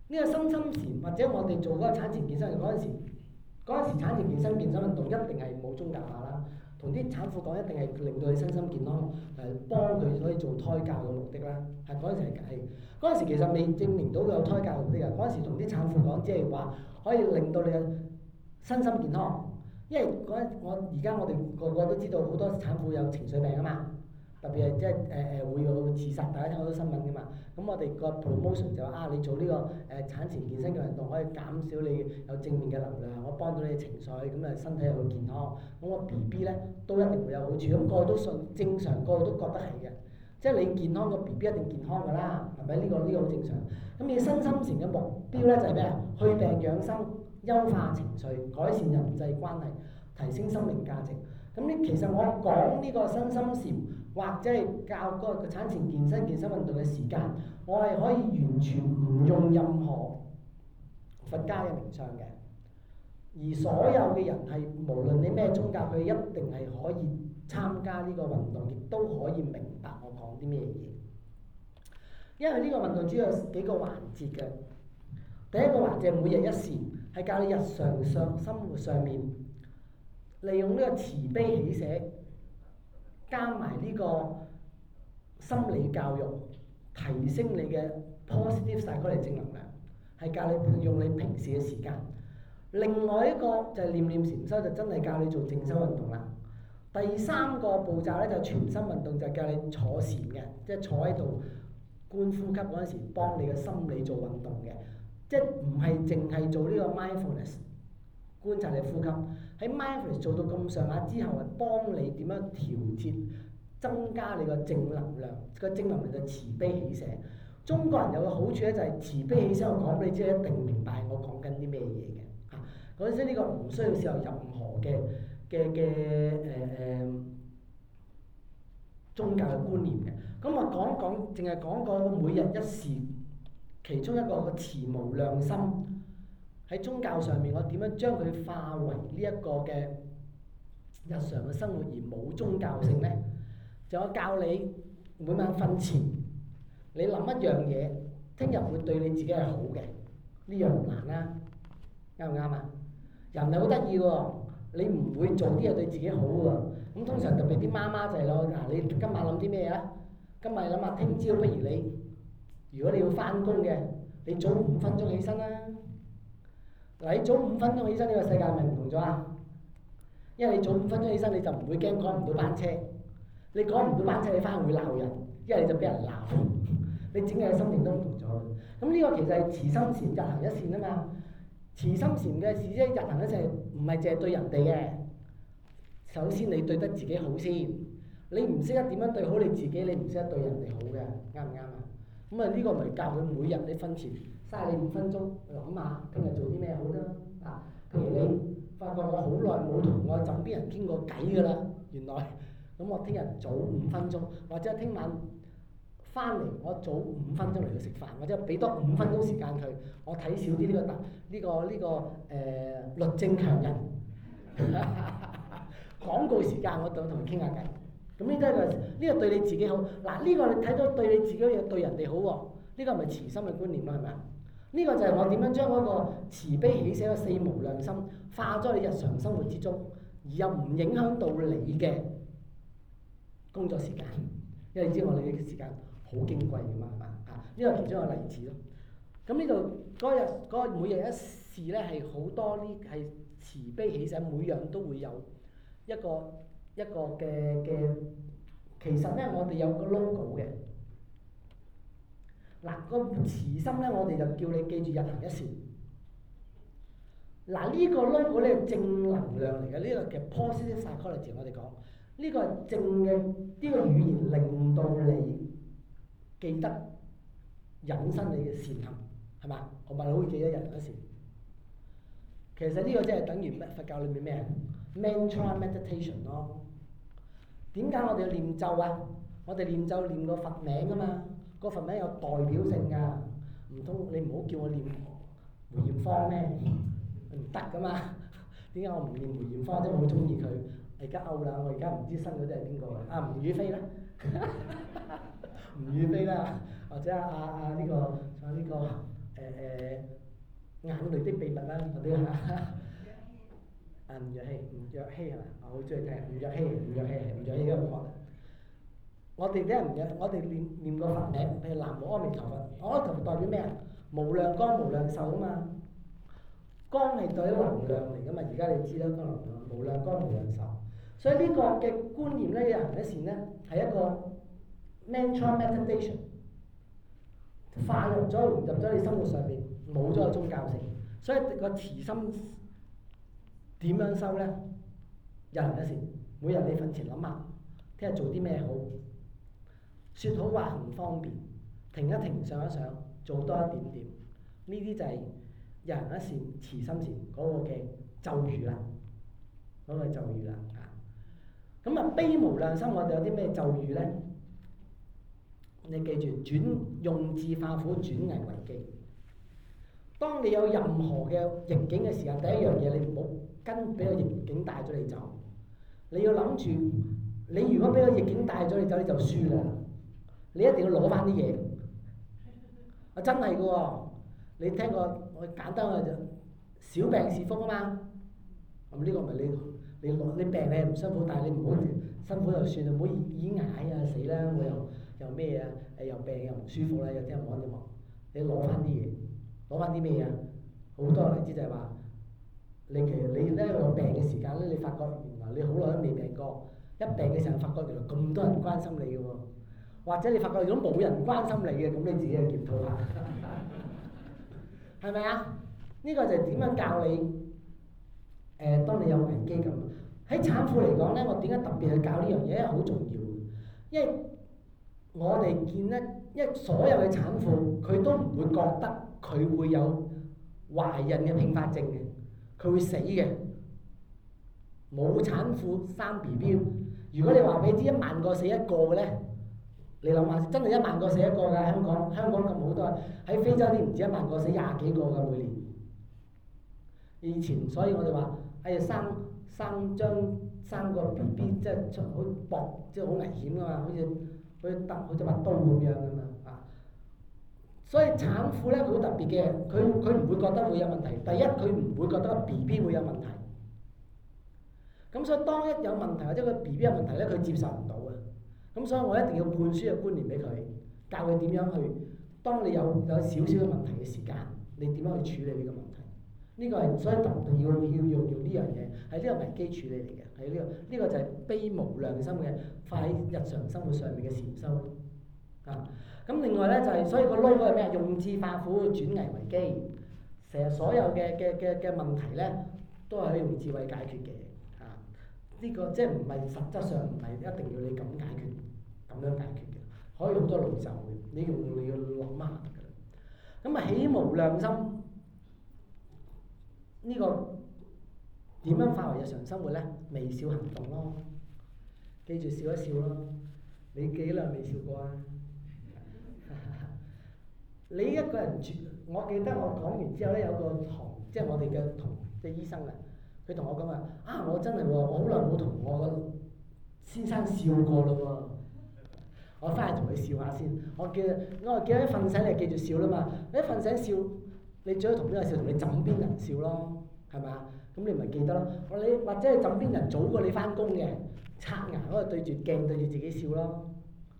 [SPEAKER 1] 呢個身心時，或者我哋做嗰個產前健身嘅嗰陣時。嗰陣時產前健身健身運動一定係冇宗教化啦，同啲產婦講一定係令到你身心健康，誒幫佢可以做胎教嘅目的啦。係嗰陣時嚟計，嗰陣時其實未證明到佢有胎教嘅目的噶。嗰陣時同啲產婦講，即係話可以令到你身心健康，因為嗰我而家我哋個個都知道好多產婦有情緒病啊嘛。特別係即係誒誒會有自殺，大家睇好多新聞嘅嘛。咁我哋個 promotion 就話啊，你做呢個誒產前健身嘅運動，可以減少你有正面嘅能量，可以幫到你嘅情緒，咁啊身體又會健康。咁個 B B 咧都一定會有好處。咁個個都信正常，個個都覺得係嘅。即係你健康個 B B 一定健康㗎啦，係咪？呢個呢個好正常。咁你身心前嘅目標咧就係咩啊？去病養生、優化情緒、改善人際關係、提升生命價值。咁呢？其實我講呢個身心禪，或者係教個產前健身、健身運動嘅時間，我係可以完全唔用任何佛家嘅名相嘅。而所有嘅人係無論你咩宗教，佢一定係可以參加呢個運動，亦都可以明白我講啲咩嘢。因為呢個運動主要有幾個環節嘅。第一個環節係每日一禪，係教你日常上生活上面。利用呢個慈悲喜捨，加埋呢個心理教育，提升你嘅 positive psychology 嘅正能量，係教你用你平時嘅時間。另外一個就係念念禪修，就真係教你做靜修運動啦。第三個步驟咧就全身運動，就係、是、教你坐禪嘅，即係坐喺度觀呼吸嗰陣時，幫你嘅心理做運動嘅，即係唔係淨係做呢個 mindfulness。觀察你呼吸，喺 Mindful 做到咁上下之後，係幫你點樣調節，增加你個正能量，個正能量就慈悲喜捨。中國人有個好處咧，就係慈悲喜捨，我講俾你知，一定明白我講緊啲咩嘢嘅嚇。嗰陣時呢個唔需要時候任何嘅嘅嘅誒誒宗教嘅觀念嘅。咁我講講，淨係講個每日一事，其中一個個慈無量心。喺宗教上面，我點樣將佢化為呢一個嘅日常嘅生活而冇宗教性咧？就我教你每晚瞓前，你諗一樣嘢，聽日會對你自己係好嘅。呢樣唔難啦，啱唔啱啊？對對人係好得意喎，你唔會做啲嘢對自己好喎。咁通常特別啲媽媽就係、是、咯，嗱、啊，你今晚諗啲咩啊？今日諗下聽朝不如你，如果你要翻工嘅，你早五分鐘起身啦、啊。你早五分鐘起身，呢個世界咪唔同咗啊！因為你早五分鐘起身，你就唔會驚趕唔到班車。你趕唔到班車，你翻去會鬧人，一係你就俾人鬧。你整日嘅心情都唔同咗。咁呢個其實係慈心善日行一善啊嘛！慈心善嘅事即係日行一善，唔係淨係對人哋嘅。首先你對得自己好先，你唔識得點樣對好你自己，你唔識得對人哋好嘅，啱唔啱啊？咁啊呢個咪教佢每日一分錢。齋你五分鐘，諗下聽日做啲咩好啦啊！譬如你發覺我好耐冇同我枕邊人傾過偈㗎啦，原來咁我聽日早五分鐘，或者聽晚翻嚟我早五分鐘嚟到食飯，或者俾多五分鐘時間佢，我睇少啲呢個呢、呢個呢、呢個誒、呢個呃、律政強人 廣告時間我聊聊，我想同佢傾下偈。咁呢都係呢個對你自己好嗱，呢、呢個你睇到對你自己好，對人哋好喎，呢、呢個係咪慈心嘅觀念啦，係咪啊？呢個就係我點樣將嗰個慈悲喜捨嘅四無量心化咗你日常生活之中，而又唔影響到你嘅工作時間，因為你知道我哋嘅時間好矜貴嘅嘛，啊，呢、這個其中一個例子咯、這個。咁呢度日嗰、那個、每日一次咧係好多呢係慈悲喜捨，每樣都會有一個一個嘅嘅，其實咧我哋有個 logo 嘅。嗱個慈心咧，我哋就叫你記住日行一善。嗱呢個 logo 咧，正能量嚟嘅，呢個嘅 positive psychology 我哋講，呢個係正嘅呢個語言，令到你記得引申你嘅善行，係嘛？我問你，好似記得日行一善。其實呢個即係等於佛教裏面咩？Mantra meditation 咯。點解我哋要念咒啊？我哋念咒念個佛名㗎嘛。嗰份名有代表性㗎，唔通你唔好叫我念梅艷芳咩？唔得噶嘛？點解我唔念梅艷芳？啫？ 我好中意佢。而家 out 啦，我而家唔知新嗰啲係邊個啊？吳雨霏啦，吳雨霏啦，或者阿阿阿呢個，仲有呢個誒誒眼淚的秘密啦嗰啲啊，吳若希吳若希係嘛？我好中意聽吳若希吳若希吳若希都好火。啊我哋啲人唔嘅，我哋念念個佛名，譬如南無阿彌陀佛。阿彌陀佛代表咩啊？無量光無量壽啊嘛。光係對能量嚟噶嘛，而家你知啦，嗰能量。無量光無量壽，所以呢個嘅觀念咧，日行一善咧，係一個 mental meditation，化入咗融入咗你生活上邊，冇咗個宗教性。所以個慈心點樣修咧？日行一善，每日你瞓前諗下，聽日做啲咩好。説好話，行方便，停一停，上一上，做多一點點，呢啲就係人一善、慈心善嗰個嘅咒語啦，嗰個咒語啦啊。咁、嗯、啊悲無量心，我哋有啲咩咒語咧？你記住，轉用字化虎，轉危為機。當你有任何嘅逆境嘅時候，第一樣嘢你唔好跟俾個逆境帶咗你走，你要諗住，你如果俾個逆境帶咗你走，你就輸啦。你一定要攞翻啲嘢，我真係㗎喎！你聽過我簡單嘅就小病是福啊嘛！咁呢個唔係你你攞你病咧唔辛苦，但係你唔好辛苦就算啦，唔好已經挨啊死啦！我又又咩啊？誒又病又唔舒服啦，有啲人講你話你攞翻啲嘢，攞翻啲咩啊？好多人知就係話你其實你咧有病嘅時間咧，你發覺原來你好耐都未病過，一病嘅時候發覺原來咁多人關心你㗎喎。或者你發覺如果冇人關心你嘅，咁你自己去檢討下，係咪啊？呢、這個就係點樣教你？誒、呃，當你有危機咁，喺產婦嚟講咧，我點解特別去教呢樣嘢？好重要，因為我哋見得，因為所有嘅產婦，佢都唔會覺得佢會有懷孕嘅併發症嘅，佢會死嘅。冇產婦生 B B，如果你話俾知一萬個死一個嘅咧？你諗下，真係一萬個死一個㗎。香港香港咁好多，喺非洲啲唔止一萬個死廿幾個㗎每年。以前所以我哋話：哎呀，生生張生個 B B 即係出好薄，即係好危險㗎嘛，好似好似搭好似把刀咁樣㗎嘛啊！所以產婦咧好特別嘅，佢佢唔會覺得會有問題。第一，佢唔會覺得 B B 會有問題。咁所以當一有問題或者個 B B 有問題咧，佢接受咁所以我一定要灌輸嘅觀念俾佢，教佢點樣去。當你有有少少嘅問題嘅時間，你點樣去處理呢個問題？呢、呢個係所以特別要要用呢樣嘢，喺呢個危機處理嚟嘅，喺呢、呢個呢、呢個就係悲無量心嘅快喺日常生活上面嘅禪修。啊，咁另外咧就係、是、所以個 logo 係咩啊？用智化苦，轉危為機。成日所有嘅嘅嘅嘅問題咧，都係可以用智慧解決嘅。呢個即係唔係實質上唔係一定要你咁解決、咁樣解決嘅，可以好多路走嘅，你用你要諗下㗎。咁啊，起無量心呢個點樣化為日常生活咧？微笑行動咯，記住笑一笑咯。你幾耐未笑過啊？ 你一個人住，我記得我講完之後咧，有個同，即係我哋嘅同，即醫生啊。你同我講啊？啊！我真係喎，我好耐冇同我個先生笑過啦喎。我翻去同佢笑下先。我叫，我話叫你瞓醒，你記住笑啦嘛。你一瞓醒笑，你最好同邊個笑？同你枕邊人笑咯，係咪？咁你咪記得咯。我你或者係枕邊人早過你翻工嘅，刷牙嗰度對住鏡對住自己笑咯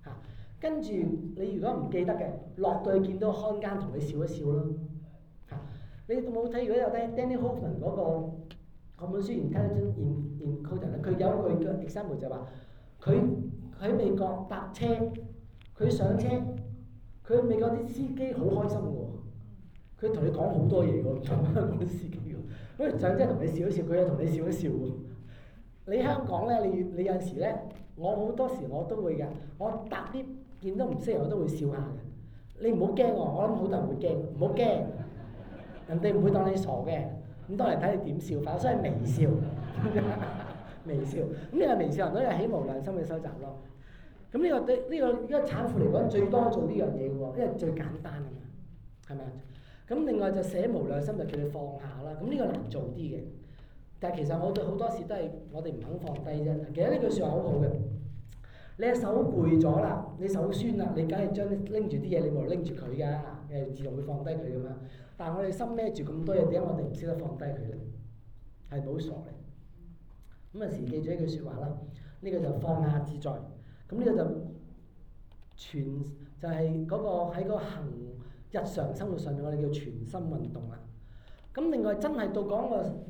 [SPEAKER 1] 嚇。跟、啊、住你如果唔記得嘅，落到去見到看更同你笑一笑咯嚇、啊。你有冇睇？如果有 Danny Hoffman 嗰、那個？我本書然睇得真然然高頭咧，佢有一句嘅 example 就係話：佢喺美國搭車，佢上車，佢美國啲司機好開心嘅喎，佢同你講好多嘢嘅喎，同嗰啲司機喎。喂，就係同你笑一笑，佢又同你笑一笑喎。你香港咧，你你有時咧，我好多時我都會嘅，我搭啲見都唔識人我都會笑下嘅。你唔好驚喎，我諗好多人會驚，唔好驚，人哋唔會當你傻嘅。咁多人睇你點笑法，所以微笑， 微笑。咁你個微笑，人都係起無量心嘅修習咯。咁呢、呢個對呢、呢個一、呢個產婦嚟講，最多做呢樣嘢喎，因為最簡單啊嘛，係咪？咁另外就捨無量心，就叫你放下啦。咁呢個難做啲嘅，但係其實我對好多事都係我哋唔肯放低啫。其實呢句説話好好嘅。你隻手攰咗啦，你手酸啦，你梗係將拎住啲嘢，你冇拎住佢噶，誒自動會放低佢咁樣。但係我哋心孭住咁多嘢，點解我哋唔識得放低佢咧？係冇傻嘅。咁啊時記住一句説話啦，呢個就放下自在。咁呢個就全就係嗰個喺個行日常生活上面，我哋叫全心運動啦。咁另外真係到講我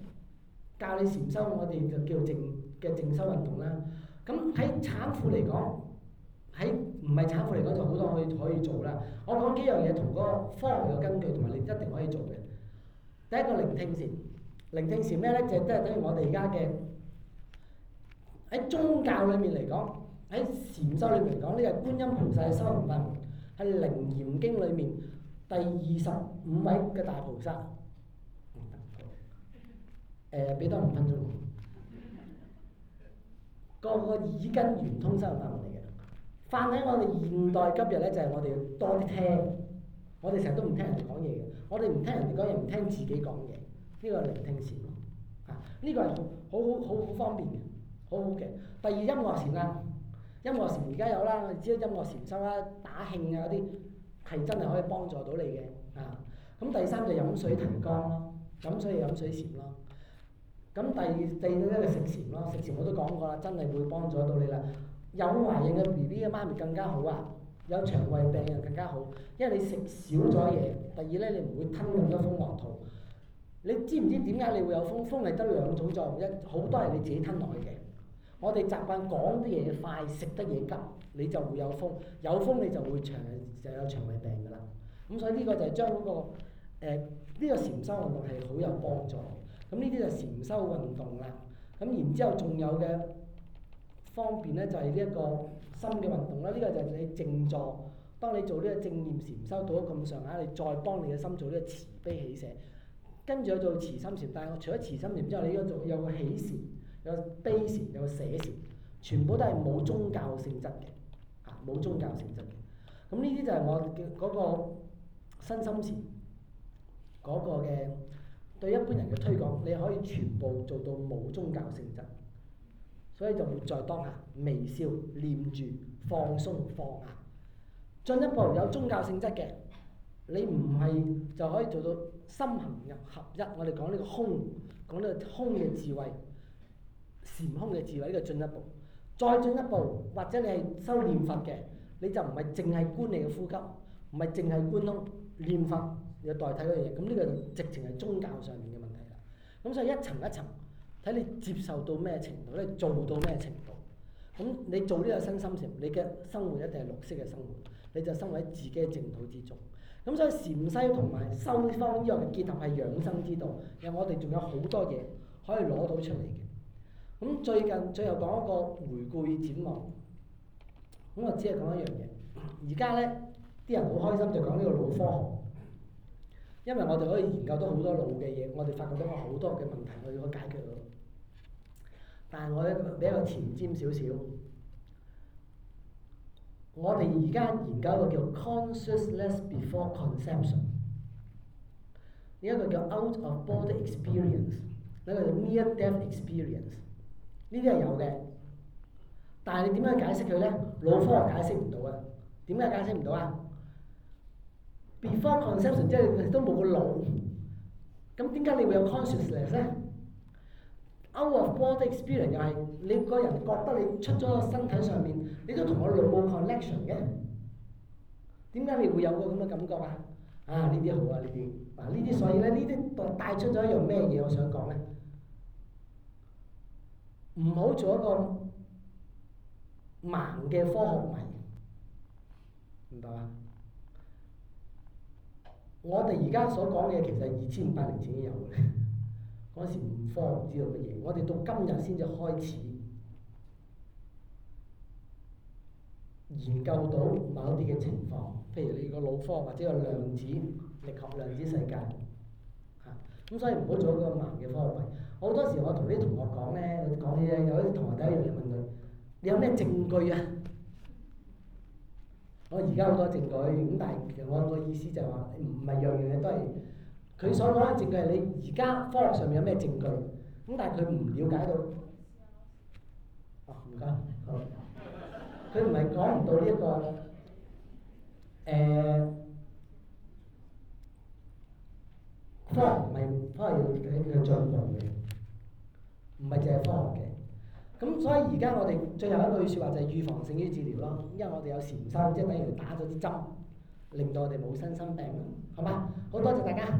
[SPEAKER 1] 教你禪修，我哋就叫做靜嘅靜修運動啦。咁喺產婦嚟講，喺唔係產婦嚟講就好多可以可以做啦。我講幾樣嘢同個科學嘅根據，同埋你一定可以做嘅。第一個聆聽時，聆聽時咩咧？就即、是、係等於我哋而家嘅喺宗教裏面嚟講，喺禪修裏面嚟講，呢個觀音菩薩嘅修行法門，喺《楞嚴經》裏面第二十五位嘅大菩薩。誒、呃，俾多五分鐘。個個耳根圓通收係法門嘅，放喺我哋現代今日呢，就係我哋要多啲聽，我哋成日都唔聽人哋講嘢嘅，我哋唔聽人哋講嘢，唔聽自己講嘢，呢、呢個係聆聽禪，呢、啊呢個係好好好好方便嘅，好好嘅。第二，音樂禪啦，音樂禪而家有啦，我哋知道音樂禪修啦，打慶啊嗰啲係真係可以幫助到你嘅，啊，咁第三就係、飲水提乾咯，飲水就飲水禪咯。咁第二，第二咧就食禪咯，食禪我都講過啦，真係會幫助到你啦。有懷孕嘅 B B 嘅媽咪更加好啊，有腸胃病嘅更加好，因為你食少咗嘢，第二咧你唔會吞咁多風和肚。你知唔知點解你會有風？風係得兩種作用，一好多係你自己吞落去嘅。我哋習慣講啲嘢快，食得嘢急，你就會有風，有風你就會腸就有腸胃病㗎啦。咁所以呢個就係將嗰、嗰個呢、呃呢個禪修運動係好有幫助。咁呢啲就禪修運動啦。咁然之後仲有嘅方便咧，就係呢一個心嘅運動啦。呢、這個就係你靜坐，當你做呢個正念禪修到咗咁上下，你再幫你嘅心做呢個慈悲喜捨。跟住去做慈心禪，但係除咗慈心禪之後，你應該做有個喜禪、有悲禪、有捨禪，全部都係冇宗教性質嘅，嚇冇宗教性質嘅。咁呢啲就係我嘅嗰個身心禪嗰個嘅。對一般人嘅推廣，你可以全部做到冇宗教性質，所以就活在當下，微笑、念住、放鬆、放下。進一步有宗教性質嘅，你唔係就可以做到心行入合一。我哋講呢個空，講呢個空嘅智慧，禪空嘅智慧呢個進一步，再進一步，或者你係修念法嘅，你就唔係淨係觀你嘅呼吸，唔係淨係觀空念法。要代替嗰樣嘢，咁呢個直情係宗教上面嘅問題啦。咁所以一層一層，睇你接受到咩程度咧，做到咩程度。咁你做呢個新心情，你嘅生活一定係綠色嘅生活，你就生活喺自己嘅淨土之中。咁所以禪修同埋西方醫學呢嘅結合係養生之道，因為我哋仲有好多嘢可以攞到出嚟嘅。咁最近最後講一個回顧與展望，咁我只係講一樣嘢。而家咧啲人好開心就講呢個腦科學。因為我哋可以研究到好多老嘅嘢，我哋發覺到好多嘅問題，我哋可以解決到。但係我咧比較前瞻少少，我哋而家研究一個叫 consciousness before conception，呢一個叫 out of body experience，呢個叫 near death experience，呢啲係有嘅。但係你點樣解釋佢呢？老科學解釋唔到嘅，點解解釋唔到啊？Before conception，即係你都冇個腦，咁點解你會有 consciousness 咧？Out of body experience 又係你個人覺得你出咗個身體上面，你都同個腦冇 connection 嘅，點解你會有個咁嘅感覺啊？啊，呢啲好啊，呢啲，嗱，呢啲所以咧，呢啲帶出咗一樣咩嘢？我想講咧，唔好做一個盲嘅科學迷，明白嗎？我哋而家所講嘅其實二千五百年前已經有嘅，嗰陣時唔科唔知道乜嘢。我哋到今日先至開始研究到某啲嘅情況，譬如你個腦科或者個量子力學、量子世界嚇，咁、啊、所以唔好做一個盲嘅科學迷。我好多時我同啲同學講咧，講起咧，有啲同學第一樣嘢問佢：你有咩證據啊？我而家好多證據，咁但係其實我個意思就係話，唔係樣樣嘢都係佢所講嘅證，證據。你而家科學上面有咩證據？咁但係佢唔了解到，唔該、嗯，佢唔係講唔到呢、這、一個誒科學唔係科學嘅呢個狀況嘅，唔係淨係科學嘅。咁所以而家我哋最後一句說話就係預防勝於治療咯，因為我哋有禪修，即係等於打咗啲針，令到我哋冇新生病，好嘛？好多謝大家。